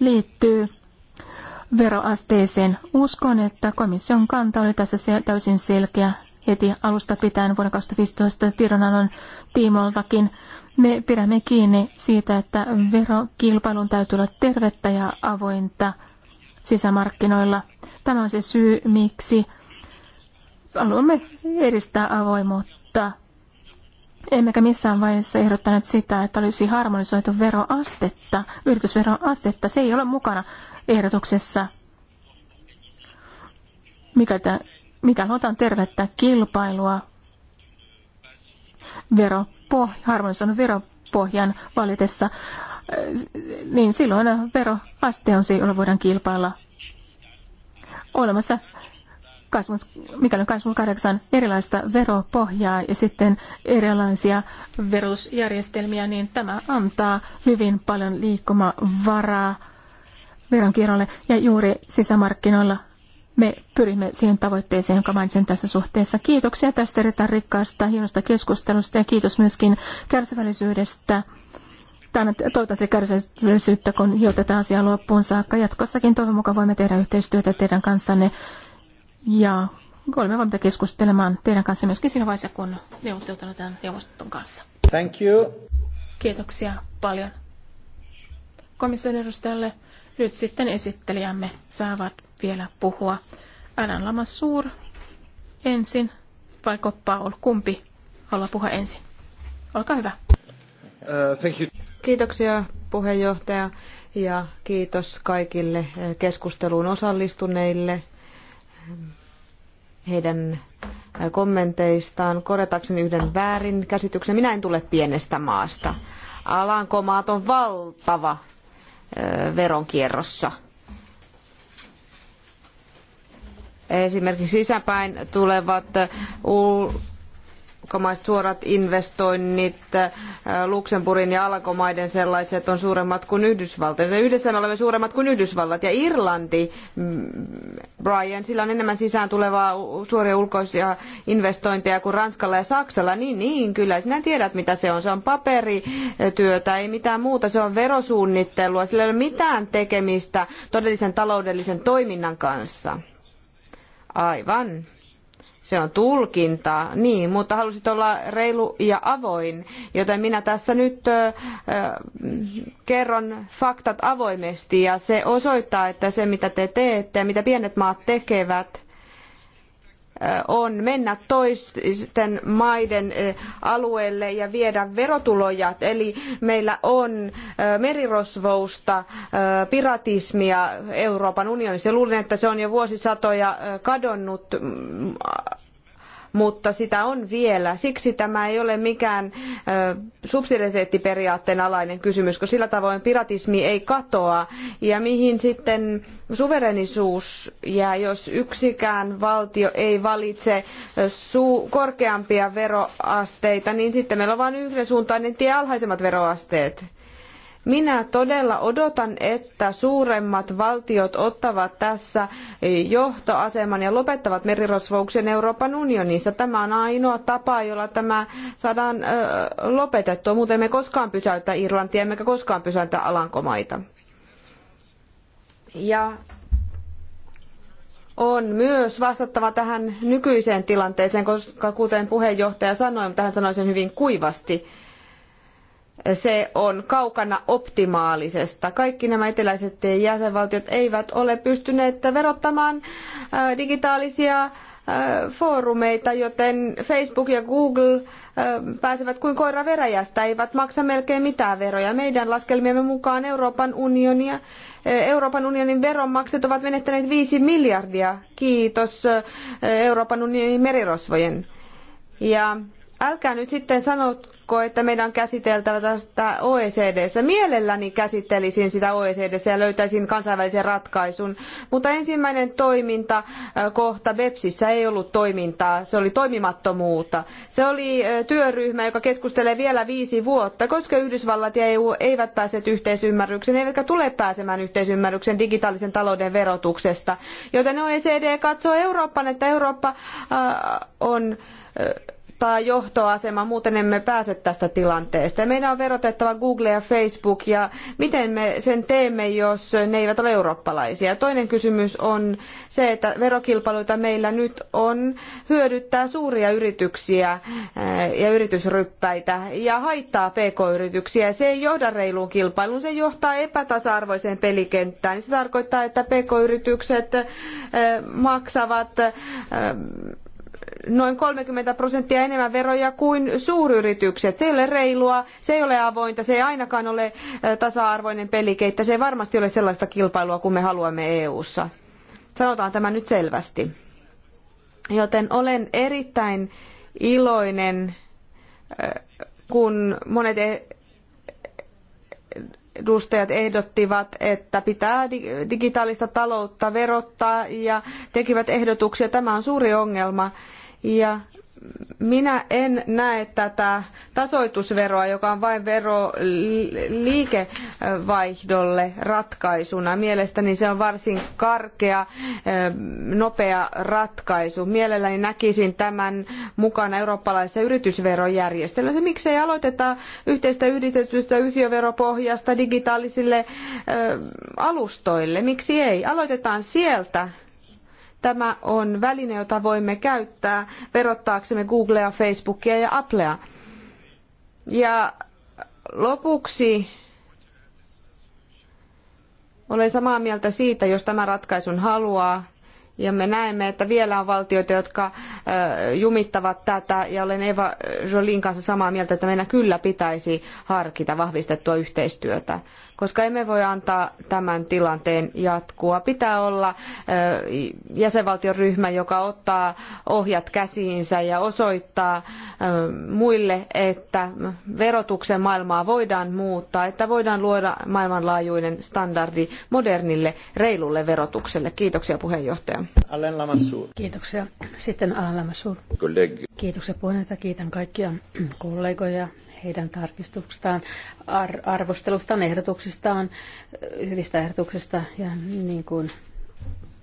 liittyy veroasteeseen. Uskon, että komission kanta oli tässä täysin selkeä heti alusta pitäen vuonna 2015 tiedonannon tiimoiltakin. Me pidämme kiinni siitä, että verokilpailun täytyy olla tervettä ja avointa sisämarkkinoilla. Tämä on se syy, miksi haluamme edistää avoimuutta. Emmekä missään vaiheessa ehdottaneet sitä, että olisi harmonisoitu veroastetta, yritysveroastetta. Se ei ole mukana ehdotuksessa. Mikä, mikä luotaan tervettä kilpailua veropohja, harmonisoinut veropohjan valitessa, eh, niin silloin veroaste on se, jolla voidaan kilpailla olemassa kasvun, mikäli on 28 erilaista veropohjaa ja sitten erilaisia verotusjärjestelmiä, niin tämä antaa hyvin paljon liikkumavaraa veronkierrolle ja juuri sisämarkkinoilla me pyrimme siihen tavoitteeseen, jonka mainitsen tässä suhteessa. Kiitoksia tästä erittäin rikkaasta, hienosta keskustelusta ja kiitos myöskin kärsivällisyydestä. Toivottavasti kärsivällisyyttä, kun hiotetaan asiaa loppuun saakka. Jatkossakin toivon mukaan voimme tehdä yhteistyötä teidän kanssanne ja olemme valmiita keskustelemaan teidän kanssa myöskin siinä vaiheessa, kun tämän neuvoston kanssa. Thank you. Kiitoksia paljon komission edustajalle. Nyt sitten esittelijämme saavat vielä puhua. Älän Lama Suur ensin, vaiko Paul? Kumpi haluaa puhua ensin? Olkaa hyvä. Uh, thank you. Kiitoksia puheenjohtaja ja kiitos kaikille eh, keskusteluun osallistuneille heidän eh, kommenteistaan. Korjataakseni yhden väärin käsityksen. Minä en tule pienestä maasta. Alankomaat on valtava eh, veronkierrossa – Esimerkiksi sisäpäin tulevat ulkomaiset suorat investoinnit, äh, Luxemburgin ja Alankomaiden sellaiset on suuremmat kuin Yhdysvallat. Yhdessä me olemme suuremmat kuin Yhdysvallat ja Irlanti, mm, Brian, sillä on enemmän sisään tulevaa suoria ulkoisia investointeja kuin Ranskalla ja Saksalla. Niin, niin, kyllä sinä tiedät mitä se on. Se on paperityötä, ei mitään muuta, se on verosuunnittelua, sillä ei ole mitään tekemistä todellisen taloudellisen toiminnan kanssa. Aivan. Se on tulkinta, niin, mutta halusit olla reilu ja avoin, joten minä tässä nyt kerron faktat avoimesti ja se osoittaa, että se mitä te teette ja mitä pienet maat tekevät, on mennä toisten maiden eh, alueelle ja viedä verotuloja. Eli meillä on eh, merirosvousta, eh, piratismia Euroopan unionissa. Luulen, että se on jo vuosisatoja kadonnut mm, mutta sitä on vielä. Siksi tämä ei ole mikään subsidiariteettiperiaatteen alainen kysymys, koska sillä tavoin piratismi ei katoa. Ja mihin sitten suverenisuus jää, jos yksikään valtio ei valitse korkeampia veroasteita, niin sitten meillä on vain yhdensuuntainen tie alhaisemmat veroasteet. Minä todella odotan, että suuremmat valtiot ottavat tässä johtoaseman ja lopettavat merirosvouksen Euroopan unionissa. Tämä on ainoa tapa, jolla tämä saadaan lopetettua. Muuten me koskaan pysäytä Irlantia, emmekä koskaan pysäytä Alankomaita. Ja on myös vastattava tähän nykyiseen tilanteeseen, koska kuten puheenjohtaja sanoi, tähän hän sanoi sen hyvin kuivasti, se on kaukana optimaalisesta. Kaikki nämä eteläiset jäsenvaltiot eivät ole pystyneet verottamaan äh, digitaalisia äh, foorumeita, joten Facebook ja Google äh, pääsevät kuin koira veräjästä, eivät maksa melkein mitään veroja. Meidän laskelmiemme mukaan Euroopan, unionia, Euroopan unionin veronmaksajat ovat menettäneet viisi miljardia, kiitos Euroopan unionin merirosvojen. Ja älkää nyt sitten sanotko, että meidän on käsiteltävä tästä OECDssä. Mielelläni käsittelisin sitä OECDssä ja löytäisin kansainvälisen ratkaisun, mutta ensimmäinen toiminta kohta BEPSissä ei ollut toimintaa, se oli toimimattomuutta. Se oli työryhmä, joka keskustelee vielä viisi vuotta, koska Yhdysvallat ja EU eivät päässeet yhteisymmärrykseen, eivätkä tule pääsemään yhteisymmärrykseen digitaalisen talouden verotuksesta. Joten OECD katsoo Euroopan, että Eurooppa on... Äh, tai johtoasema, muuten emme pääse tästä tilanteesta. meidän on verotettava Google ja Facebook ja miten me sen teemme, jos ne eivät ole eurooppalaisia. Toinen kysymys on se, että verokilpailuita meillä nyt on hyödyttää suuria yrityksiä eh, ja yritysryppäitä ja haittaa pk-yrityksiä. Se ei johda reiluun kilpailuun, se johtaa epätasa-arvoiseen pelikenttään. Se tarkoittaa, että pk-yritykset eh, maksavat eh, noin 30 prosenttia enemmän veroja kuin suuryritykset. Se ei ole reilua, se ei ole avointa, se ei ainakaan ole tasa-arvoinen pelikeittä, se ei varmasti ole sellaista kilpailua kuin me haluamme EU-ssa. Sanotaan tämä nyt selvästi. Joten olen erittäin iloinen, kun monet e- edustajat ehdottivat, että pitää digitaalista taloutta verottaa ja tekivät ehdotuksia. Tämä on suuri ongelma ja minä en näe tätä tasoitusveroa, joka on vain vero liikevaihdolle ratkaisuna. Mielestäni se on varsin karkea, eh, nopea ratkaisu. Mielelläni näkisin tämän mukana eurooppalaisessa yritysverojärjestelmässä. Miksei aloiteta yhteistä yhdistetystä yhtiöveropohjasta digitaalisille eh, alustoille? Miksi ei? Aloitetaan sieltä Tämä on väline, jota voimme käyttää verottaaksemme Googlea, Facebookia ja Applea. Ja lopuksi olen samaa mieltä siitä, jos tämä ratkaisun haluaa. Ja me näemme, että vielä on valtioita, jotka jumittavat tätä. Ja olen Eva Jolin kanssa samaa mieltä, että meidän kyllä pitäisi harkita vahvistettua yhteistyötä koska emme voi antaa tämän tilanteen jatkua. Pitää olla jäsenvaltion ryhmä, joka ottaa ohjat käsiinsä ja osoittaa muille, että verotuksen maailmaa voidaan muuttaa, että voidaan luoda maailmanlaajuinen standardi modernille reilulle verotukselle. Kiitoksia puheenjohtaja. Alain Lamassur. Kiitoksia. Sitten Alain Lamassur. Kiitoksia puheenjohtaja. Kiitän kaikkia kollegoja heidän tarkistuksestaan, ar- arvostelustaan, ehdotuksistaan, hyvistä ehdotuksista ja niin kuin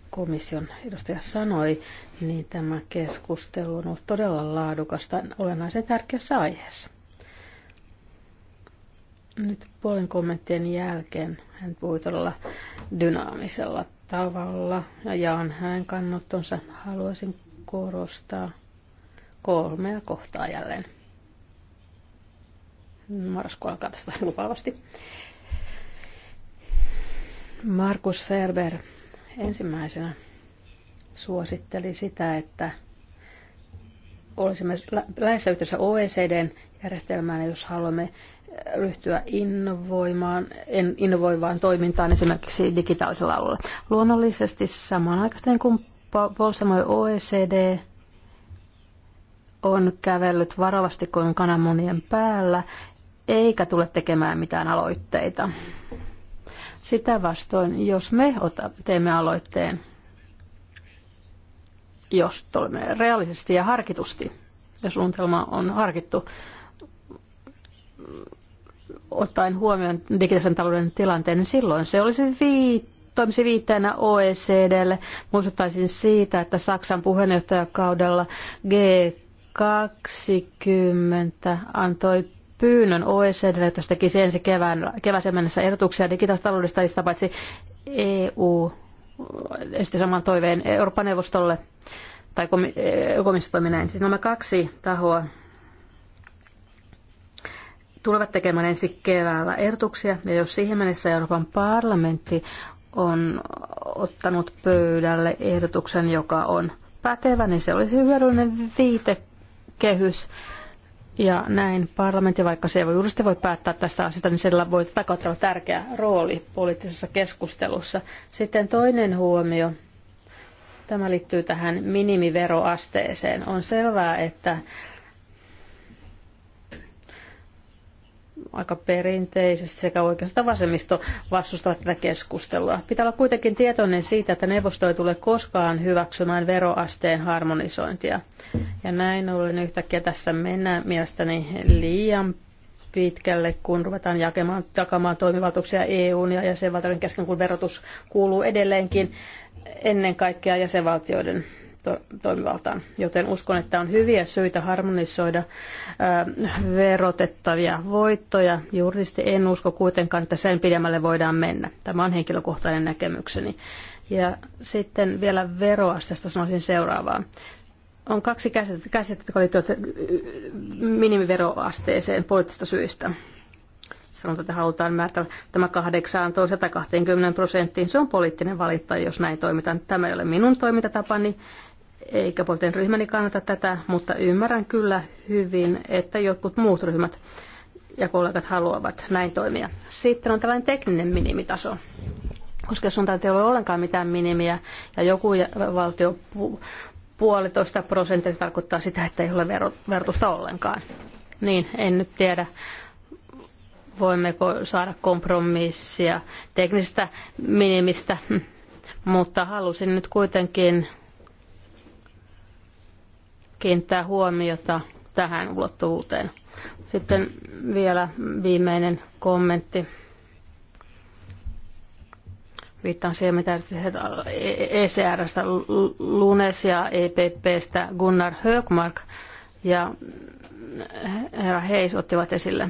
komission edustaja sanoi, niin tämä keskustelu on ollut todella laadukasta olennaisen tärkeässä aiheessa. Nyt puolen kommenttien jälkeen hän puhui todella dynaamisella tavalla ja jaan hänen kannottonsa. Haluaisin korostaa kolmea kohtaa jälleen. Marraskuu alkaa tästä lupaavasti. Markus Ferber ensimmäisenä suositteli sitä, että olisimme lähes yhteydessä OECDn järjestelmään, jos haluamme äh, ryhtyä innovoimaan, innovoivaan toimintaan esimerkiksi digitaalisella alueella. Luonnollisesti samanaikaisesti niin kuin Paul OECD on kävellyt varovasti kuin kananmunien päällä eikä tule tekemään mitään aloitteita. Sitä vastoin, jos me teemme aloitteen, jos toimme realisesti ja harkitusti, ja suunnitelma on harkittu, ottaen huomioon digitaalisen talouden tilanteen, niin silloin se olisi viitti toimisi viitteenä OECDlle. Muistuttaisin siitä, että Saksan puheenjohtajakaudella G20 antoi pyynnön OECD, että se tekisi ensi kevään, kevääseen mennessä ehdotuksia digitaalista ja sitä paitsi EU esti saman toiveen Euroopan neuvostolle, tai e komissio näin. Siis nämä kaksi tahoa tulevat tekemään ensi keväällä ehdotuksia, ja jos siihen mennessä Euroopan parlamentti on ottanut pöydälle ehdotuksen, joka on pätevä, niin se olisi hyödyllinen viitekehys ja näin parlamentti, vaikka se ei voi voi päättää tästä asiasta, niin sillä voi tätä kautta olla tärkeä rooli poliittisessa keskustelussa. Sitten toinen huomio, tämä liittyy tähän minimiveroasteeseen. On selvää, että aika perinteisesti sekä oikeasta vasemmisto vastustavat tätä keskustelua. Pitää olla kuitenkin tietoinen siitä, että neuvosto ei tule koskaan hyväksymään veroasteen harmonisointia. Ja näin ollen yhtäkkiä tässä mennään mielestäni liian pitkälle, kun ruvetaan jakemaan, jakamaan toimivaltuuksia EUn ja jäsenvaltioiden kesken, kun verotus kuuluu edelleenkin ennen kaikkea jäsenvaltioiden to- toimivaltaan. Joten uskon, että on hyviä syitä harmonisoida ö, verotettavia voittoja. Juristi en usko kuitenkaan, että sen pidemmälle voidaan mennä. Tämä on henkilökohtainen näkemykseni. Ja sitten vielä veroastesta sanoisin seuraavaa. On kaksi käsitettä, käsitettä jotka liittyvät minimiveroasteeseen poliittisista syistä sanotaan, että halutaan määrätä tämä 18 tai 20 prosenttiin. Se on poliittinen valinta, jos näin toimitaan. Tämä ei ole minun toimintatapani, eikä poliittinen ryhmäni kannata tätä, mutta ymmärrän kyllä hyvin, että jotkut muut ryhmät ja kollegat haluavat näin toimia. Sitten on tällainen tekninen minimitaso. Koska jos on ei ole ollenkaan mitään minimiä ja joku valtio puolitoista prosenttia, tarkoittaa sitä, että ei ole verotusta ollenkaan. Niin, en nyt tiedä, voimmeko saada kompromissia teknisestä minimistä, mutta halusin nyt kuitenkin kiinnittää huomiota tähän ulottuvuuteen. Sitten vielä viimeinen kommentti. Viittaan siihen, mitä ECRstä Lunes ja EPPstä Gunnar Högmark ja herra Heis ottivat esille.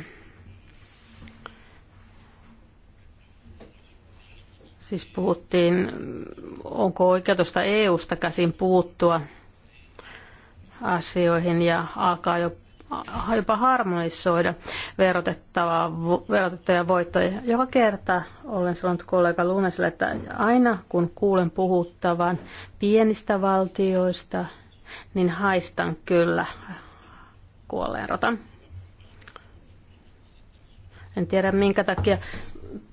Siis puhuttiin, onko oikeutusta eu käsin puuttua asioihin ja alkaa jo jopa harmonisoida verotettavaa, verotettavia voittoja. Joka kerta olen sanonut kollega Lunaselle, että aina kun kuulen puhuttavan pienistä valtioista, niin haistan kyllä kuolleen rotan. En tiedä minkä takia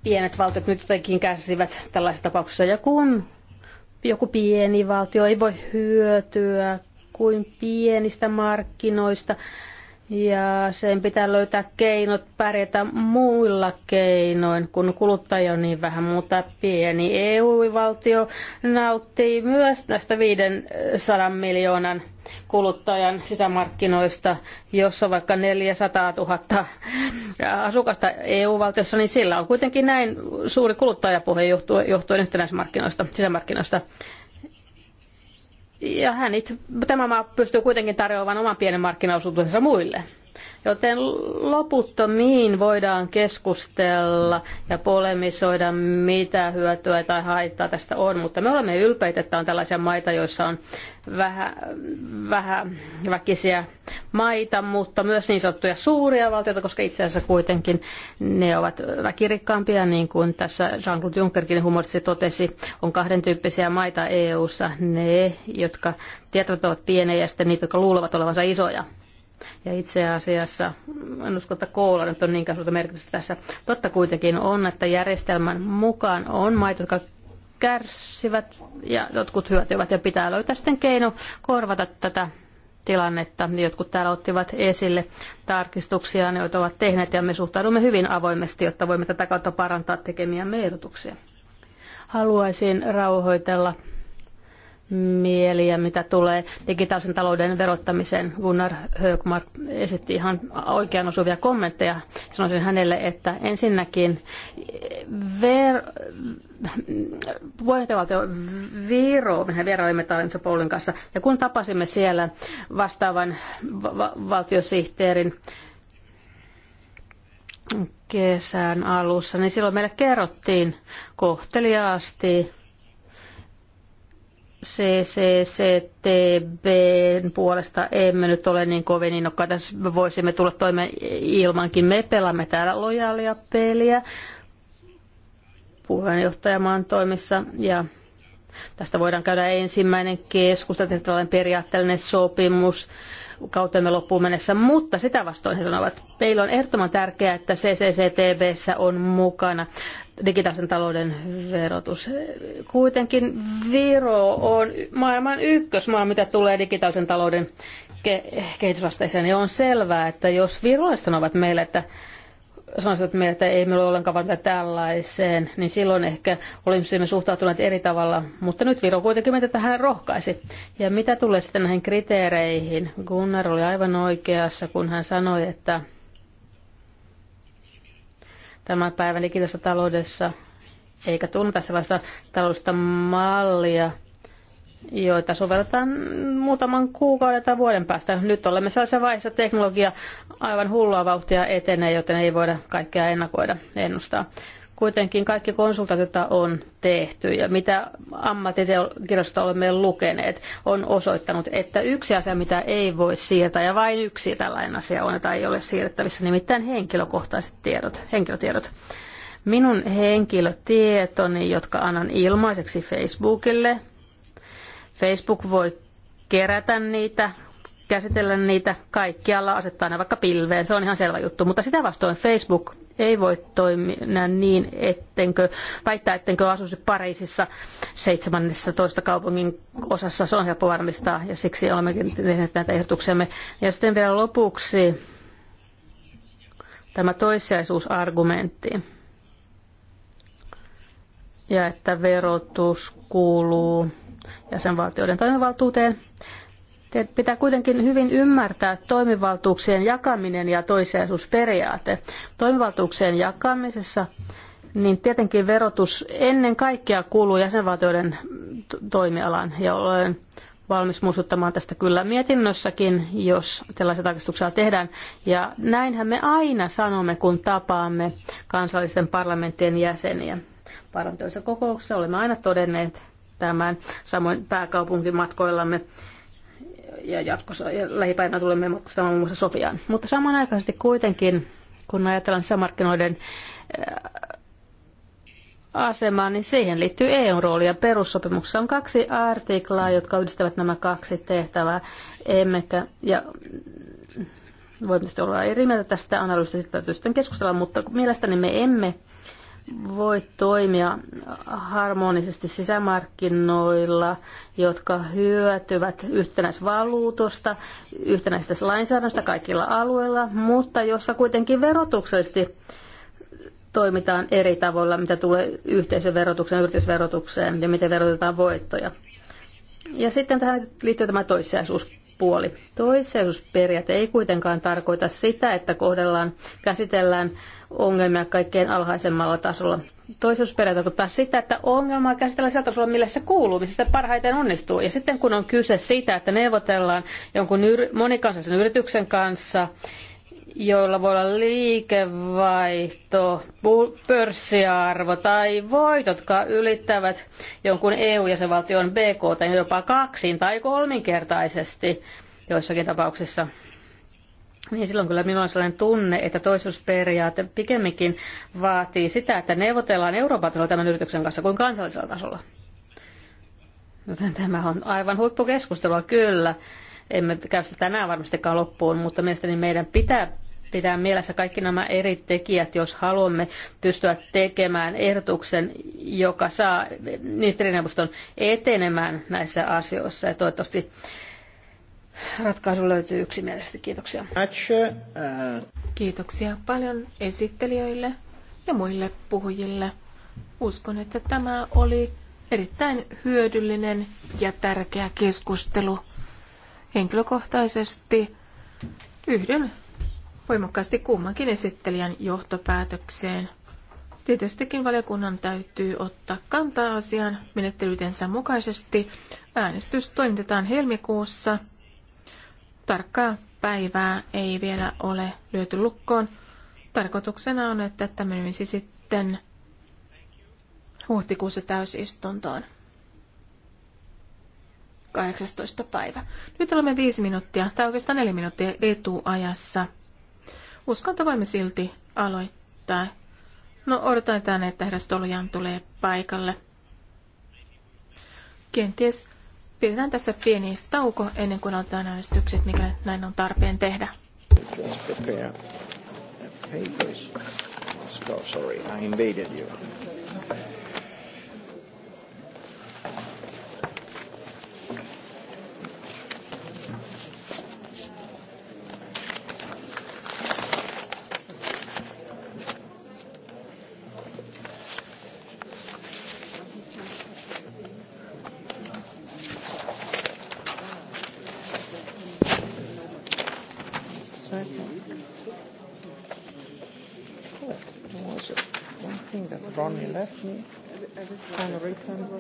pienet valtiot nyt jotenkin kärsivät tällaisessa tapauksessa. Ja kun joku pieni valtio ei voi hyötyä kuin pienistä markkinoista ja sen pitää löytää keinot pärjätä muilla keinoin, kun kuluttaja on niin vähän, muuta pieni EU-valtio nauttii myös näistä 500 miljoonan kuluttajan sisämarkkinoista, jossa vaikka 400 000 asukasta EU-valtiossa, niin sillä on kuitenkin näin suuri kuluttajapohja johtuen yhtenäismarkkinoista, sisämarkkinoista. Ja hän itse, tämä maa pystyy kuitenkin tarjoamaan oman pienen markkinaosuutensa muille. Joten loputtomiin voidaan keskustella ja polemisoida, mitä hyötyä tai haittaa tästä on, mutta me olemme ylpeitä, että on tällaisia maita, joissa on vähän, vähän väkisiä maita, mutta myös niin sanottuja suuria valtioita, koska itse asiassa kuitenkin ne ovat väkirikkaampia, niin kuin tässä Jean-Claude Junckerkin humorisesti totesi, on kahden tyyppisiä maita EU-ssa, ne, jotka tietävät ovat pieniä ja sitten niitä, jotka luulevat olevansa isoja ja itse asiassa, en usko, että koolla nyt on niinkään suurta merkitystä tässä. Totta kuitenkin on, että järjestelmän mukaan on maita, jotka kärsivät ja jotkut hyötyvät ja pitää löytää sitten keino korvata tätä tilannetta. Jotkut täällä ottivat esille tarkistuksia, ne ovat tehneet ja me suhtaudumme hyvin avoimesti, jotta voimme tätä kautta parantaa tekemiä ehdotuksia. Haluaisin rauhoitella mieliä, mitä tulee digitaalisen talouden verottamiseen. Gunnar Högmark esitti ihan oikean osuvia kommentteja. Sanoisin hänelle, että ensinnäkin ver- puheenjohtajavaltio Viro, mehän vieroimme Tallinnassa Poulin kanssa, ja kun tapasimme siellä vastaavan va- valtiosihteerin kesän alussa, niin silloin meille kerrottiin kohteliaasti CCCTBn puolesta emme nyt ole niin kovin innokkaita. Me voisimme tulla toimeen ilmankin. Me pelaamme täällä lojaalia peliä puheenjohtajamaan toimissa ja tästä voidaan käydä ensimmäinen keskustelu, tehdä tällainen periaatteellinen sopimus kautemme loppuun mennessä, mutta sitä vastoin he sanovat, että meillä on ehdottoman tärkeää, että CCCTBssä on mukana digitaalisen talouden verotus. Kuitenkin Viro on maailman ykkösmaa, mitä tulee digitaalisen talouden ke- kehitysasteeseen, niin on selvää, että jos virolaiset sanovat meille, että sanoisivat meille, että ei meillä ole ollenkaan valmiita tällaiseen, niin silloin ehkä olisimme suhtautuneet eri tavalla. Mutta nyt Viro kuitenkin meitä tähän rohkaisi. Ja mitä tulee sitten näihin kriteereihin? Gunnar oli aivan oikeassa, kun hän sanoi, että tämän päivän digitaalisessa taloudessa, eikä tunneta sellaista taloudellista mallia, joita sovelletaan muutaman kuukauden tai vuoden päästä. Nyt olemme sellaisessa vaiheessa, teknologia aivan hullua vauhtia etenee, joten ei voida kaikkea ennakoida, ennustaa kuitenkin kaikki konsultaatiot on tehty ja mitä ammattikirjoista olemme lukeneet, on osoittanut, että yksi asia, mitä ei voi siirtää, ja vain yksi tällainen asia on, tai ei ole siirrettävissä, nimittäin henkilökohtaiset tiedot, henkilötiedot. Minun henkilötietoni, jotka annan ilmaiseksi Facebookille, Facebook voi kerätä niitä, käsitellä niitä kaikkialla, asettaa ne vaikka pilveen, se on ihan selvä juttu. Mutta sitä vastoin Facebook ei voi toimia niin, ettenkö, väittää, ettenkö asuisi Pariisissa 17 kaupungin osassa. Se on helppo varmistaa ja siksi olemmekin tehneet näitä ehdotuksemme. Ja sitten vielä lopuksi tämä toissijaisuusargumentti ja että verotus kuuluu jäsenvaltioiden toimivaltuuteen. Te pitää kuitenkin hyvin ymmärtää toimivaltuuksien jakaminen ja toisiaisuusperiaate. Toimivaltuuksien jakamisessa niin tietenkin verotus ennen kaikkea kuuluu jäsenvaltioiden toimialaan ja olen valmis muistuttamaan tästä kyllä mietinnössäkin, jos tällaisia tarkistuksia tehdään. Ja näinhän me aina sanomme, kun tapaamme kansallisten parlamenttien jäseniä. Parantoissa kokouksessa olemme aina todenneet tämän, samoin pääkaupunkimatkoillamme. matkoillamme ja jatkossa ja lähipäivänä tulemme matkustamaan muun muassa Sofiaan. Mutta samanaikaisesti kuitenkin, kun ajatellaan sisämarkkinoiden asemaa, niin siihen liittyy EUn rooli ja perussopimuksessa on kaksi artiklaa, jotka yhdistävät nämä kaksi tehtävää. Emmekä, ja voimme olla eri mieltä tästä analyysistä, sitten täytyy sitten keskustella, mutta mielestäni me emme voi toimia harmonisesti sisämarkkinoilla, jotka hyötyvät yhtenäisvaluutosta, yhtenäisestä lainsäädännöstä kaikilla alueilla, mutta jossa kuitenkin verotuksellisesti toimitaan eri tavoilla, mitä tulee yhteisöverotukseen, yritysverotukseen ja miten verotetaan voittoja. Ja sitten tähän liittyy tämä toissijaisuus puoli. Toiseisuusperiaate ei kuitenkaan tarkoita sitä, että kohdellaan, käsitellään ongelmia kaikkein alhaisemmalla tasolla. Toiseisuusperiaate tarkoittaa sitä, että ongelmaa käsitellään sillä tasolla, millä se kuuluu, missä sitä parhaiten onnistuu. Ja sitten kun on kyse siitä, että neuvotellaan jonkun monikansallisen yrityksen kanssa, joilla voi olla liikevaihto, pörssiarvo tai voitot, jotka ylittävät jonkun EU-jäsenvaltion BKT jopa kaksin tai kolminkertaisesti joissakin tapauksissa. Niin silloin kyllä minulla on sellainen tunne, että toisuusperiaate pikemminkin vaatii sitä, että neuvotellaan Euroopan tasolla tämän yrityksen kanssa kuin kansallisella tasolla. Joten tämä on aivan huippukeskustelua kyllä. Emme käy sitä tänään varmastikaan loppuun, mutta mielestäni meidän pitää pitää mielessä kaikki nämä eri tekijät, jos haluamme pystyä tekemään ehdotuksen, joka saa ministerineuvoston etenemään näissä asioissa. Ja toivottavasti ratkaisu löytyy yksimielisesti. Kiitoksia. Kiitoksia paljon esittelijöille ja muille puhujille. Uskon, että tämä oli erittäin hyödyllinen ja tärkeä keskustelu. Henkilökohtaisesti yhdyn voimakkaasti kummankin esittelijän johtopäätökseen. Tietystikin valiokunnan täytyy ottaa kantaa asiaan menettelytensä mukaisesti. Äänestys toimitetaan helmikuussa. Tarkkaa päivää ei vielä ole lyöty lukkoon. Tarkoituksena on, että tämä menisi sitten huhtikuussa täysistuntoon. 18. päivä. Nyt olemme viisi minuuttia, tai oikeastaan neljä minuuttia etuajassa. Uskon, että voimme silti aloittaa. No tänne, että herra Stolujan tulee paikalle. Kenties pidetään tässä pieni tauko ennen kuin aloitetaan äänestykset, mikä näin on tarpeen tehdä. Papers. Let's go, sorry, I invaded you.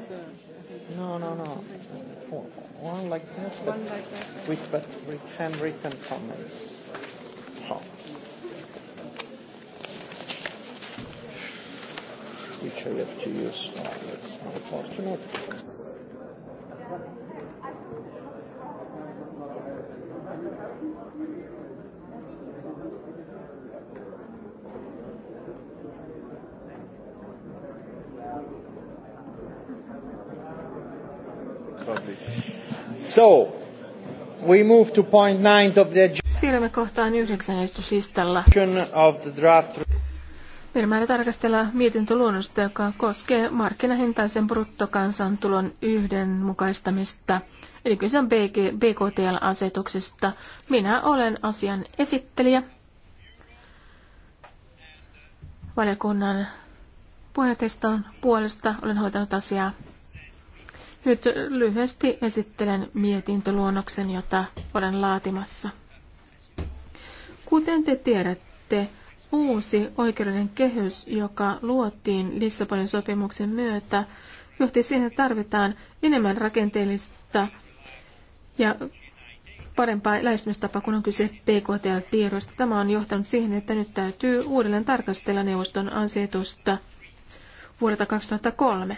was a. No, no, no. One like that. But One like that. With, but with handwritten comments. Oh. Which I have to use. Oh, that's unfortunate. So, we move to point nine of the... Siirrymme kohtaan yhdeksän esityslistalla. Of the draft... Meidän tarkastella mietintöluonnosta, joka koskee markkinahintaisen bruttokansantulon yhdenmukaistamista, eli kyse on BKTL-asetuksesta. Minä olen asian esittelijä. Valiokunnan puheenjohtajiston puolesta olen hoitanut asiaa nyt lyhyesti esittelen mietintöluonnoksen, jota olen laatimassa. Kuten te tiedätte, uusi oikeuden kehys, joka luotiin Lissabonin sopimuksen myötä, johti siihen, että tarvitaan enemmän rakenteellista ja parempaa lähestymistapaa, kun on kyse PKTL-tiedoista. Tämä on johtanut siihen, että nyt täytyy uudelleen tarkastella neuvoston asetusta vuodelta 2003.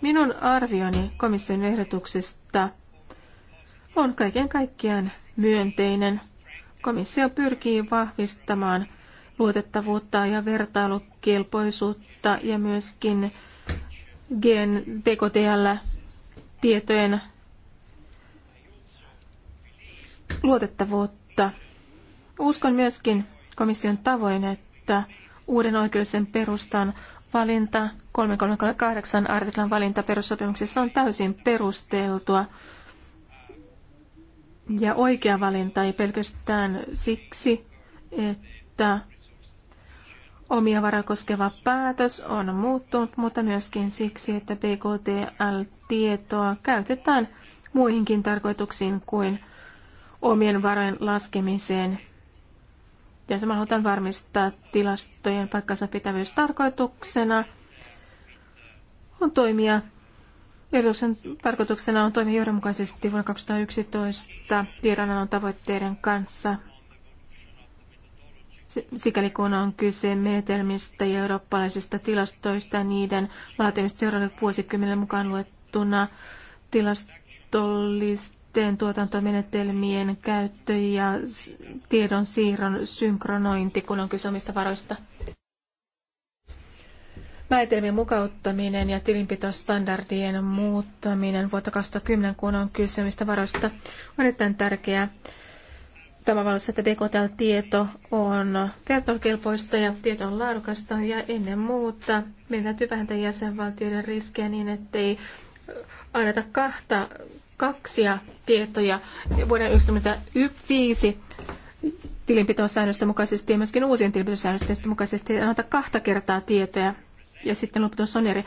Minun arvioni komission ehdotuksesta on kaiken kaikkiaan myönteinen. Komissio pyrkii vahvistamaan luotettavuutta ja vertailukelpoisuutta ja myöskin gen BKTL-tietojen luotettavuutta. Uskon myöskin komission tavoin, että uuden oikeudellisen perustan valinta, 338 artiklan valinta perussopimuksessa on täysin perusteltua ja oikea valinta ei pelkästään siksi, että omia varoja koskeva päätös on muuttunut, mutta myöskin siksi, että BKTL-tietoa käytetään muihinkin tarkoituksiin kuin omien varojen laskemiseen ja samalla halutaan varmistaa tilastojen paikkansa pitävyys tarkoituksena on toimia Ehdotuksen tarkoituksena on toimia johdonmukaisesti vuonna 2011 tiedonannon tavoitteiden kanssa, sikäli kun on kyse menetelmistä ja eurooppalaisista tilastoista, niiden laatimista seuraavalle vuosikymmenelle mukaan luettuna tilastollista näiden tuotantomenetelmien käyttö ja tiedon siirron synkronointi, kun on kyse omista varoista. Mäetelmien mukauttaminen ja tilinpitostandardien muuttaminen vuotta 2010, kun on kyse omista varoista, on erittäin tärkeää. tämä valossa, että DKTL-tieto on vertailukelpoista ja tieto on laadukasta ja ennen muuta meidän täytyy vähentää jäsenvaltioiden riskejä niin, ettei anneta kahta, kaksia tietoja vuoden 1995 tilinpitosäännösten mukaisesti ja myöskin uusien tilinpitosäännösten mukaisesti antaa kahta kertaa tietoja ja sitten lopputulos on eri.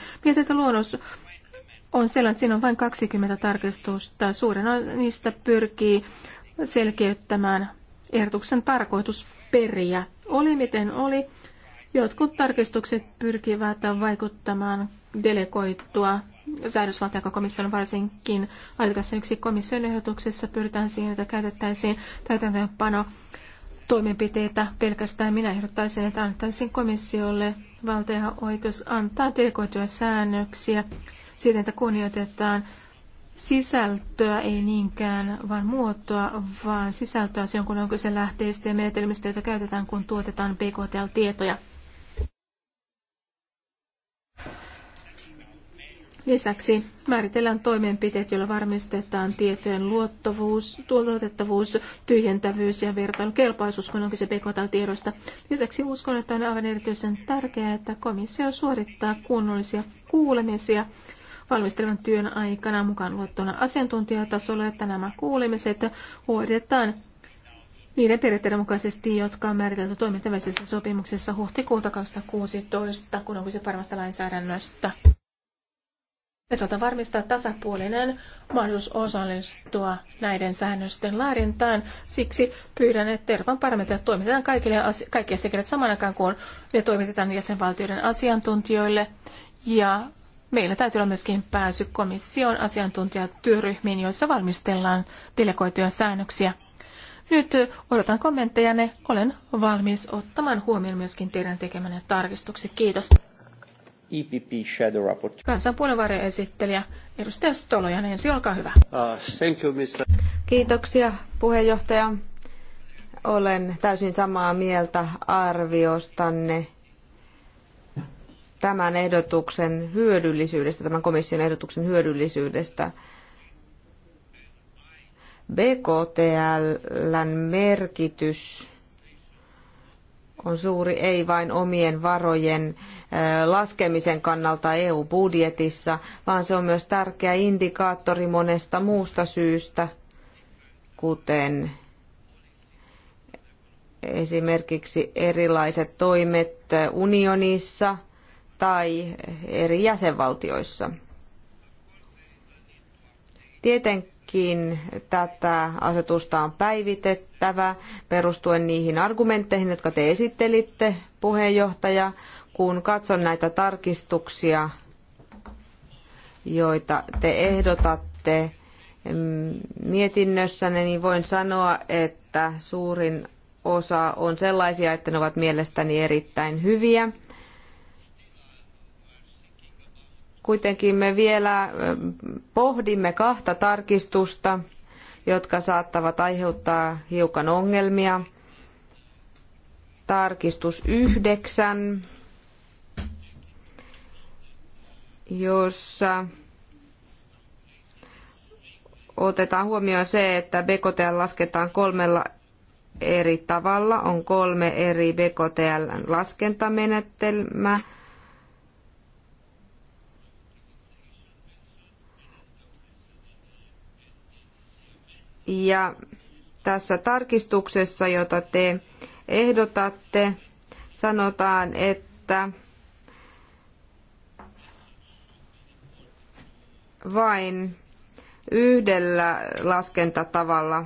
luonnos on sellainen, että siinä on vain 20 tarkistusta. Suurin osa niistä pyrkii selkeyttämään ehdotuksen tarkoitusperiä. Oli miten oli. Jotkut tarkistukset pyrkivät vaikuttamaan delegoittua säädösvalta, joka komission varsinkin valitettavasti yksi komission ehdotuksessa pyritään siihen, että käytettäisiin täytäntöönpano toimenpiteitä pelkästään minä ehdottaisin, että antaisin komissiolle valta ja oikeus antaa delegoituja säännöksiä siten, että kunnioitetaan sisältöä, ei niinkään vaan muotoa, vaan sisältöä silloin, on kun on kyse lähteistä ja menetelmistä, joita käytetään, kun tuotetaan BKTL-tietoja. Lisäksi määritellään toimenpiteet, joilla varmistetaan tietojen luottavuus, tuotettavuus, tyhjentävyys ja vertailukelpoisuus, kun onkin se BKT-tiedoista. Lisäksi uskon, että on aivan erityisen tärkeää, että komissio suorittaa kunnollisia kuulemisia valmistelevan työn aikana mukaan luottona asiantuntijatasolla, että nämä kuulemiset hoidetaan niiden periaatteiden mukaisesti, jotka on määritelty toimintavälisessä sopimuksessa huhtikuuta 2016, kun on kyse paremmasta lainsäädännöstä. Nyt varmistaa tasapuolinen mahdollisuus osallistua näiden säännösten laadintaan. Siksi pyydän, että Euroopan parlamentia toimitetaan kaikille kaikki sekret saman aikaan, kun ne toimitetaan jäsenvaltioiden asiantuntijoille. Ja meillä täytyy olla myöskin pääsy komission asiantuntijatyöryhmiin, joissa valmistellaan delegoituja säännöksiä. Nyt odotan kommenttejanne. Olen valmis ottamaan huomioon myöskin teidän tekemänne tarkistukset. Kiitos. EPP Shadow Rapport. Kansanpuolen varjoesittelijä edustaja Stolojan niin ensi, olkaa hyvä. Uh, thank you, Mr. Kiitoksia puheenjohtaja. Olen täysin samaa mieltä arviostanne tämän ehdotuksen hyödyllisyydestä, tämän komission ehdotuksen hyödyllisyydestä. BKTLn merkitys on suuri ei vain omien varojen laskemisen kannalta EU-budjetissa, vaan se on myös tärkeä indikaattori monesta muusta syystä, kuten esimerkiksi erilaiset toimet unionissa tai eri jäsenvaltioissa. Tieten todellakin tätä asetusta on päivitettävä perustuen niihin argumentteihin, jotka te esittelitte, puheenjohtaja, kun katson näitä tarkistuksia, joita te ehdotatte mm, mietinnössänne, niin voin sanoa, että suurin osa on sellaisia, että ne ovat mielestäni erittäin hyviä. Kuitenkin me vielä pohdimme kahta tarkistusta, jotka saattavat aiheuttaa hiukan ongelmia. Tarkistus yhdeksän, jossa otetaan huomioon se, että BKTL lasketaan kolmella eri tavalla. On kolme eri BKTL laskentamenetelmää Ja tässä tarkistuksessa, jota te ehdotatte, sanotaan, että vain yhdellä laskentatavalla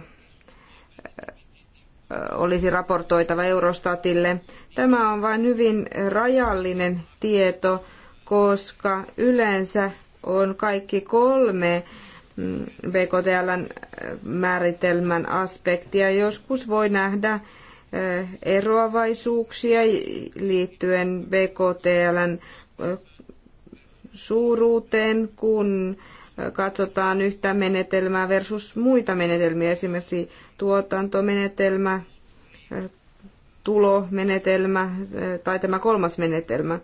olisi raportoitava Eurostatille. Tämä on vain hyvin rajallinen tieto, koska yleensä on kaikki kolme BKTLn äh, määritelmän aspektia. Joskus voi nähdä äh, eroavaisuuksia liittyen BKTLn äh, suuruuteen, kun katsotaan yhtä menetelmää versus muita menetelmiä, esimerkiksi tuotantomenetelmä, tulomenetelmä tai tämä kolmas menetelmä.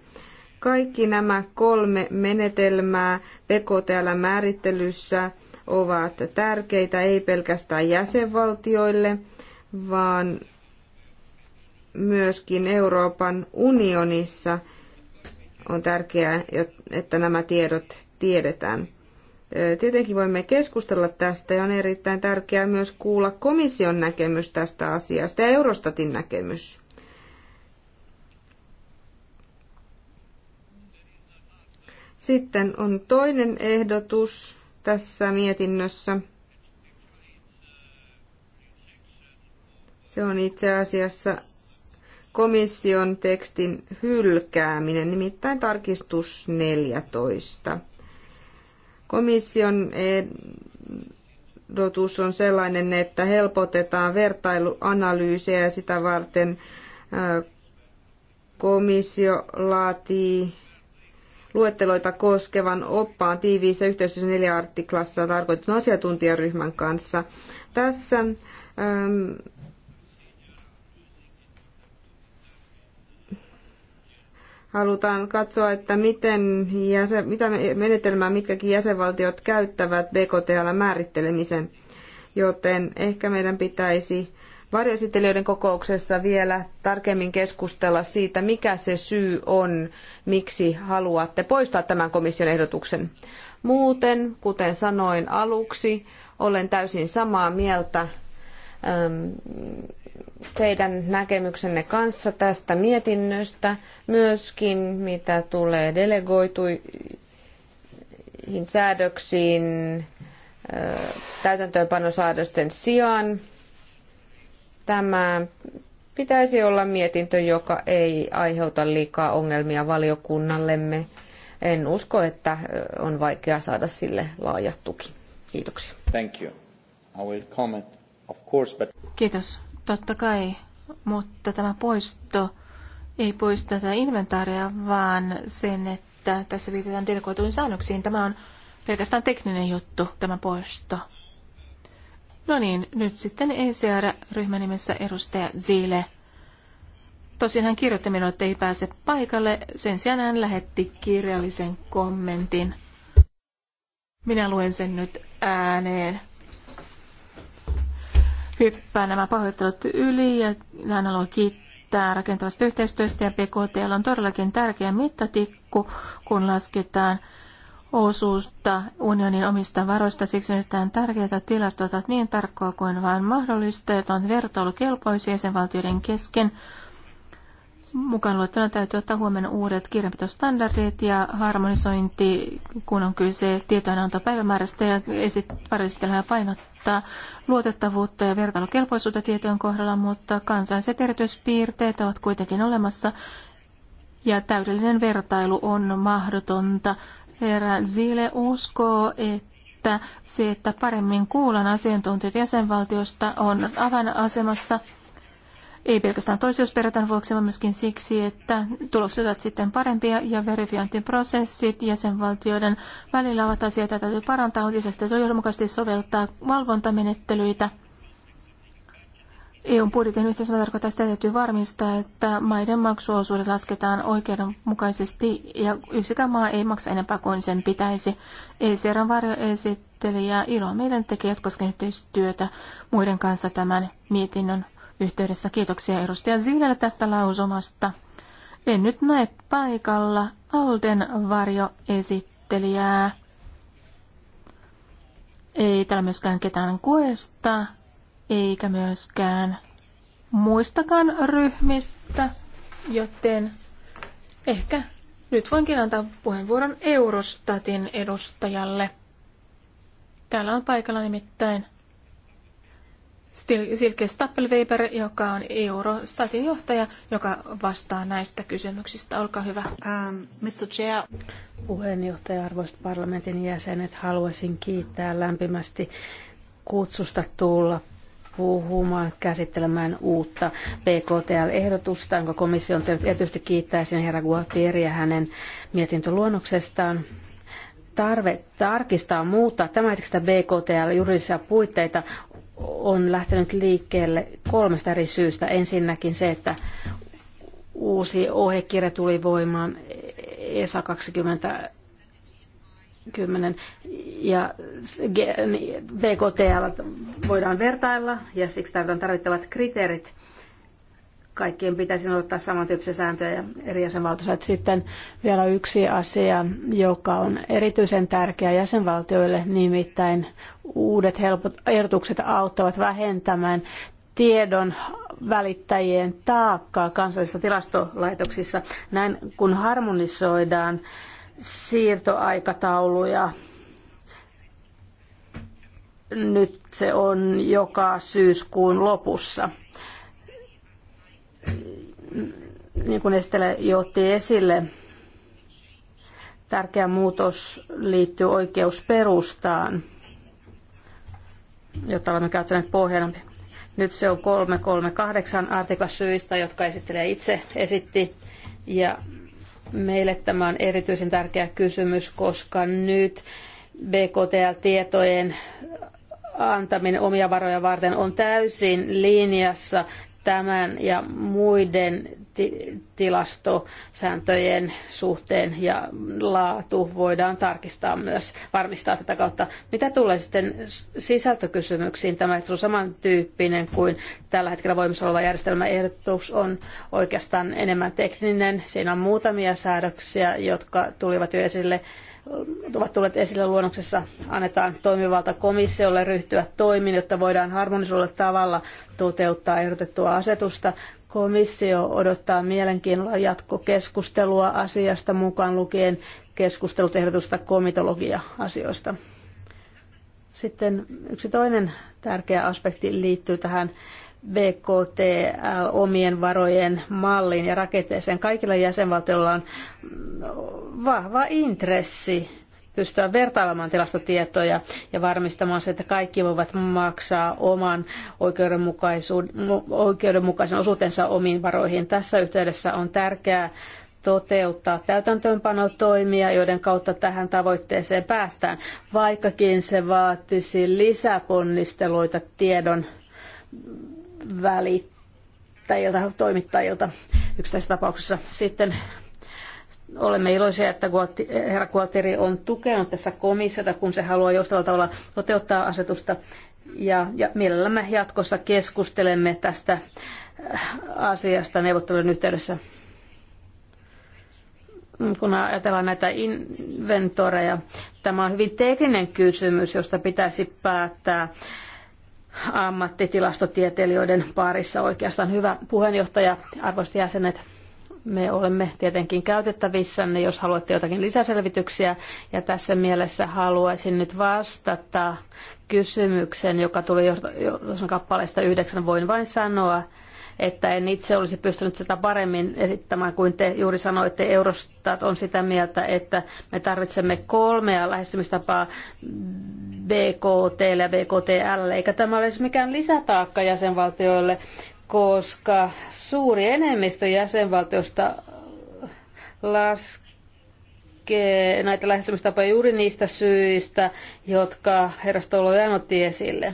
Kaikki nämä kolme menetelmää bktl määrittelyssä ovat tärkeitä ei pelkästään jäsenvaltioille, vaan myöskin Euroopan unionissa on tärkeää, että nämä tiedot tiedetään. Tietenkin voimme keskustella tästä ja on erittäin tärkeää myös kuulla komission näkemys tästä asiasta ja Eurostatin näkemys. Sitten on toinen ehdotus, tässä mietinnössä. Se on itse asiassa komission tekstin hylkääminen, nimittäin tarkistus 14. Komission ehdotus on sellainen, että helpotetaan vertailuanalyysiä ja sitä varten komissio laatii luetteloita koskevan oppaan tiiviissä yhteistyössä neljä artiklassa tarkoitetun asiantuntijaryhmän kanssa. Tässä ähm, halutaan katsoa, että miten jäsen, mitä menetelmää mitkäkin jäsenvaltiot käyttävät BKTL määrittelemisen, joten ehkä meidän pitäisi varjoesittelijöiden kokouksessa vielä tarkemmin keskustella siitä, mikä se syy on, miksi haluatte poistaa tämän komission ehdotuksen. Muuten, kuten sanoin aluksi, olen täysin samaa mieltä ähm, teidän näkemyksenne kanssa tästä mietinnöstä, myöskin mitä tulee delegoituihin säädöksiin äh, täytäntöönpanosäädösten sijaan. Tämä pitäisi olla mietintö, joka ei aiheuta liikaa ongelmia valiokunnallemme. En usko, että on vaikea saada sille laaja tuki. Kiitoksia. Thank you. I will comment, of course, but... Kiitos. Totta kai, mutta tämä poisto ei poista tätä inventaaria, vaan sen, että tässä viitataan delegoituin säännöksiin. Tämä on pelkästään tekninen juttu, tämä poisto. No niin, nyt sitten ECR-ryhmän nimessä edustaja Zile. Tosin hän kirjoitti minulle, että ei pääse paikalle. Sen sijaan hän lähetti kirjallisen kommentin. Minä luen sen nyt ääneen. Hyppää nämä pahoittelut yli ja hän haluaa kiittää rakentavasta yhteistyöstä ja PKT on todellakin tärkeä mittatikku, kun lasketaan osuutta unionin omista varoista, siksi nyt tärkeää tärkeitä tilastot ovat niin tarkkoa kuin vain mahdollista, että on vertailukelpoisia jäsenvaltioiden kesken. Mukaan luettuna täytyy ottaa huomenna uudet kirjanpitostandardit ja harmonisointi, kun on kyse tietojenantopäivämäärästä ja ja painottaa luotettavuutta ja vertailukelpoisuutta tietojen kohdalla, mutta kansalliset erityispiirteet ovat kuitenkin olemassa ja täydellinen vertailu on mahdotonta Herra Zile uskoo, että se, että paremmin kuulan asiantuntijat jäsenvaltiosta, on avainasemassa ei pelkästään toisiusperätän vuoksi, vaan myöskin siksi, että tulokset ovat sitten parempia ja verifiointiprosessit jäsenvaltioiden välillä ovat asioita, joita täytyy parantaa. On lisäksi täytyy johdonmukaisesti soveltaa valvontamenettelyitä EUn budjetin yhteisöllä tarkoittaa sitä, että täytyy varmistaa, että maiden maksuosuudet lasketaan oikeudenmukaisesti ja yksikään maa ei maksa enempää kuin sen pitäisi. ECRn ja Ilo meidän tekee jatkossakin yhteistyötä muiden kanssa tämän mietinnön yhteydessä. Kiitoksia edustaja Ziilelle tästä lausumasta. En nyt näe paikalla Alden esittelijää. Ei täällä myöskään ketään kuesta eikä myöskään muistakaan ryhmistä, joten ehkä nyt voinkin antaa puheenvuoron Eurostatin edustajalle. Täällä on paikalla nimittäin Silke Stappelweber, joka on Eurostatin johtaja, joka vastaa näistä kysymyksistä. Olkaa hyvä. Um, ähm, Mr. Chair. Puheenjohtaja, arvoisat parlamentin jäsenet, haluaisin kiittää lämpimästi kutsusta tulla puhumaan, käsittelemään uutta PKTL-ehdotusta, jonka komissio on tehnyt. Erityisesti kiittäisin herra Gualtieriä hänen mietintöluonnoksestaan. Tarve tarkistaa muuttaa tämänhetkistä BKTL-juridisia puitteita on lähtenyt liikkeelle kolmesta eri syystä. Ensinnäkin se, että uusi ohjekirja tuli voimaan ESA 20 10 ja niin BKTL voidaan vertailla ja siksi tarvitaan tarvittavat kriteerit. Kaikkien pitäisi noudattaa samantyyppisiä sääntöjä ja eri jäsenvaltioissa. Sitten vielä yksi asia, joka on erityisen tärkeä jäsenvaltioille, nimittäin uudet helpot ehdotukset auttavat vähentämään tiedon välittäjien taakkaa kansallisissa tilastolaitoksissa. Näin kun harmonisoidaan siirtoaikatauluja. Nyt se on joka syyskuun lopussa. Niin kuin Estelle jo otti esille, tärkeä muutos liittyy oikeusperustaan, jota olemme käyttäneet pohjana. Nyt se on 338 artikla syistä, jotka esittelee itse esitti. Ja Meille tämä on erityisen tärkeä kysymys, koska nyt BKTL-tietojen antaminen omia varoja varten on täysin linjassa tämän ja muiden tilastosääntöjen suhteen ja laatu voidaan tarkistaa myös, varmistaa tätä kautta. Mitä tulee sitten sisältökysymyksiin, tämä on samantyyppinen kuin tällä hetkellä voimassa oleva järjestelmä ehdotus on oikeastaan enemmän tekninen. Siinä on muutamia säädöksiä, jotka tulivat jo esille ovat tulleet esille luonnoksessa, annetaan toimivalta komissiolle ryhtyä toimiin, jotta voidaan harmonisuudella tavalla toteuttaa ehdotettua asetusta. Komissio odottaa mielenkiinnolla jatkokeskustelua asiasta mukaan lukien keskustelut ehdotusta komitologia-asioista. Sitten yksi toinen tärkeä aspekti liittyy tähän BKT-omien varojen malliin ja rakenteeseen. Kaikilla jäsenvaltioilla on vahva intressi pystytään vertailemaan tilastotietoja ja varmistamaan se, että kaikki voivat maksaa oman oikeudenmukaisen osuutensa omiin varoihin. Tässä yhteydessä on tärkeää toteuttaa täytäntöönpanotoimia, joiden kautta tähän tavoitteeseen päästään, vaikkakin se vaatisi lisäponnisteluita tiedon välittäjiltä, toimittajilta yksittäisessä tapauksessa Sitten olemme iloisia, että herra Gualtieri on tukenut tässä komissiota, kun se haluaa joustalla tavalla toteuttaa asetusta. Ja, ja mielellämme jatkossa keskustelemme tästä äh, asiasta neuvottelun yhteydessä. Kun ajatellaan näitä inventoreja, tämä on hyvin tekninen kysymys, josta pitäisi päättää ammattitilastotieteilijöiden parissa oikeastaan. Hyvä puheenjohtaja, arvoisat jäsenet me olemme tietenkin käytettävissä, niin jos haluatte jotakin lisäselvityksiä. Ja tässä mielessä haluaisin nyt vastata kysymykseen, joka tuli jo kappaleesta yhdeksän. Voin vain sanoa, että en itse olisi pystynyt tätä paremmin esittämään kuin te juuri sanoitte. Eurostat on sitä mieltä, että me tarvitsemme kolmea lähestymistapaa BKT ja BKTL, eikä tämä olisi mikään lisätaakka jäsenvaltioille koska suuri enemmistö jäsenvaltiosta laskee näitä lähestymistapoja juuri niistä syistä, jotka herra Stolojan otti esille.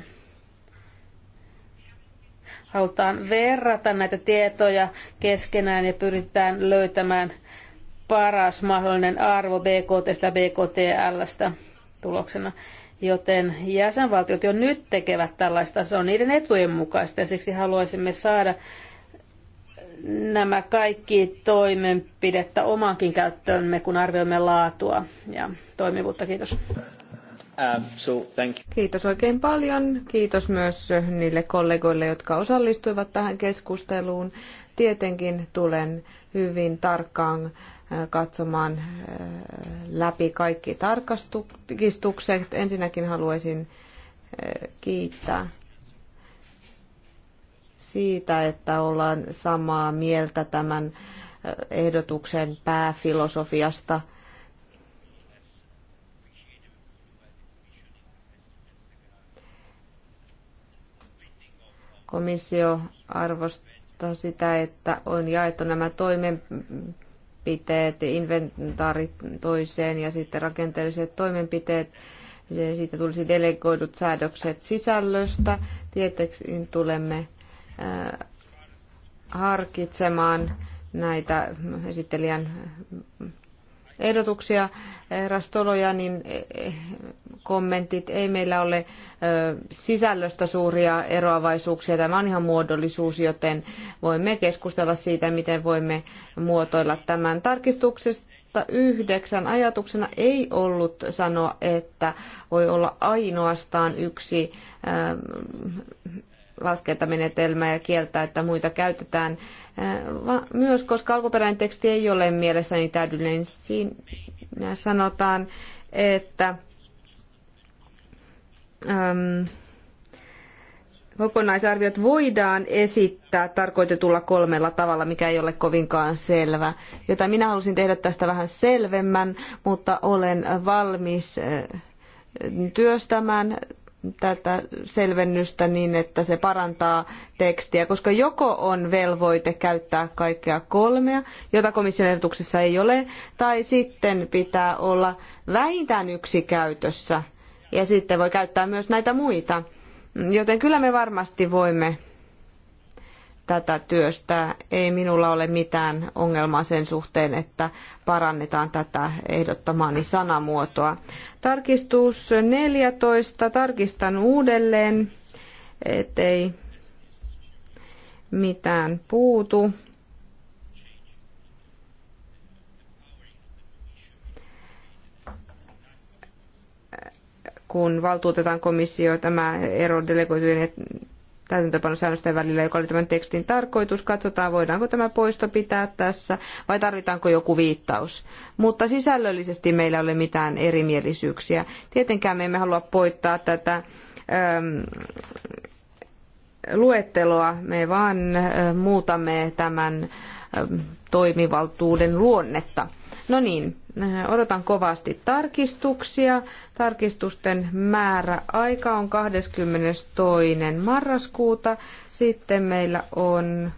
Halutaan verrata näitä tietoja keskenään ja pyritään löytämään paras mahdollinen arvo BKTstä ja BKTLstä tuloksena. Joten jäsenvaltiot jo nyt tekevät tällaista, se on niiden etujen mukaista ja siksi haluaisimme saada nämä kaikki toimenpidettä omankin käyttöömme, kun arvioimme laatua ja toimivuutta. Kiitos. Um, Kiitos oikein paljon. Kiitos myös niille kollegoille, jotka osallistuivat tähän keskusteluun. Tietenkin tulen hyvin tarkkaan katsomaan äh, läpi kaikki tarkastukset. Ensinnäkin haluaisin äh, kiittää siitä, että ollaan samaa mieltä tämän äh, ehdotuksen pääfilosofiasta. Komissio arvostaa sitä, että on jaettu nämä toimen toimenpiteet, toiseen ja sitten rakenteelliset toimenpiteet. Siitä tulisi delegoidut säädökset sisällöstä. tietysti tulemme äh, harkitsemaan näitä esittelijän ehdotuksia Rastolojanin eh, eh, kommentit. Ei meillä ole sisällöstä suuria eroavaisuuksia. Tämä on ihan muodollisuus, joten voimme keskustella siitä, miten voimme muotoilla tämän tarkistuksesta. Yhdeksän ajatuksena ei ollut sanoa, että voi olla ainoastaan yksi laskentamenetelmä ja kieltää, että muita käytetään, myös koska alkuperäinen teksti ei ole mielestäni täydellinen sanotaan, että äm, kokonaisarviot voidaan esittää tarkoitetulla kolmella tavalla, mikä ei ole kovinkaan selvä. Jota minä halusin tehdä tästä vähän selvemmän, mutta olen valmis äh, työstämään tätä selvennystä niin, että se parantaa tekstiä, koska joko on velvoite käyttää kaikkea kolmea, jota komission ehdotuksessa ei ole, tai sitten pitää olla vähintään yksi käytössä, ja sitten voi käyttää myös näitä muita. Joten kyllä me varmasti voimme tätä työstä Ei minulla ole mitään ongelmaa sen suhteen, että parannetaan tätä ehdottamaani sanamuotoa. Tarkistus 14. Tarkistan uudelleen, ettei mitään puutu. kun valtuutetaan komissio tämä ero delegoitujen täytäntöpanosäännösten välillä, joka oli tämän tekstin tarkoitus. Katsotaan, voidaanko tämä poisto pitää tässä vai tarvitaanko joku viittaus. Mutta sisällöllisesti meillä ei ole mitään erimielisyyksiä. Tietenkään me emme halua poittaa tätä äm, luetteloa, me vaan äh, muutamme tämän ähm, toimivaltuuden luonnetta. No niin, Äh, odotan kovasti tarkistuksia. Tarkistusten määrä aika on 22. marraskuuta. Sitten meillä on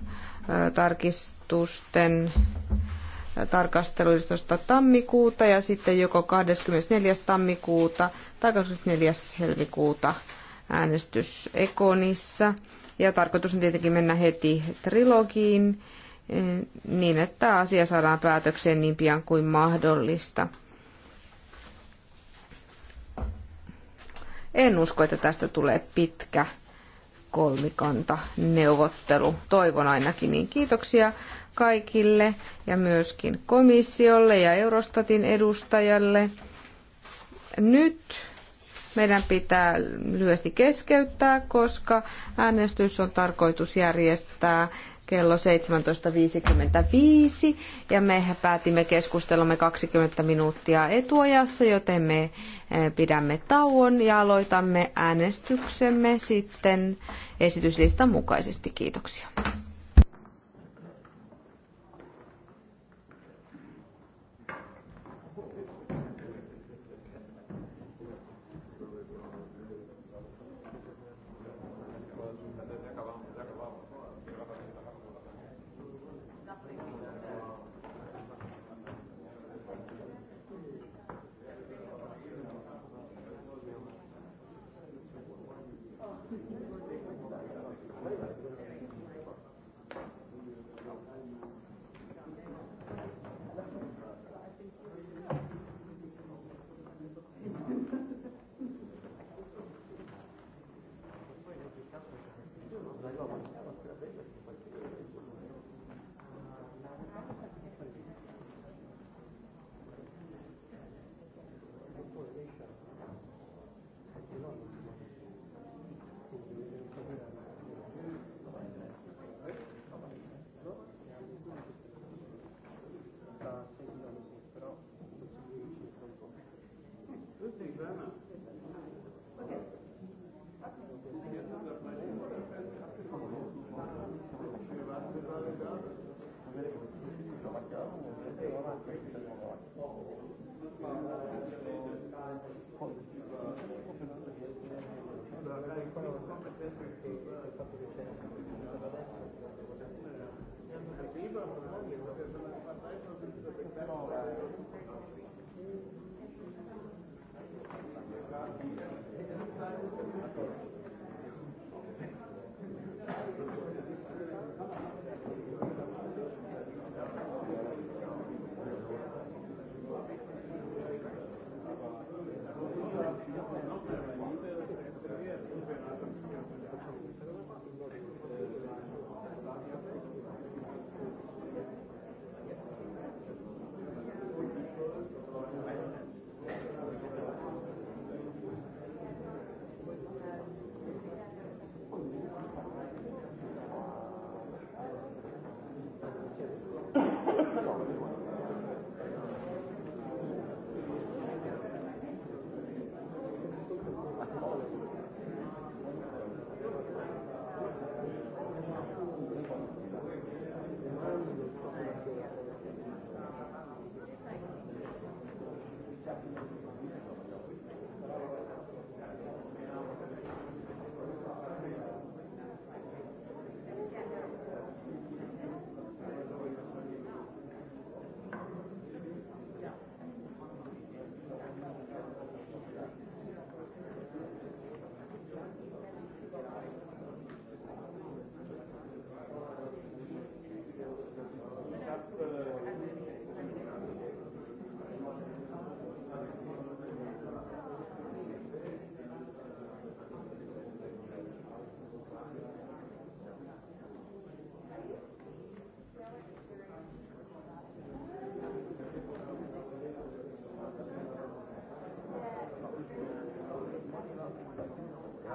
äh, tarkistusten äh, tarkastelu 11. tammikuuta ja sitten joko 24. tammikuuta tai 24. helmikuuta äänestys Ekonissa. Ja tarkoitus on tietenkin mennä heti trilogiin niin, että asia saadaan päätökseen niin pian kuin mahdollista. En usko, että tästä tulee pitkä kolmikanta neuvottelu. Toivon ainakin niin. Kiitoksia kaikille ja myöskin komissiolle ja Eurostatin edustajalle. Nyt meidän pitää lyhyesti keskeyttää, koska äänestys on tarkoitus järjestää kello 17.55 ja me päätimme keskustelumme 20 minuuttia etuajassa, joten me eh, pidämme tauon ja aloitamme äänestyksemme sitten esityslistan mukaisesti. Kiitoksia.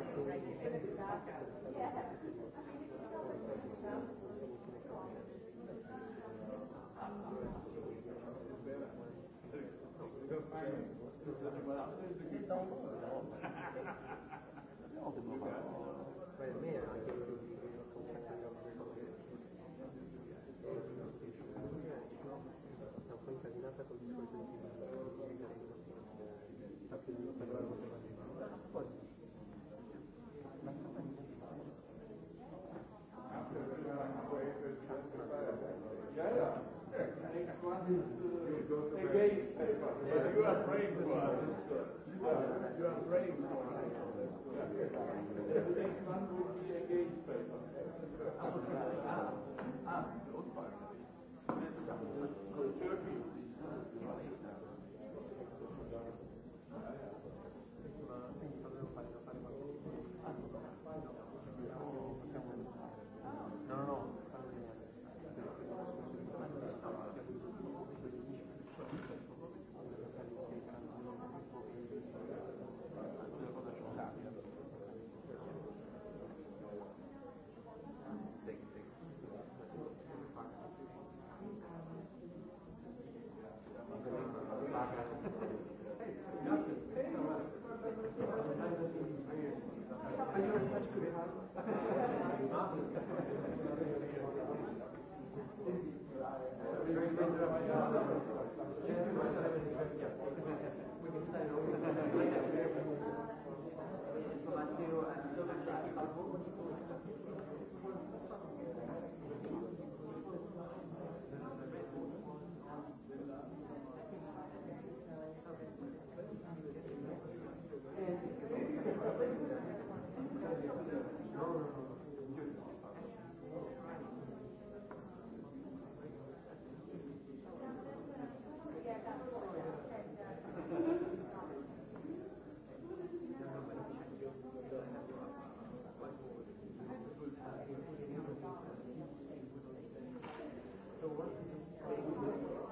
det är Altyazı M.K. So what?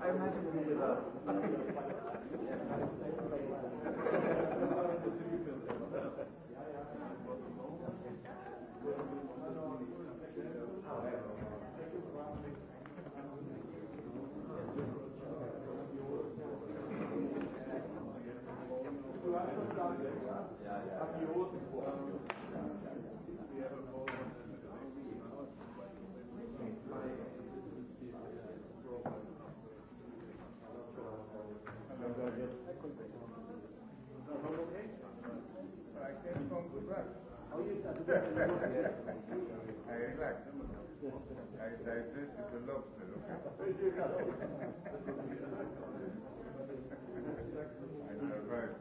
I imagine we did a I digested the lobster. I survived.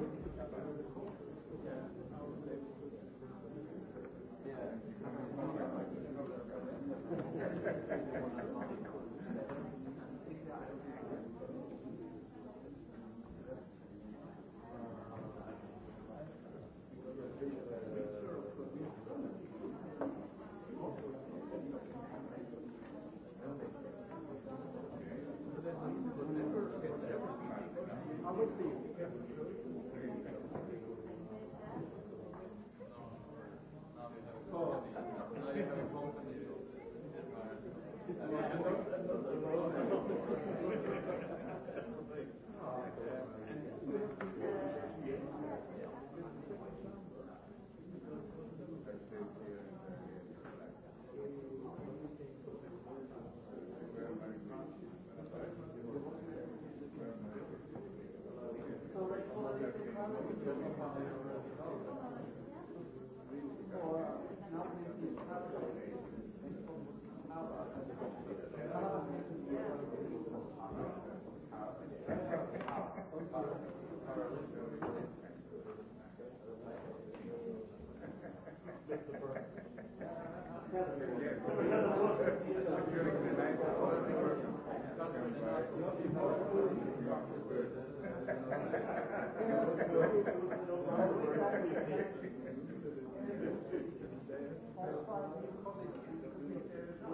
Thank you. Thank you.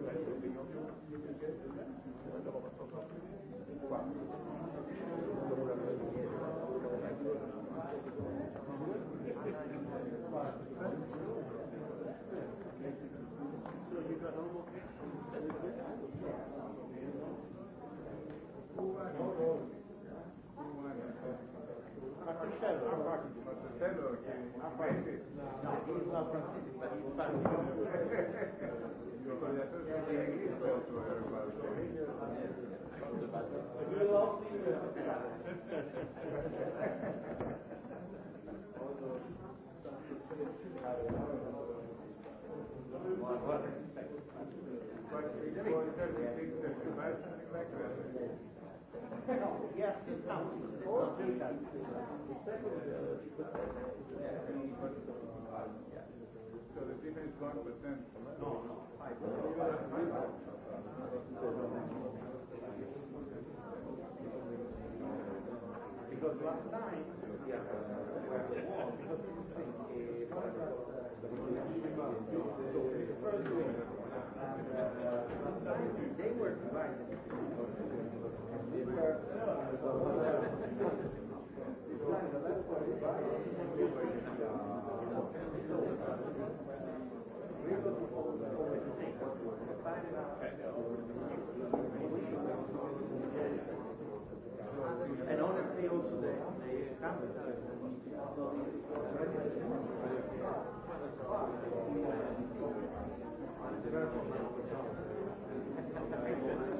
Thank you. So the difference is 1%. No, no. Because last time, yeah, the first one, and uh, last time they were divided. And honestly, also the, the campus Thank you.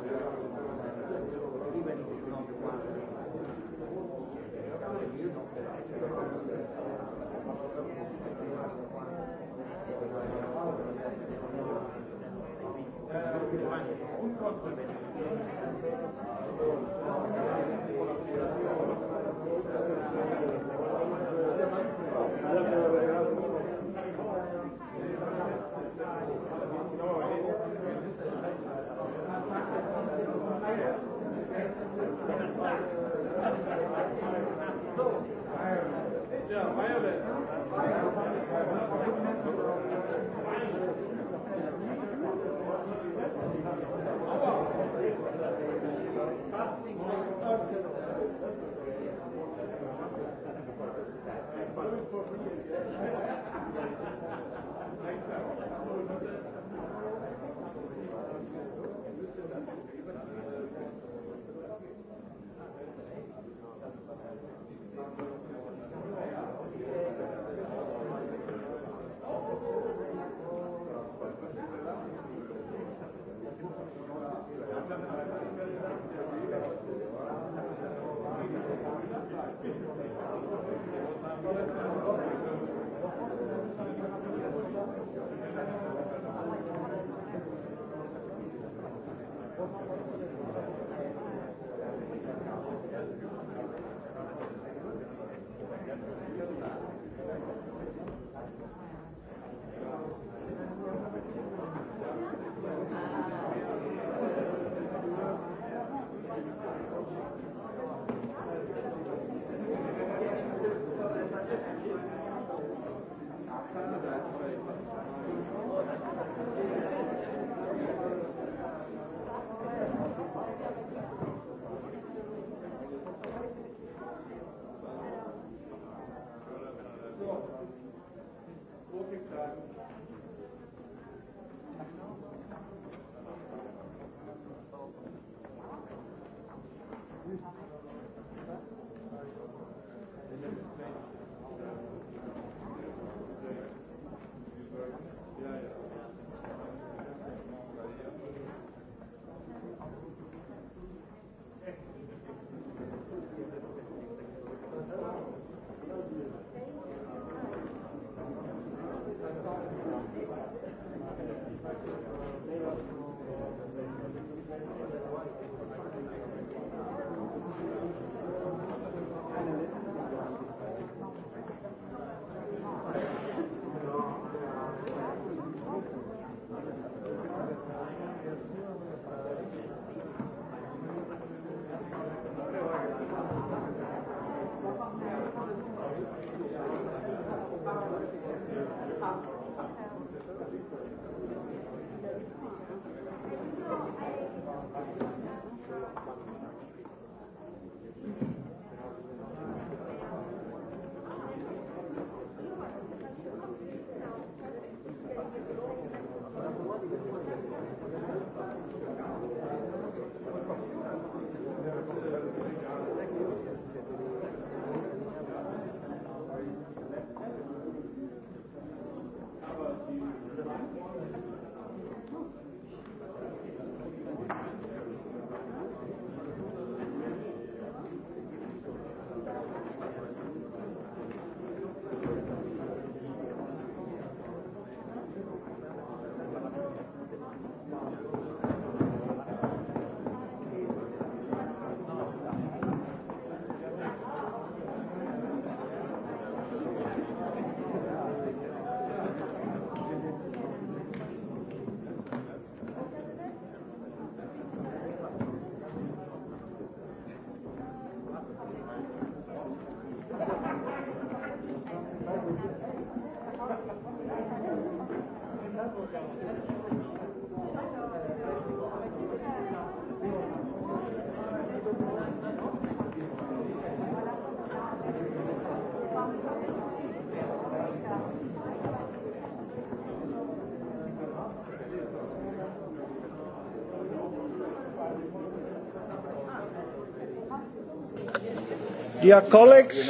Dear colleagues,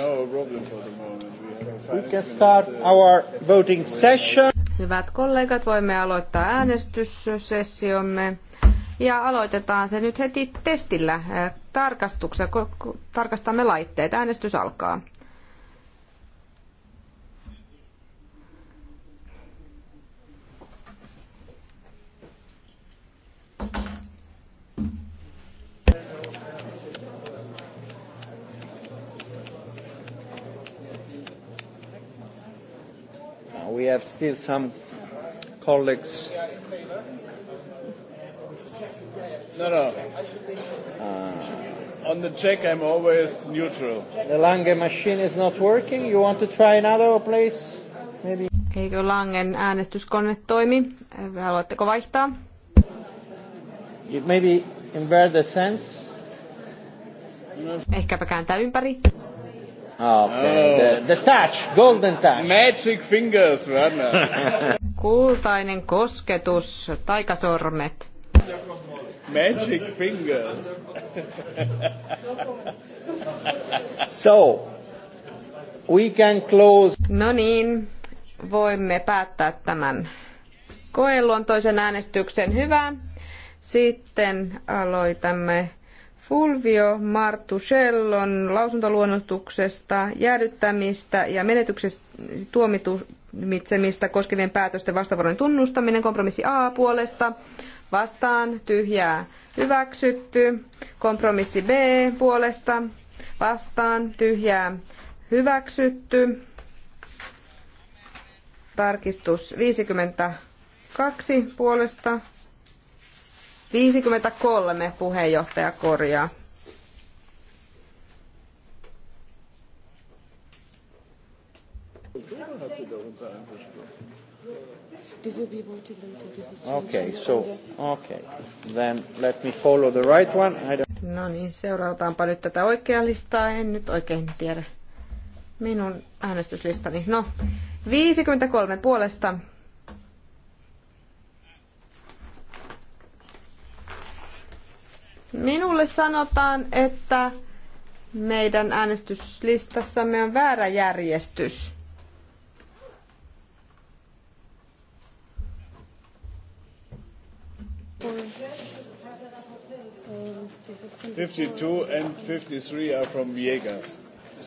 we no can start uh, our voting session. Hyvät kollegat, voimme aloittaa äänestyssessiomme. Ja aloitetaan se nyt heti testillä. Äh, Tarkastuksessa tarkastamme laitteet. Äänestys alkaa. with some colleagues. No, no. Uh, On the check, I'm always neutral. The Lange machine is not working. You want to try another place? Maybe. Eikö Langen äänestyskone toimi? Haluatteko vaihtaa? It maybe invert the sense. Ehkäpä kääntää ympäri. Okay. Oh. The, the touch, golden touch. Magic fingers, Werner. Kultainen kosketus, taikasormet. Magic fingers. so, we can close. No niin, voimme päättää tämän koeluontoisen äänestyksen. Hyvä. Sitten aloitamme Fulvio Martusellon lausuntoluonnotuksesta jäädyttämistä ja menetyksestä tuomitsemista koskevien päätösten vastavuoroinen tunnustaminen kompromissi A puolesta vastaan tyhjää hyväksytty. Kompromissi B puolesta vastaan tyhjää hyväksytty. Tarkistus 52 puolesta 53 puheenjohtaja korjaa. Okay, so, okay. Then let me follow the right one. I don't... No niin, seuraataanpa nyt tätä oikeaa listaa. En nyt oikein tiedä minun äänestyslistani. No, 53 puolesta Minulle sanotaan, että meidän äänestyslistassamme on väärä järjestys. Fifty-two and fifty-three are from Viegas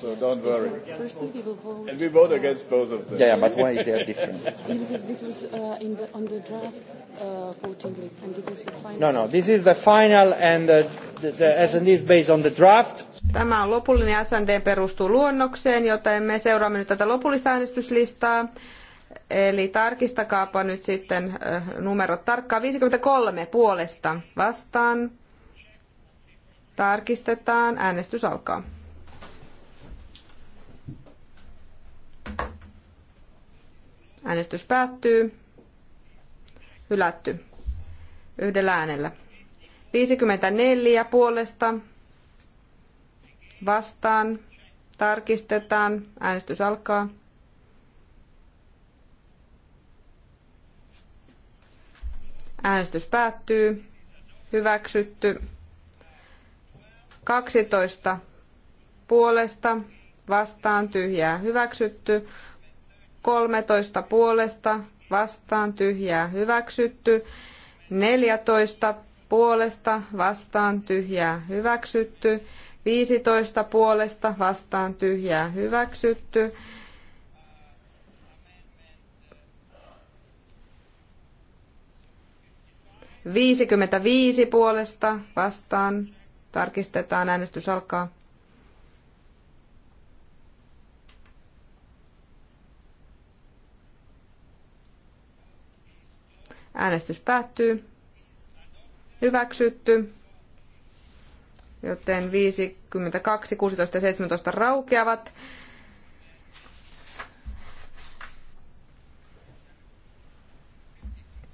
so don't worry. First we will vote. And we vote against both of them. Yeah, yeah but why they are different? because this was uh, in the, on the draft uh, voting list, and this is the final. No, no, this is the final, and the, the, the S&D is based on the draft. Tämä on lopullinen SND perustuu luonnokseen, joten me seuraamme nyt tätä lopullista äänestyslistaa. Eli tarkistakaapa nyt sitten äh, numerot tarkkaan. 53 puolesta vastaan. Tarkistetaan. Äänestys alkaa. Äänestys päättyy. Hylätty. Yhdellä äänellä. 54 puolesta. Vastaan. Tarkistetaan. Äänestys alkaa. Äänestys päättyy. Hyväksytty. 12 puolesta. Vastaan tyhjää hyväksytty. 13 puolesta vastaan tyhjää hyväksytty. 14 puolesta vastaan tyhjää hyväksytty. 15 puolesta vastaan tyhjää hyväksytty. Viisikymmentäviisi puolesta vastaan. Tarkistetaan äänestys alkaa. Äänestys päättyy. Hyväksytty. Joten 52, 16 ja 17 raukeavat.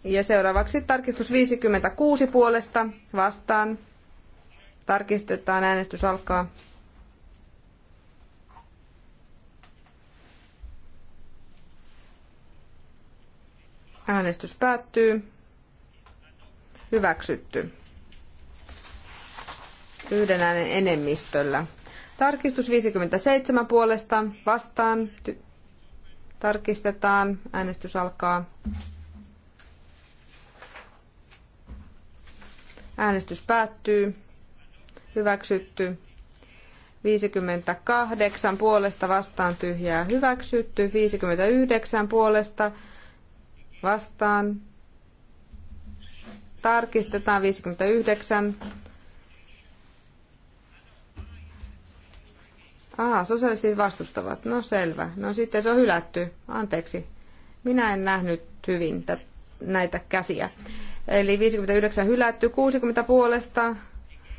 Ja seuraavaksi tarkistus 56 puolesta vastaan. Tarkistetaan äänestys alkaa. Äänestys päättyy. Hyväksytty. Yhden äänen enemmistöllä. Tarkistus 57 puolesta vastaan. Ty- tarkistetaan. Äänestys alkaa. Äänestys päättyy. Hyväksytty. 58 puolesta vastaan tyhjää hyväksytty. 59 puolesta vastaan. Tarkistetaan 59. Aha, sosialistit vastustavat. No selvä. No sitten se on hylätty. Anteeksi. Minä en nähnyt hyvin näitä käsiä. Eli 59 hylätty, 60 puolesta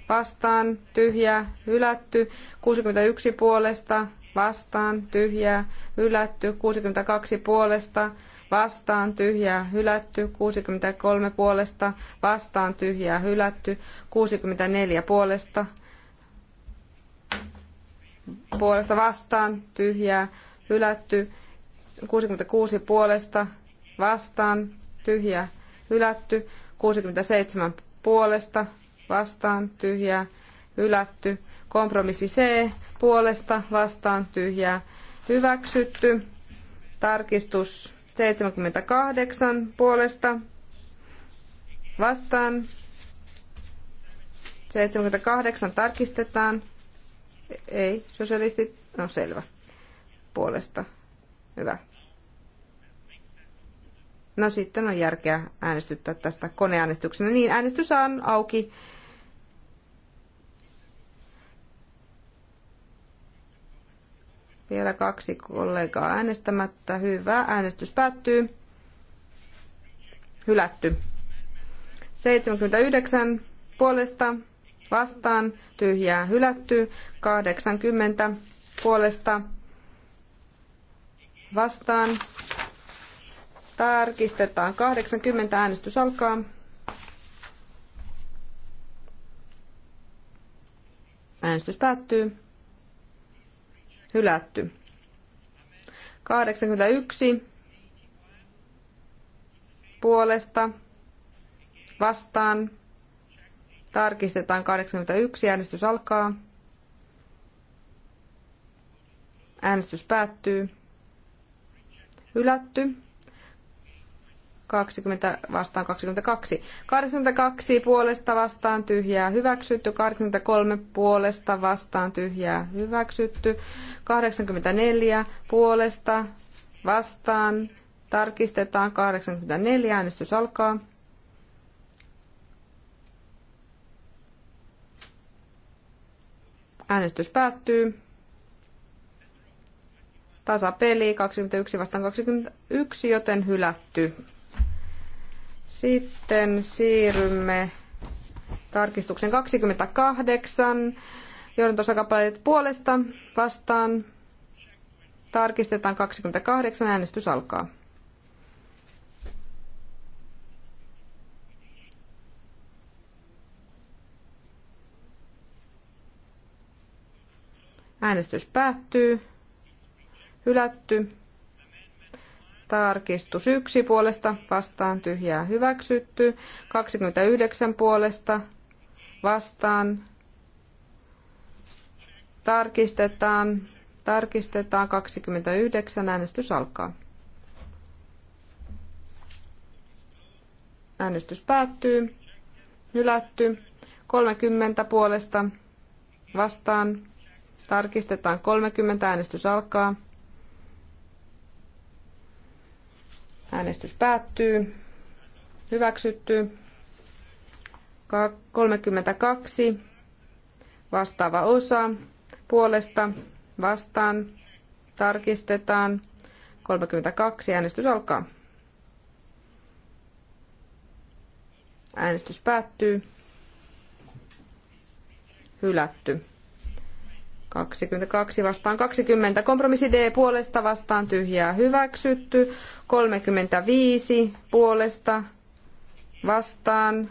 vastaan, tyhjä hylätty, 61 puolesta vastaan, tyhjä hylätty, 62 puolesta vastaan tyhjää hylätty, 63 puolesta vastaan tyhjää hylätty, 64 puolesta puolesta vastaan tyhjää hylätty, 66 puolesta vastaan tyhjää hylätty, 67 puolesta vastaan tyhjää hylätty, kompromissi C puolesta vastaan tyhjää hyväksytty, tarkistus 78 puolesta vastaan. 78 tarkistetaan. Ei, sosialistit, no selvä, puolesta. Hyvä. No sitten on järkeä äänestyttää tästä koneäänestyksenä. Niin, äänestys on auki. Vielä kaksi kollegaa äänestämättä. Hyvä. Äänestys päättyy. Hylätty. 79 puolesta vastaan tyhjää hylätty. 80 puolesta vastaan. Tarkistetaan 80. Äänestys alkaa. Äänestys päättyy hylätty. 81 puolesta vastaan. Tarkistetaan 81. Äänestys alkaa. Äänestys päättyy. Hylätty. 20 vastaan 22. 82 puolesta vastaan tyhjää hyväksytty, 83 puolesta vastaan tyhjää hyväksytty, 84 puolesta vastaan tarkistetaan 84, äänestys alkaa. Äänestys päättyy tasapeli 21 vastaan 21, joten hylätty. Sitten siirrymme tarkistuksen 28. Johdantosakapalet puolesta vastaan. Tarkistetaan 28. Äänestys alkaa. Äänestys päättyy. Hylätty. Tarkistus 1 puolesta vastaan tyhjää hyväksytty. 29 puolesta vastaan tarkistetaan. Tarkistetaan 29. Äänestys alkaa. Äänestys päättyy. Hylätty. 30 puolesta vastaan. Tarkistetaan 30. Äänestys alkaa. Äänestys päättyy. Hyväksytty. 32. Vastaava osa. Puolesta. Vastaan. Tarkistetaan. 32. Äänestys alkaa. Äänestys päättyy. Hylätty. 22 vastaan 20. Kompromissi D puolesta vastaan tyhjää hyväksytty. 35 puolesta vastaan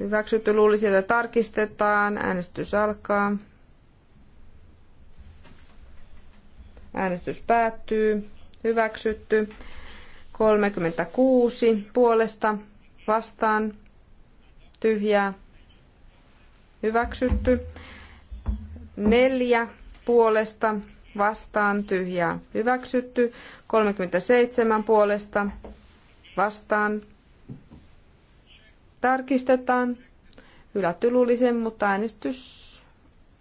hyväksytty. Luulisi, että tarkistetaan. Äänestys alkaa. Äänestys päättyy. Hyväksytty. 36 puolesta vastaan tyhjää hyväksytty neljä puolesta vastaan tyhjää hyväksytty. 37 puolesta vastaan tarkistetaan. Hylätty luulisen, mutta äänestys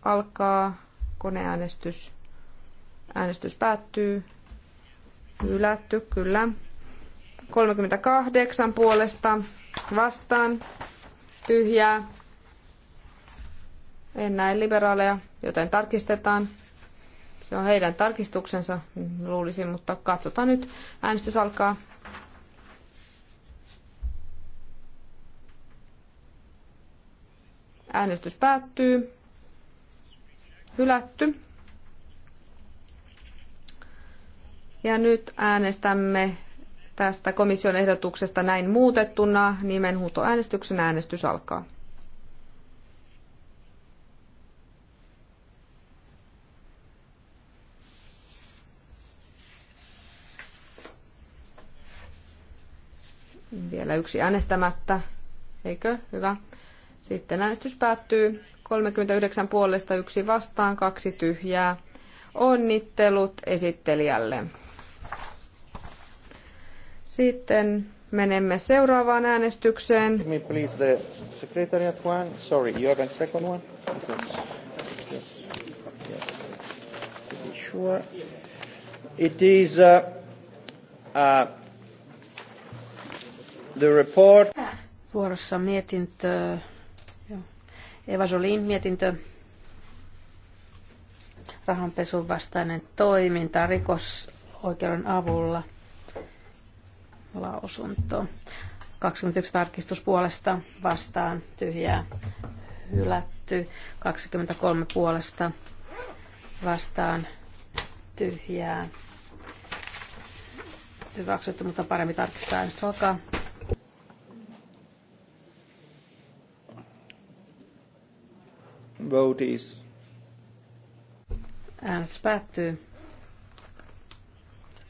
alkaa. Koneäänestys. Äänestys päättyy. Hylätty, kyllä. 38 puolesta vastaan. Tyhjää. En näe liberaaleja joten tarkistetaan. Se on heidän tarkistuksensa, luulisin, mutta katsotaan nyt. Äänestys alkaa. Äänestys päättyy. Hylätty. Ja nyt äänestämme tästä komission ehdotuksesta näin muutettuna. Nimenhuutoäänestyksen äänestys alkaa. Vielä yksi äänestämättä. Eikö? Hyvä. Sitten äänestys päättyy 39 puolesta yksi vastaan, kaksi tyhjää. Onnittelut esittelijälle. Sitten menemme seuraavaan äänestykseen. It is uh, uh, the report. Vuorossa mietintö, Eva Jolin mietintö, rahanpesun vastainen toiminta rikosoikeuden avulla, lausunto. 21 tarkistus puolesta vastaan tyhjää hylätty, 23 puolesta vastaan tyhjää hyväksytty, mutta paremmin tarkistaa ensi Vote is. Äänestys päättyy.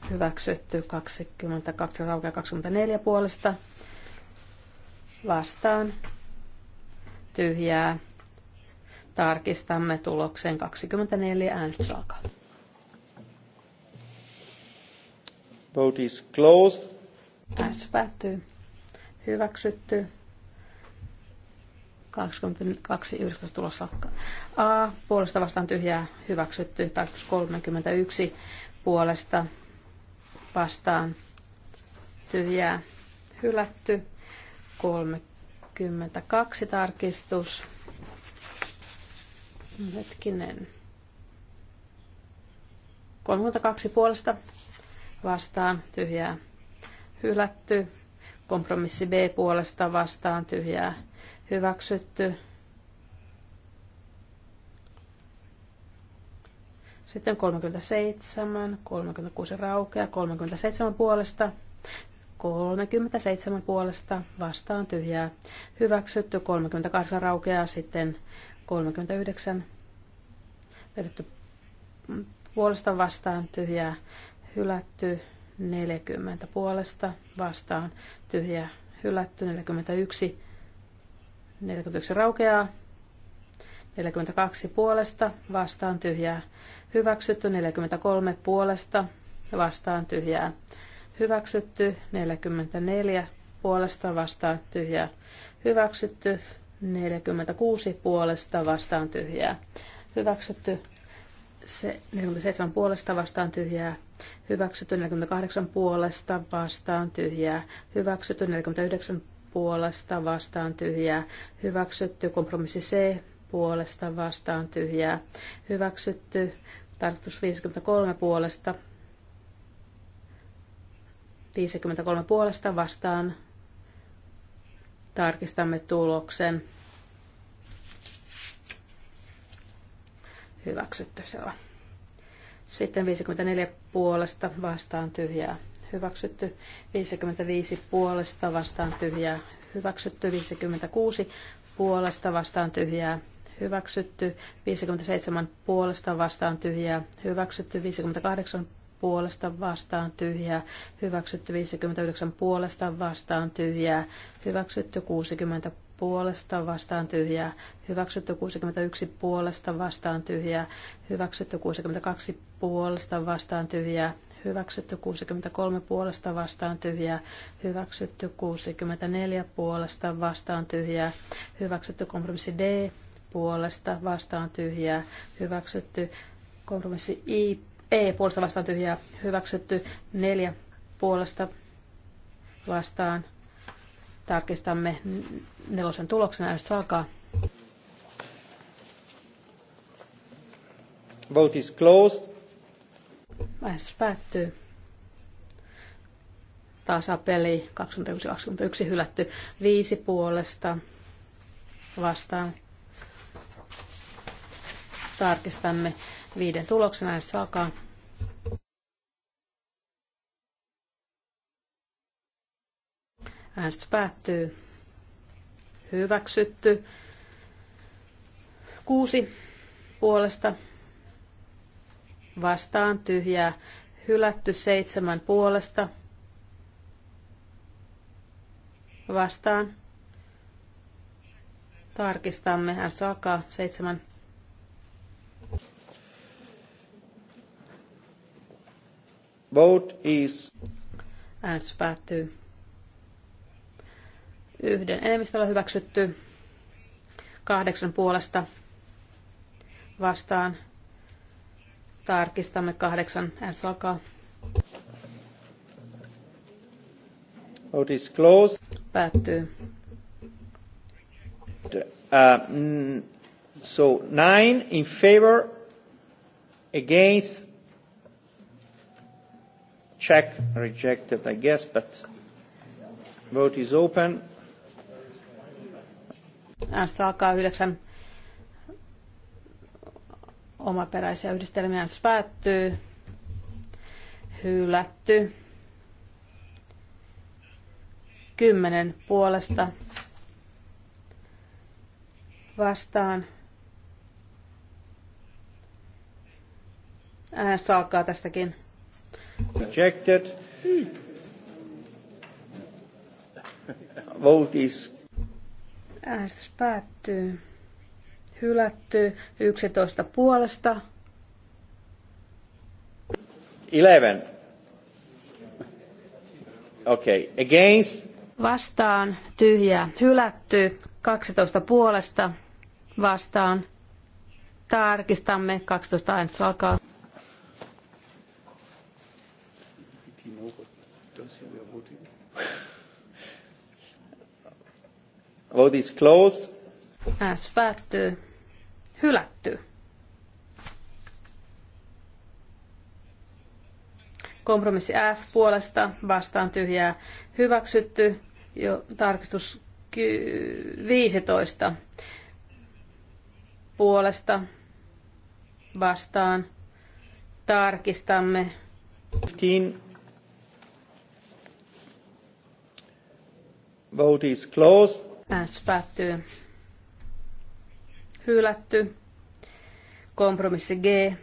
Hyväksytty 22 raukea 24 puolesta. Vastaan. Tyhjää. Tarkistamme tuloksen 24 äänestys alkaa. Vote is closed. Äänestys päättyy. Hyväksytty 22.11. tulossa A. Puolesta vastaan tyhjää hyväksytty. Tarkoitus 31. Puolesta vastaan tyhjää hylätty. 32 tarkistus. Hetkinen. 32 puolesta vastaan tyhjää hylätty. Kompromissi B puolesta vastaan tyhjää hyväksytty. Sitten 37, 36 raukea, 37 puolesta, 37 puolesta vastaan tyhjää hyväksytty, 38 raukeaa, sitten 39 vedetty puolesta vastaan tyhjää hylätty, 40 puolesta vastaan tyhjää hylätty, 41 41 raukeaa. 42 puolesta vastaan tyhjää. Hyväksytty 43 puolesta vastaan tyhjää. Hyväksytty 44 puolesta vastaan tyhjää. Hyväksytty 46 puolesta vastaan tyhjää. Hyväksytty 47 puolesta vastaan tyhjää. Hyväksytty 48 puolesta vastaan tyhjää. Hyväksytty 49 puolesta vastaan tyhjää hyväksytty. Kompromissi C puolesta vastaan tyhjää hyväksytty. Tarkoitus 53 puolesta 53 puolesta vastaan. Tarkistamme tuloksen. Hyväksytty se on. Sitten 54 puolesta vastaan tyhjää hyväksytty 55 puolesta vastaan tyhjää, hyväksytty 56 puolesta vastaan tyhjää, hyväksytty 57 puolesta vastaan tyhjää, hyväksytty 58 puolesta vastaan tyhjää, hyväksytty 59 puolesta vastaan tyhjää, hyväksytty 60 puolesta vastaan tyhjää, hyväksytty 61 puolesta vastaan tyhjää, hyväksytty 62 puolesta vastaan tyhjää, hyväksytty 63 puolesta vastaan tyhjää, hyväksytty 64 puolesta vastaan tyhjää, hyväksytty kompromissi D puolesta vastaan tyhjää, hyväksytty kompromissi I, E puolesta vastaan tyhjää, hyväksytty 4 puolesta vastaan. Tarkistamme nelosen tuloksena, jos alkaa. Vote is closed. Äänestys päättyy. Tasapeli 21-21 hylätty. Viisi puolesta vastaan. Tarkistamme viiden tuloksen äänestys alkaa. Äänestys päättyy. Hyväksytty. Kuusi puolesta vastaan tyhjää hylätty seitsemän puolesta vastaan. Tarkistamme. Hän alkaa seitsemän. Vote is. Äänestys päättyy. Yhden enemmistöllä hyväksytty. Kahdeksan puolesta vastaan Tarkistamme kahdeksan. Äänestys alkaa. Vote is closed. Päättyy. Uh, mm, so nine in favor, against, check, rejected, I guess, but vote is open. Äänestys alkaa yhdeksän omaperäisiä yhdistelmiä. Äänestys päättyy. Hylätty. Kymmenen puolesta vastaan. Äänestä alkaa tästäkin. Rejected. Vote is. Äänestys päättyy hylätty, 11 puolesta. 11. Okei, okay. against. Vastaan, tyhjä, hylätty, 12 puolesta, vastaan. Tarkistamme, 12 äänestys alkaa. Vote is closed. Äänestys päättyy hylätty. Kompromissi F puolesta vastaan tyhjää hyväksytty. Jo tarkistus 15 puolesta vastaan tarkistamme. 15. Vote is closed. Äänestys päättyy hylätty. Kompromissi G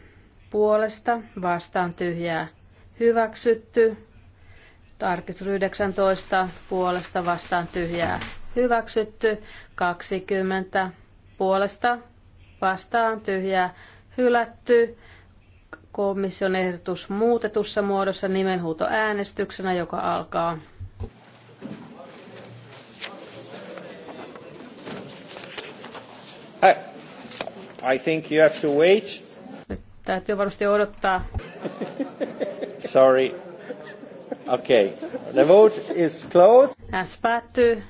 puolesta vastaan tyhjää hyväksytty. Tarkistus 19 puolesta vastaan tyhjää hyväksytty. 20 puolesta vastaan tyhjää hylätty. Komission ehdotus muutetussa muodossa nimenhuutoäänestyksenä, joka alkaa. Hey. I think you have to wait. täytyy varmasti odottaa. Sorry. Okay. The vote is closed. Äänestys päättyy.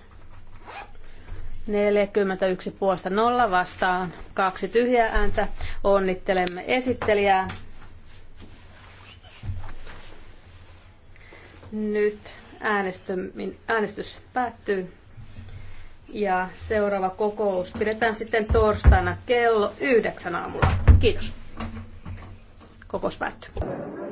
41 puolesta nolla vastaan. Kaksi tyhjää ääntä. Onnittelemme esittelijää. Nyt äänestys päättyy. Ja seuraava kokous pidetään sitten torstaina kello yhdeksän aamulla. Kiitos. Kokous päättyy.